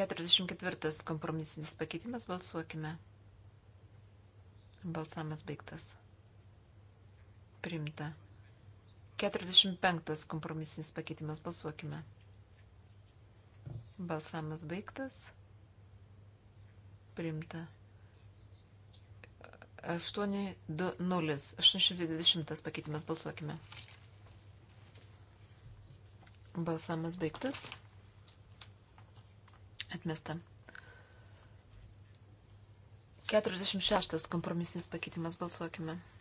44 kompromisinis pakeitimas. Balsuokime. Balsamas baigtas. Primta. 45 kompromisinis pakeitimas. Balsuokime. Balsamas baigtas. Primta. 820. 820 pakeitimas. Balsuokime. Balsamas baigtas. Atmesta. 46 kompromisinis pakeitimas. Balsuokime. Balsuokime.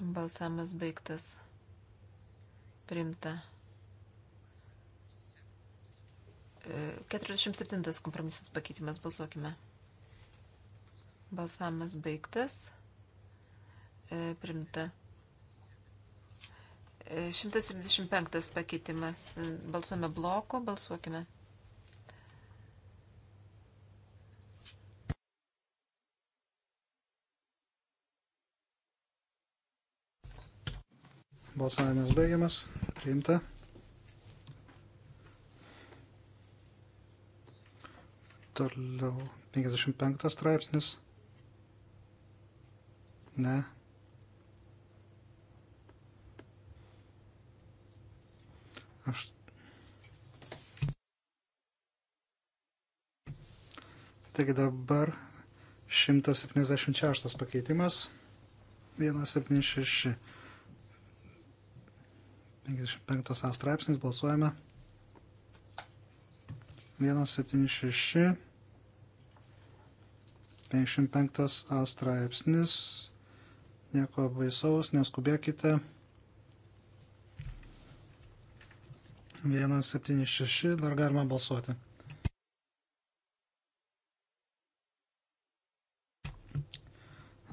Balsamas baigtas. Primta. 47 e, kompromisas pakeitimas. Balsuokime. Balsamas baigtas. E, primta. 175 e, pakeitimas. Balsuome bloku. Balsuokime. Balsavimas baigiamas. Priimta. Toliau 55 straipsnis. Ne. Aš. Taigi dabar 176 pakeitimas. 176. 55 A straipsnis balsuojame. 176. 55 A straipsnis. Nieko baisaus, neskubėkite. 176 dar galima balsuoti.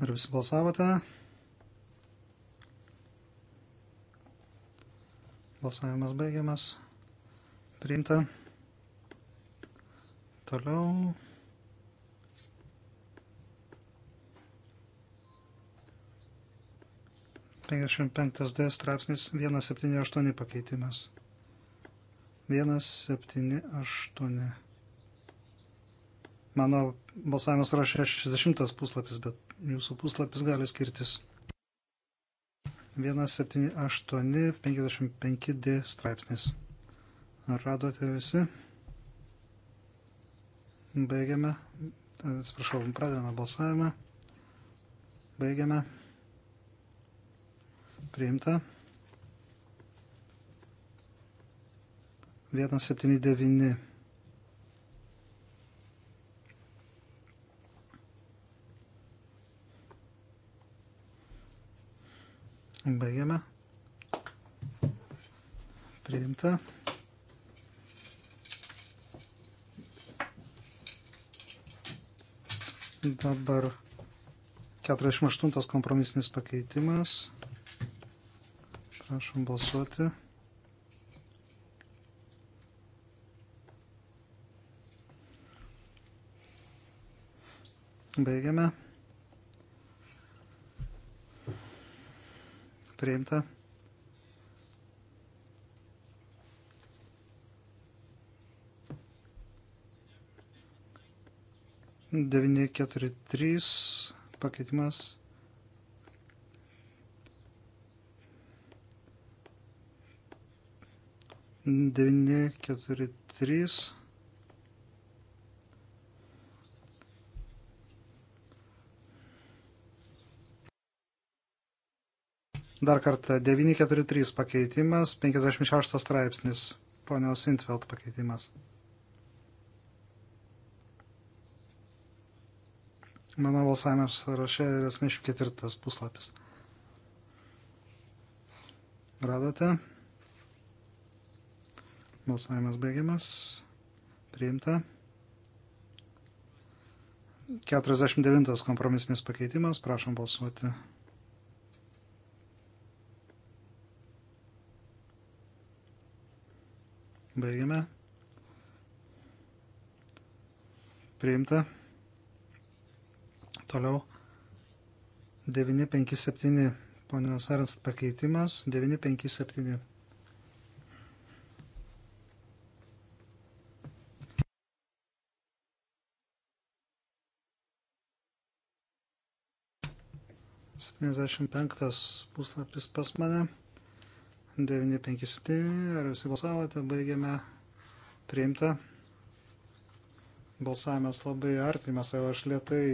Ar visi balsavote? Balsavimas baigiamas. Priimta. Toliau. Penkiasdešimt penktas D straipsnis vienas septyni aštuoni pakeitimas. Vienas septyni aštuoni. Mano balsavimas rašė 60 puslapis, bet jūsų puslapis gali skirtis. 17855D straipsnis. Ar radote visi? Baigiame. Atsiprašau, pradedame balsavimą. Baigiame. Priimta. 179. Baigiame. Priimta. Dabar 48 kompromisinis pakeitimas. Prašom balsuoti. Baigiame. priimta. Devini keturi trys pakeitimas. Devini keturi trys. Dar kartą 943 pakeitimas, 56 straipsnis, ponios Intveld pakeitimas. Mano balsavimo sąraše yra 74 puslapis. Radote? Balsavimas baigiamas. Priimta. 49 kompromisinis pakeitimas. Prašom balsuoti. Baigiame. Priimta. Toliau 957 ponios Ernst pakeitimas. 957. Septyniasdešimt penktas puslapis pas mane. 957, ar visi balsavote, baigiame priimta. Balsavimas labai artimas, o aš lietai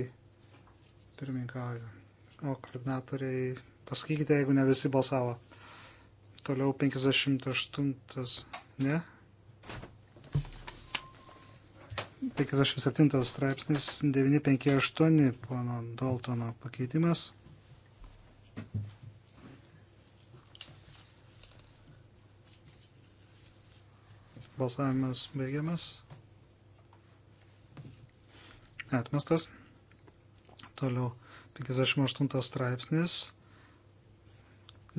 pirmininkauju. O koordinatoriai, pasakykite, jeigu ne visi balsavo. Toliau 58, ne? 57 straipsnis 958 pono Daltono pakeitimas. Balsavimas baigiamas. Atmestas. Toliau 58 straipsnis.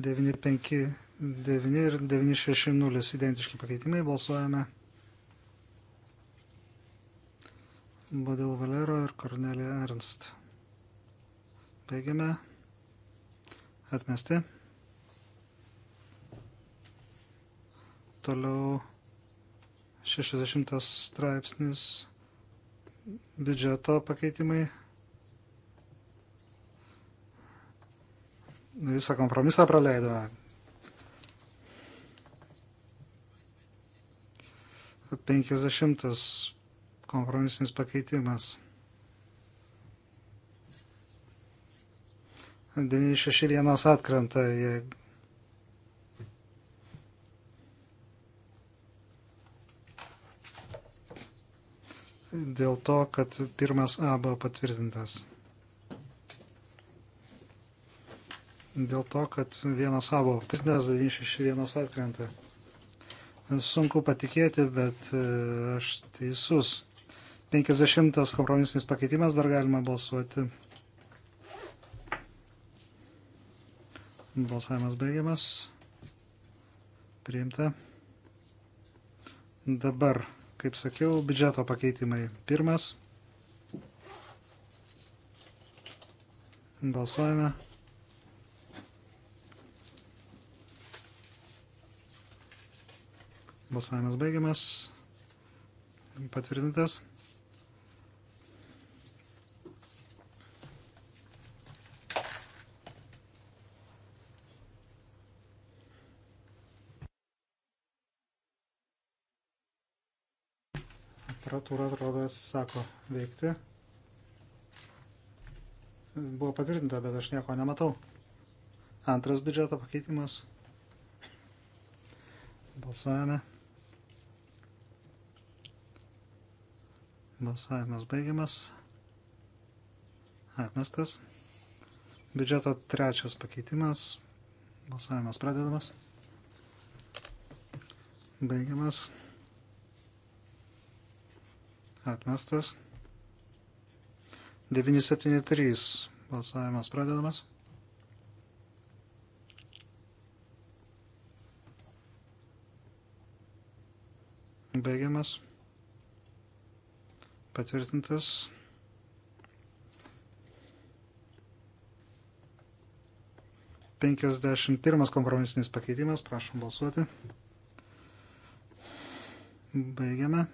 959 ir 960 identiški pakeitimai. Balsuojame. Bodil Valero ir Kornelija Ernst. Baigiame. Atmesti. Toliau 60 straipsnis biudžeto pakeitimai. Visą kompromisą praleidome. 50 kompromisinis pakeitimas. 961 atkrenta, jeigu dėl to, kad pirmas A buvo patvirtintas. Dėl to, kad vienas A buvo patvirtintas, 961 atkrenta. Sunku patikėti, bet e, aš teisus. 50 kompromisinis pakeitimas dar galima balsuoti. Balsavimas baigiamas. Priimta. Dabar Kaip sakiau, biudžeto pakeitimai. Pirmas. Balsuojame. Balsavimas baigiamas. Patvirtintas. prokuratūra atrodo atsisako veikti. Buvo patvirtinta, bet aš nieko nematau. Antras biudžeto pakeitimas. Balsuojame. Balsavimas baigiamas. Atmestas. Biudžeto trečias pakeitimas. Balsavimas pradedamas. Baigiamas. Atmestas. 973 balsavimas pradedamas. Baigiamas. Patvirtintas. Penkiasdešimt pirmas kompromisinis pakeitimas. Prašom balsuoti. Baigiame.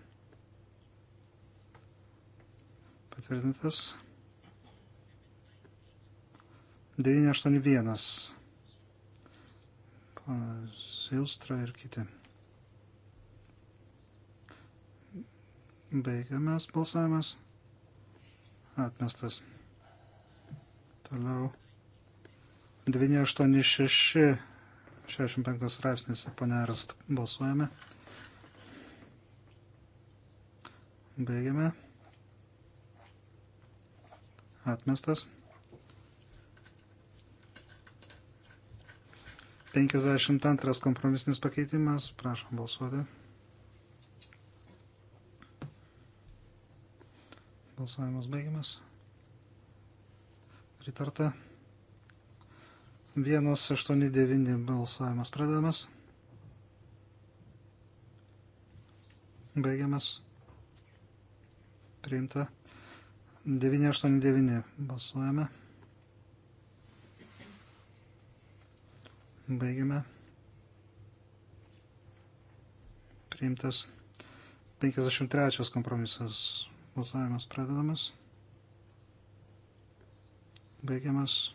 patvirtintas. 981. Zilstra ir kiti. Baigiamas balsavimas. Atmestas. Toliau. 986. 65 straipsnis, ponia Rast, balsuojame. Baigiame. Atmestas. 52 kompromisinis pakeitimas. Prašom balsuoti. Balsavimas baigiamas. Pritarta. 189 balsavimas pradamas. Baigiamas. Priimta. 989 balsuojame. Baigiame. Priimtas 53 kompromisas. Balsavimas pradedamas. Baigiamas.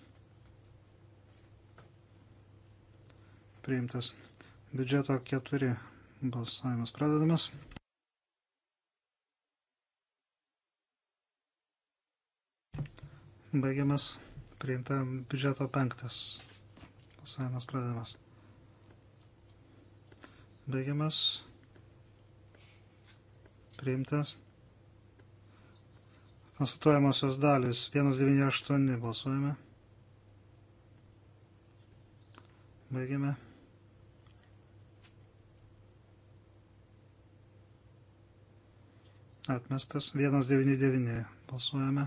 Priimtas. Biudžeto 4 balsavimas pradedamas. Baigiamas priimta biudžeto penktas. Balsavimas pradedamas. Baigiamas. Priimtas. Konstatuojamosios dalis. 198 balsuojame. Baigiame. Atmestas. 199 balsuojame.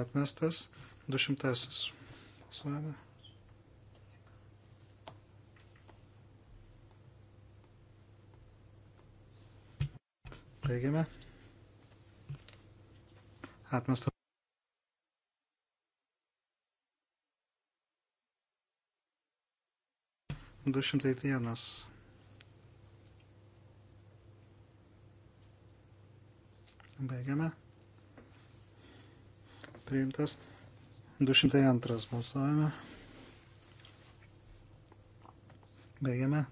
atmestas. 200. Balsuojame. Baigiame. Atmestas. Du šimtai vienas. Baigiame priimtas. 202 balsuojame. Baigiame.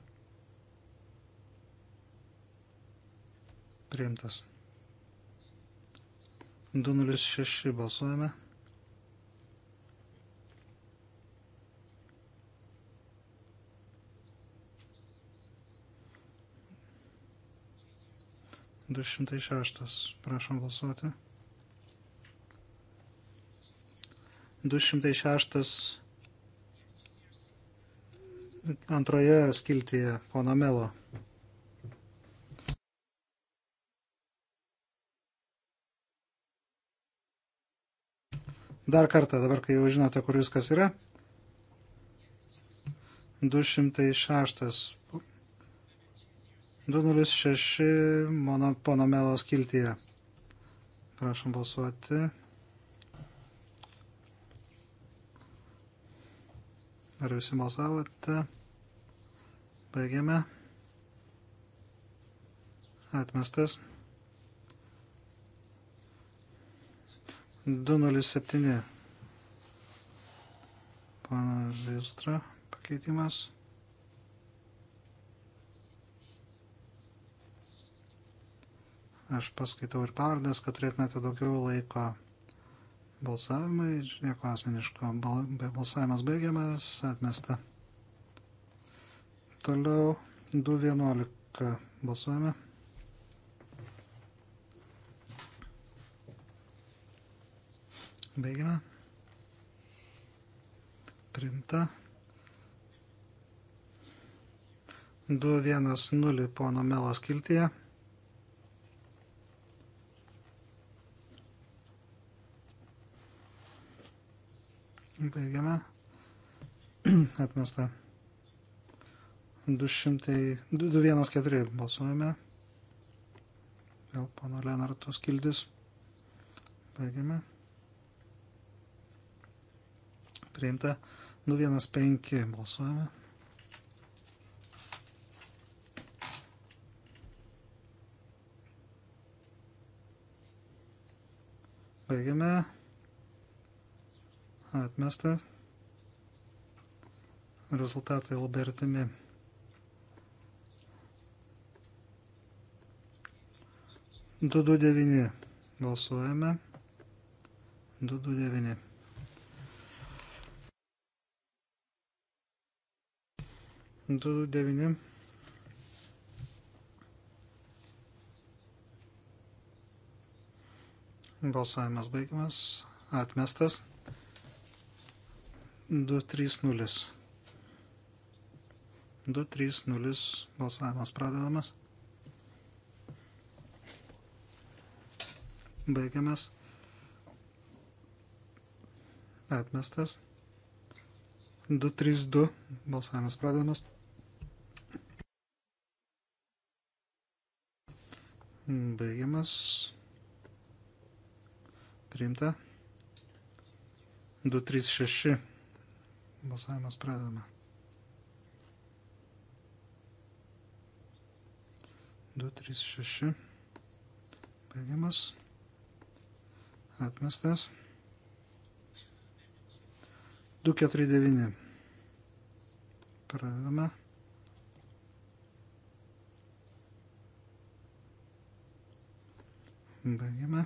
Priimtas. 206 balsuojame. Du šimtai šeštas. Prašom balsuoti. 206 antroje skiltyje pono Melo. Dar kartą, dabar kai jau žinote, kur viskas yra. 206. 206 mono, pono Melo skiltyje. Prašom balsuoti. Ar visi balsavote? Baigiame. Atmestas. 207. Pana Zilstra pakeitimas. Aš paskaitau ir pavardas, kad turėtumėte daugiau laiko balsavimai, nieko asmeniško, balsavimas baigiamas, atmesta. Toliau 2.11 balsuojame. Baigiame. Primta. 2.1.0 pono Melos kiltyje. Baigiame. Atmesta. 214 balsuojame. Vėl pono Lenartos kildis. Baigiame. Priimta. 215 balsuojame. Baigiame. Atmesta. Rezultatai labai artimi. Du du devyni. Balsuojame. Du du devyni. Du du devyni. Balsavimas baigiamas. Atmestas. 230. 230 balsavimas pradedamas. Baigiamas. Atmestas. 232 balsavimas pradedamas. Baigiamas. Priimta. 236 Balsavimas pradedame. 2, 3, 6. Baigiamas. Atmestas. 2, 4, 9. Pradedame. Baigiame.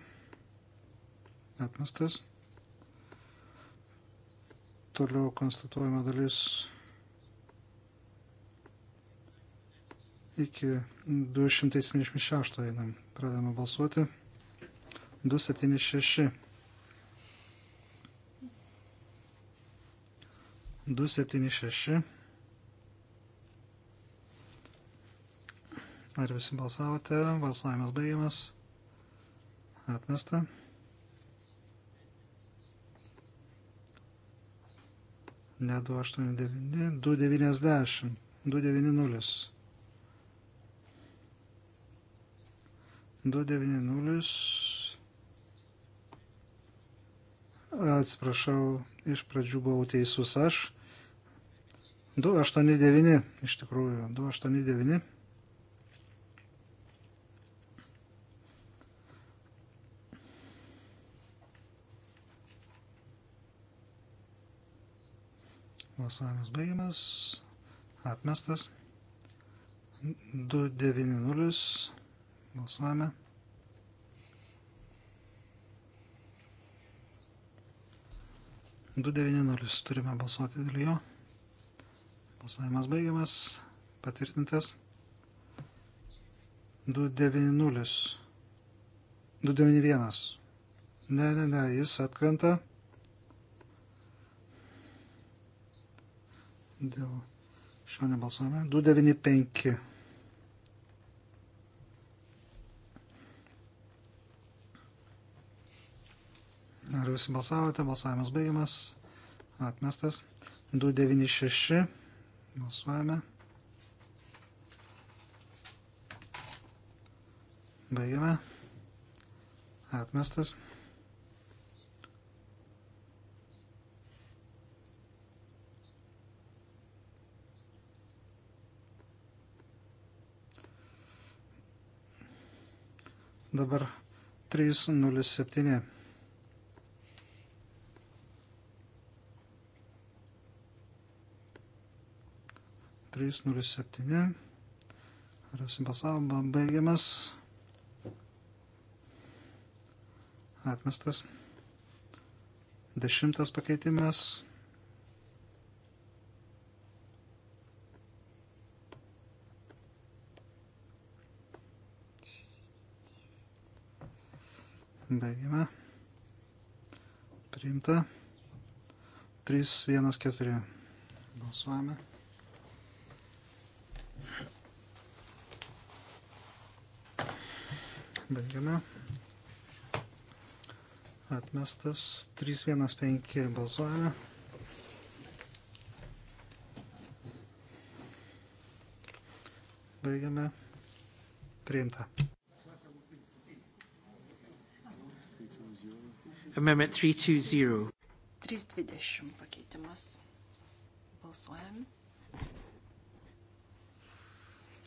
Atmestas. Toliau konstatuojama dalis iki 276 einam. Pradėjome balsuoti. 276. 276. Ar visi balsavote? Balsavimas baigiamas. Atmesta. ne 289, 290, 290. 290. Atsiprašau, iš pradžių buvau teisus aš. 289, iš tikrųjų, 289. Balsavimas baigiamas. Atmestas. 290. Balsuojame. Du devyni nulis turime balsuoti dėl jo. Balsavimas baigiamas, patvirtintas. Du devyni nulis. Du devyni vienas. Ne, ne, ne, jis atkrenta. Dėl šio nebalsuojame. 295. Ar visi balsavote? Balsavimas baigiamas. Atmestas. 296. Balsuojame. Baigiame. Atmestas. Dabar 307. Trys nulis septyni. Ar visi balsavo? Baigiamas. Atmestas. Dešimtas pakeitimas. Baigime. Priimta. 314. Balsuojame. Baigiame. Atmestas 315 balsuojame. Baigiame. Priimta. Amendment 320. 320 pakeitimas. Balsuojam.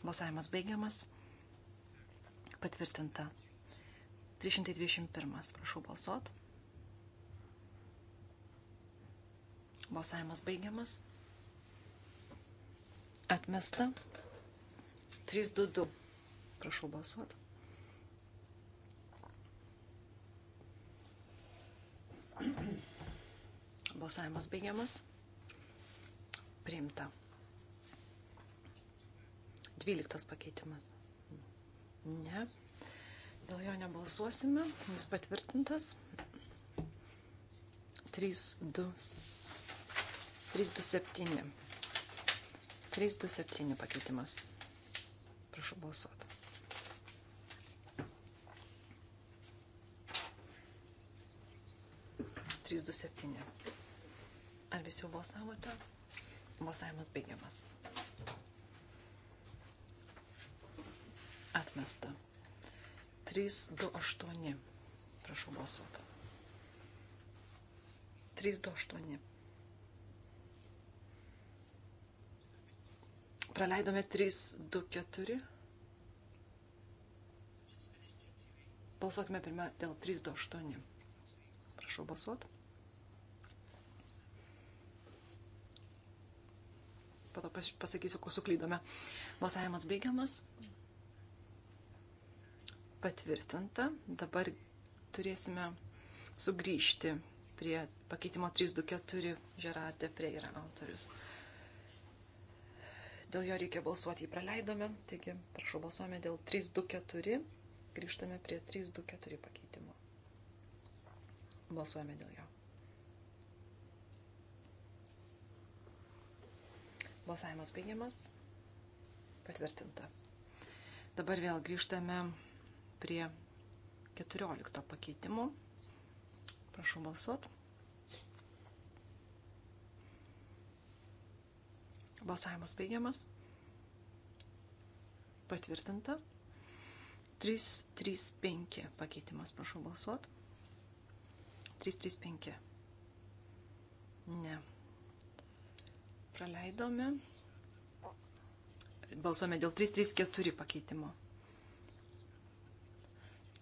Balsavimas baigiamas. Patvirtinta. 321. Prašau balsuot. Balsavimas baigiamas. Atmesta. 322. Prašau balsuot. Balsavimas baigiamas. Priimta. Dvyliktas pakeitimas. Ne. Dėl jo nebalsuosime. Jis patvirtintas. 327. 327 pakeitimas. Prašau balsuoti. 327. Ar visi jau balsavote? Balsavimas baigiamas. Atmesta. 328. Prašau balsuoti. 328. Praleidome 324. Balsuokime pirmia dėl 328. Prašau balsuoti. po to pasakysiu, kur suklydome. Balsavimas baigiamas. Patvirtinta. Dabar turėsime sugrįžti prie pakeitimo 324 Žerardė prie yra autorius. Dėl jo reikia balsuoti, jį praleidome, taigi prašau balsuojame dėl 324, grįžtame prie 324 pakeitimo. Balsuojame dėl jo. Balsavimas baigiamas. Patvirtinta. Dabar vėl grįžtame prie 14 pakeitimo. Prašau balsuot. Balsavimas baigiamas. Patvirtinta. 335 pakeitimas, prašau balsuot. 335. Ne praleidome. Balsuome dėl 334 pakeitimo.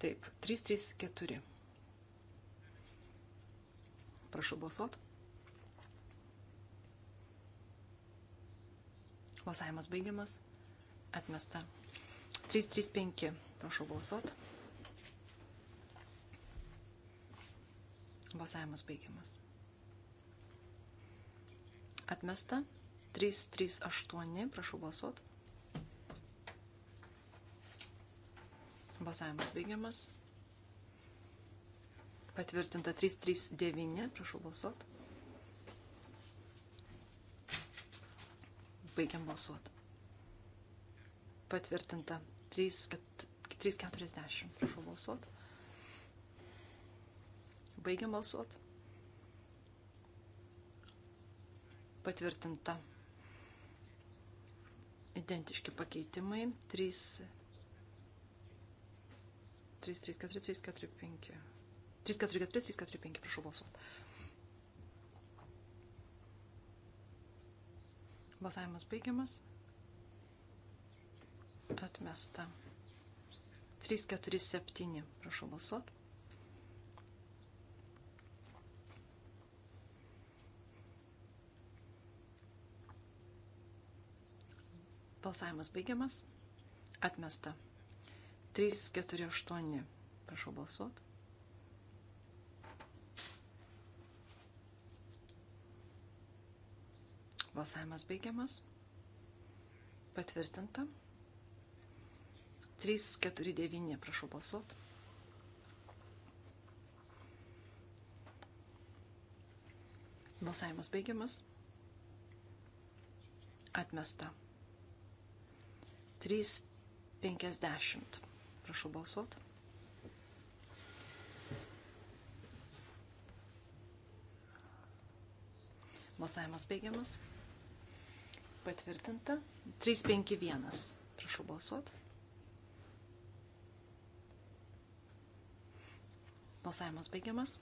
Taip, 334. Prašau balsuot. Balsavimas baigiamas. Atmesta. 335. Prašau balsuot. Balsavimas baigiamas. Atmesta. 338. Prašau balsuot. Balsavimas baigiamas. Patvirtinta 339. Prašau balsuot. Baigiam balsuot. Patvirtinta 340. Prašau balsuot. Baigiam balsuot. patvirtinta. Identiški pakeitimai 3, 3, 3, 4, 3, 4, 5. 3, 4, 4, 3, 4, 5, prašau balsuoti. Balsavimas baigiamas. Atmesta. 3, 4, 7, prašau balsuoti. Balsavimas baigiamas. Atmesta. 3, 4, 8. Prašau balsuot. Balsavimas baigiamas. Patvirtinta. 3, 4, 9. Prašau balsuot. Balsavimas baigiamas. Atmesta. 350. Prašau balsuoti. Balsavimas baigiamas. Patvirtinta. 351. Prašau balsuoti. Balsavimas baigiamas.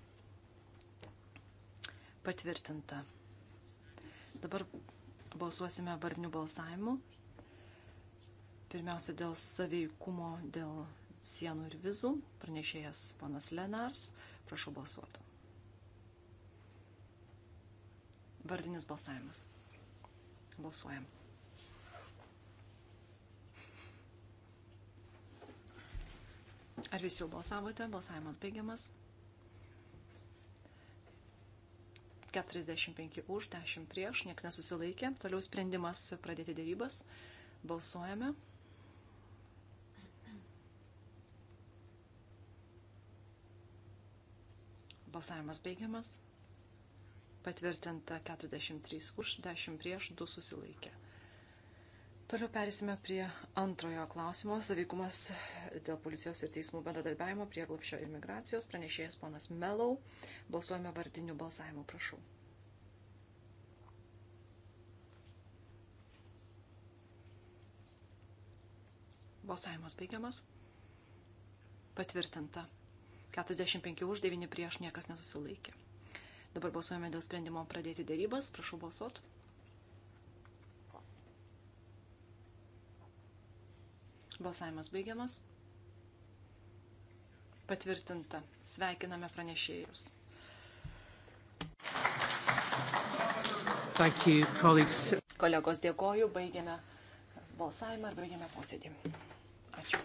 Patvirtinta. Dabar balsuosime vardinių balsavimų Pirmiausia, dėl saveikumo, dėl sienų ir vizų. Pranešėjas panas Lenars. Prašau balsuoti. Vardinis balsavimas. Balsuojam. Ar visi jau balsavote? Balsavimas baigiamas. 45 už, 10 prieš, niekas nesusilaikė. Toliau sprendimas pradėti dėrybas. Balsuojame. Balsuojame. Balsavimas baigiamas. Patvirtinta 43 už, 10 prieš, 2 susilaikė. Toliau perėsime prie antrojo klausimo - savykumas dėl policijos ir teismų bendradarbiavimo prie glapščio ir migracijos. Pranešėjas ponas Melau. Balsuojame vardiniu balsavimu, prašau. Balsavimas baigiamas. Patvirtinta 45 už 9 prieš niekas nesusilaikė. Dabar balsuojame dėl sprendimo pradėti dėrybas. Prašau balsuot. Balsavimas baigiamas. Patvirtinta. Sveikiname pranešėjus. Thank you, colleagues. Kolegos, dėkoju. Baigėme balsavimą ir baigėme posėdį. Ačiū.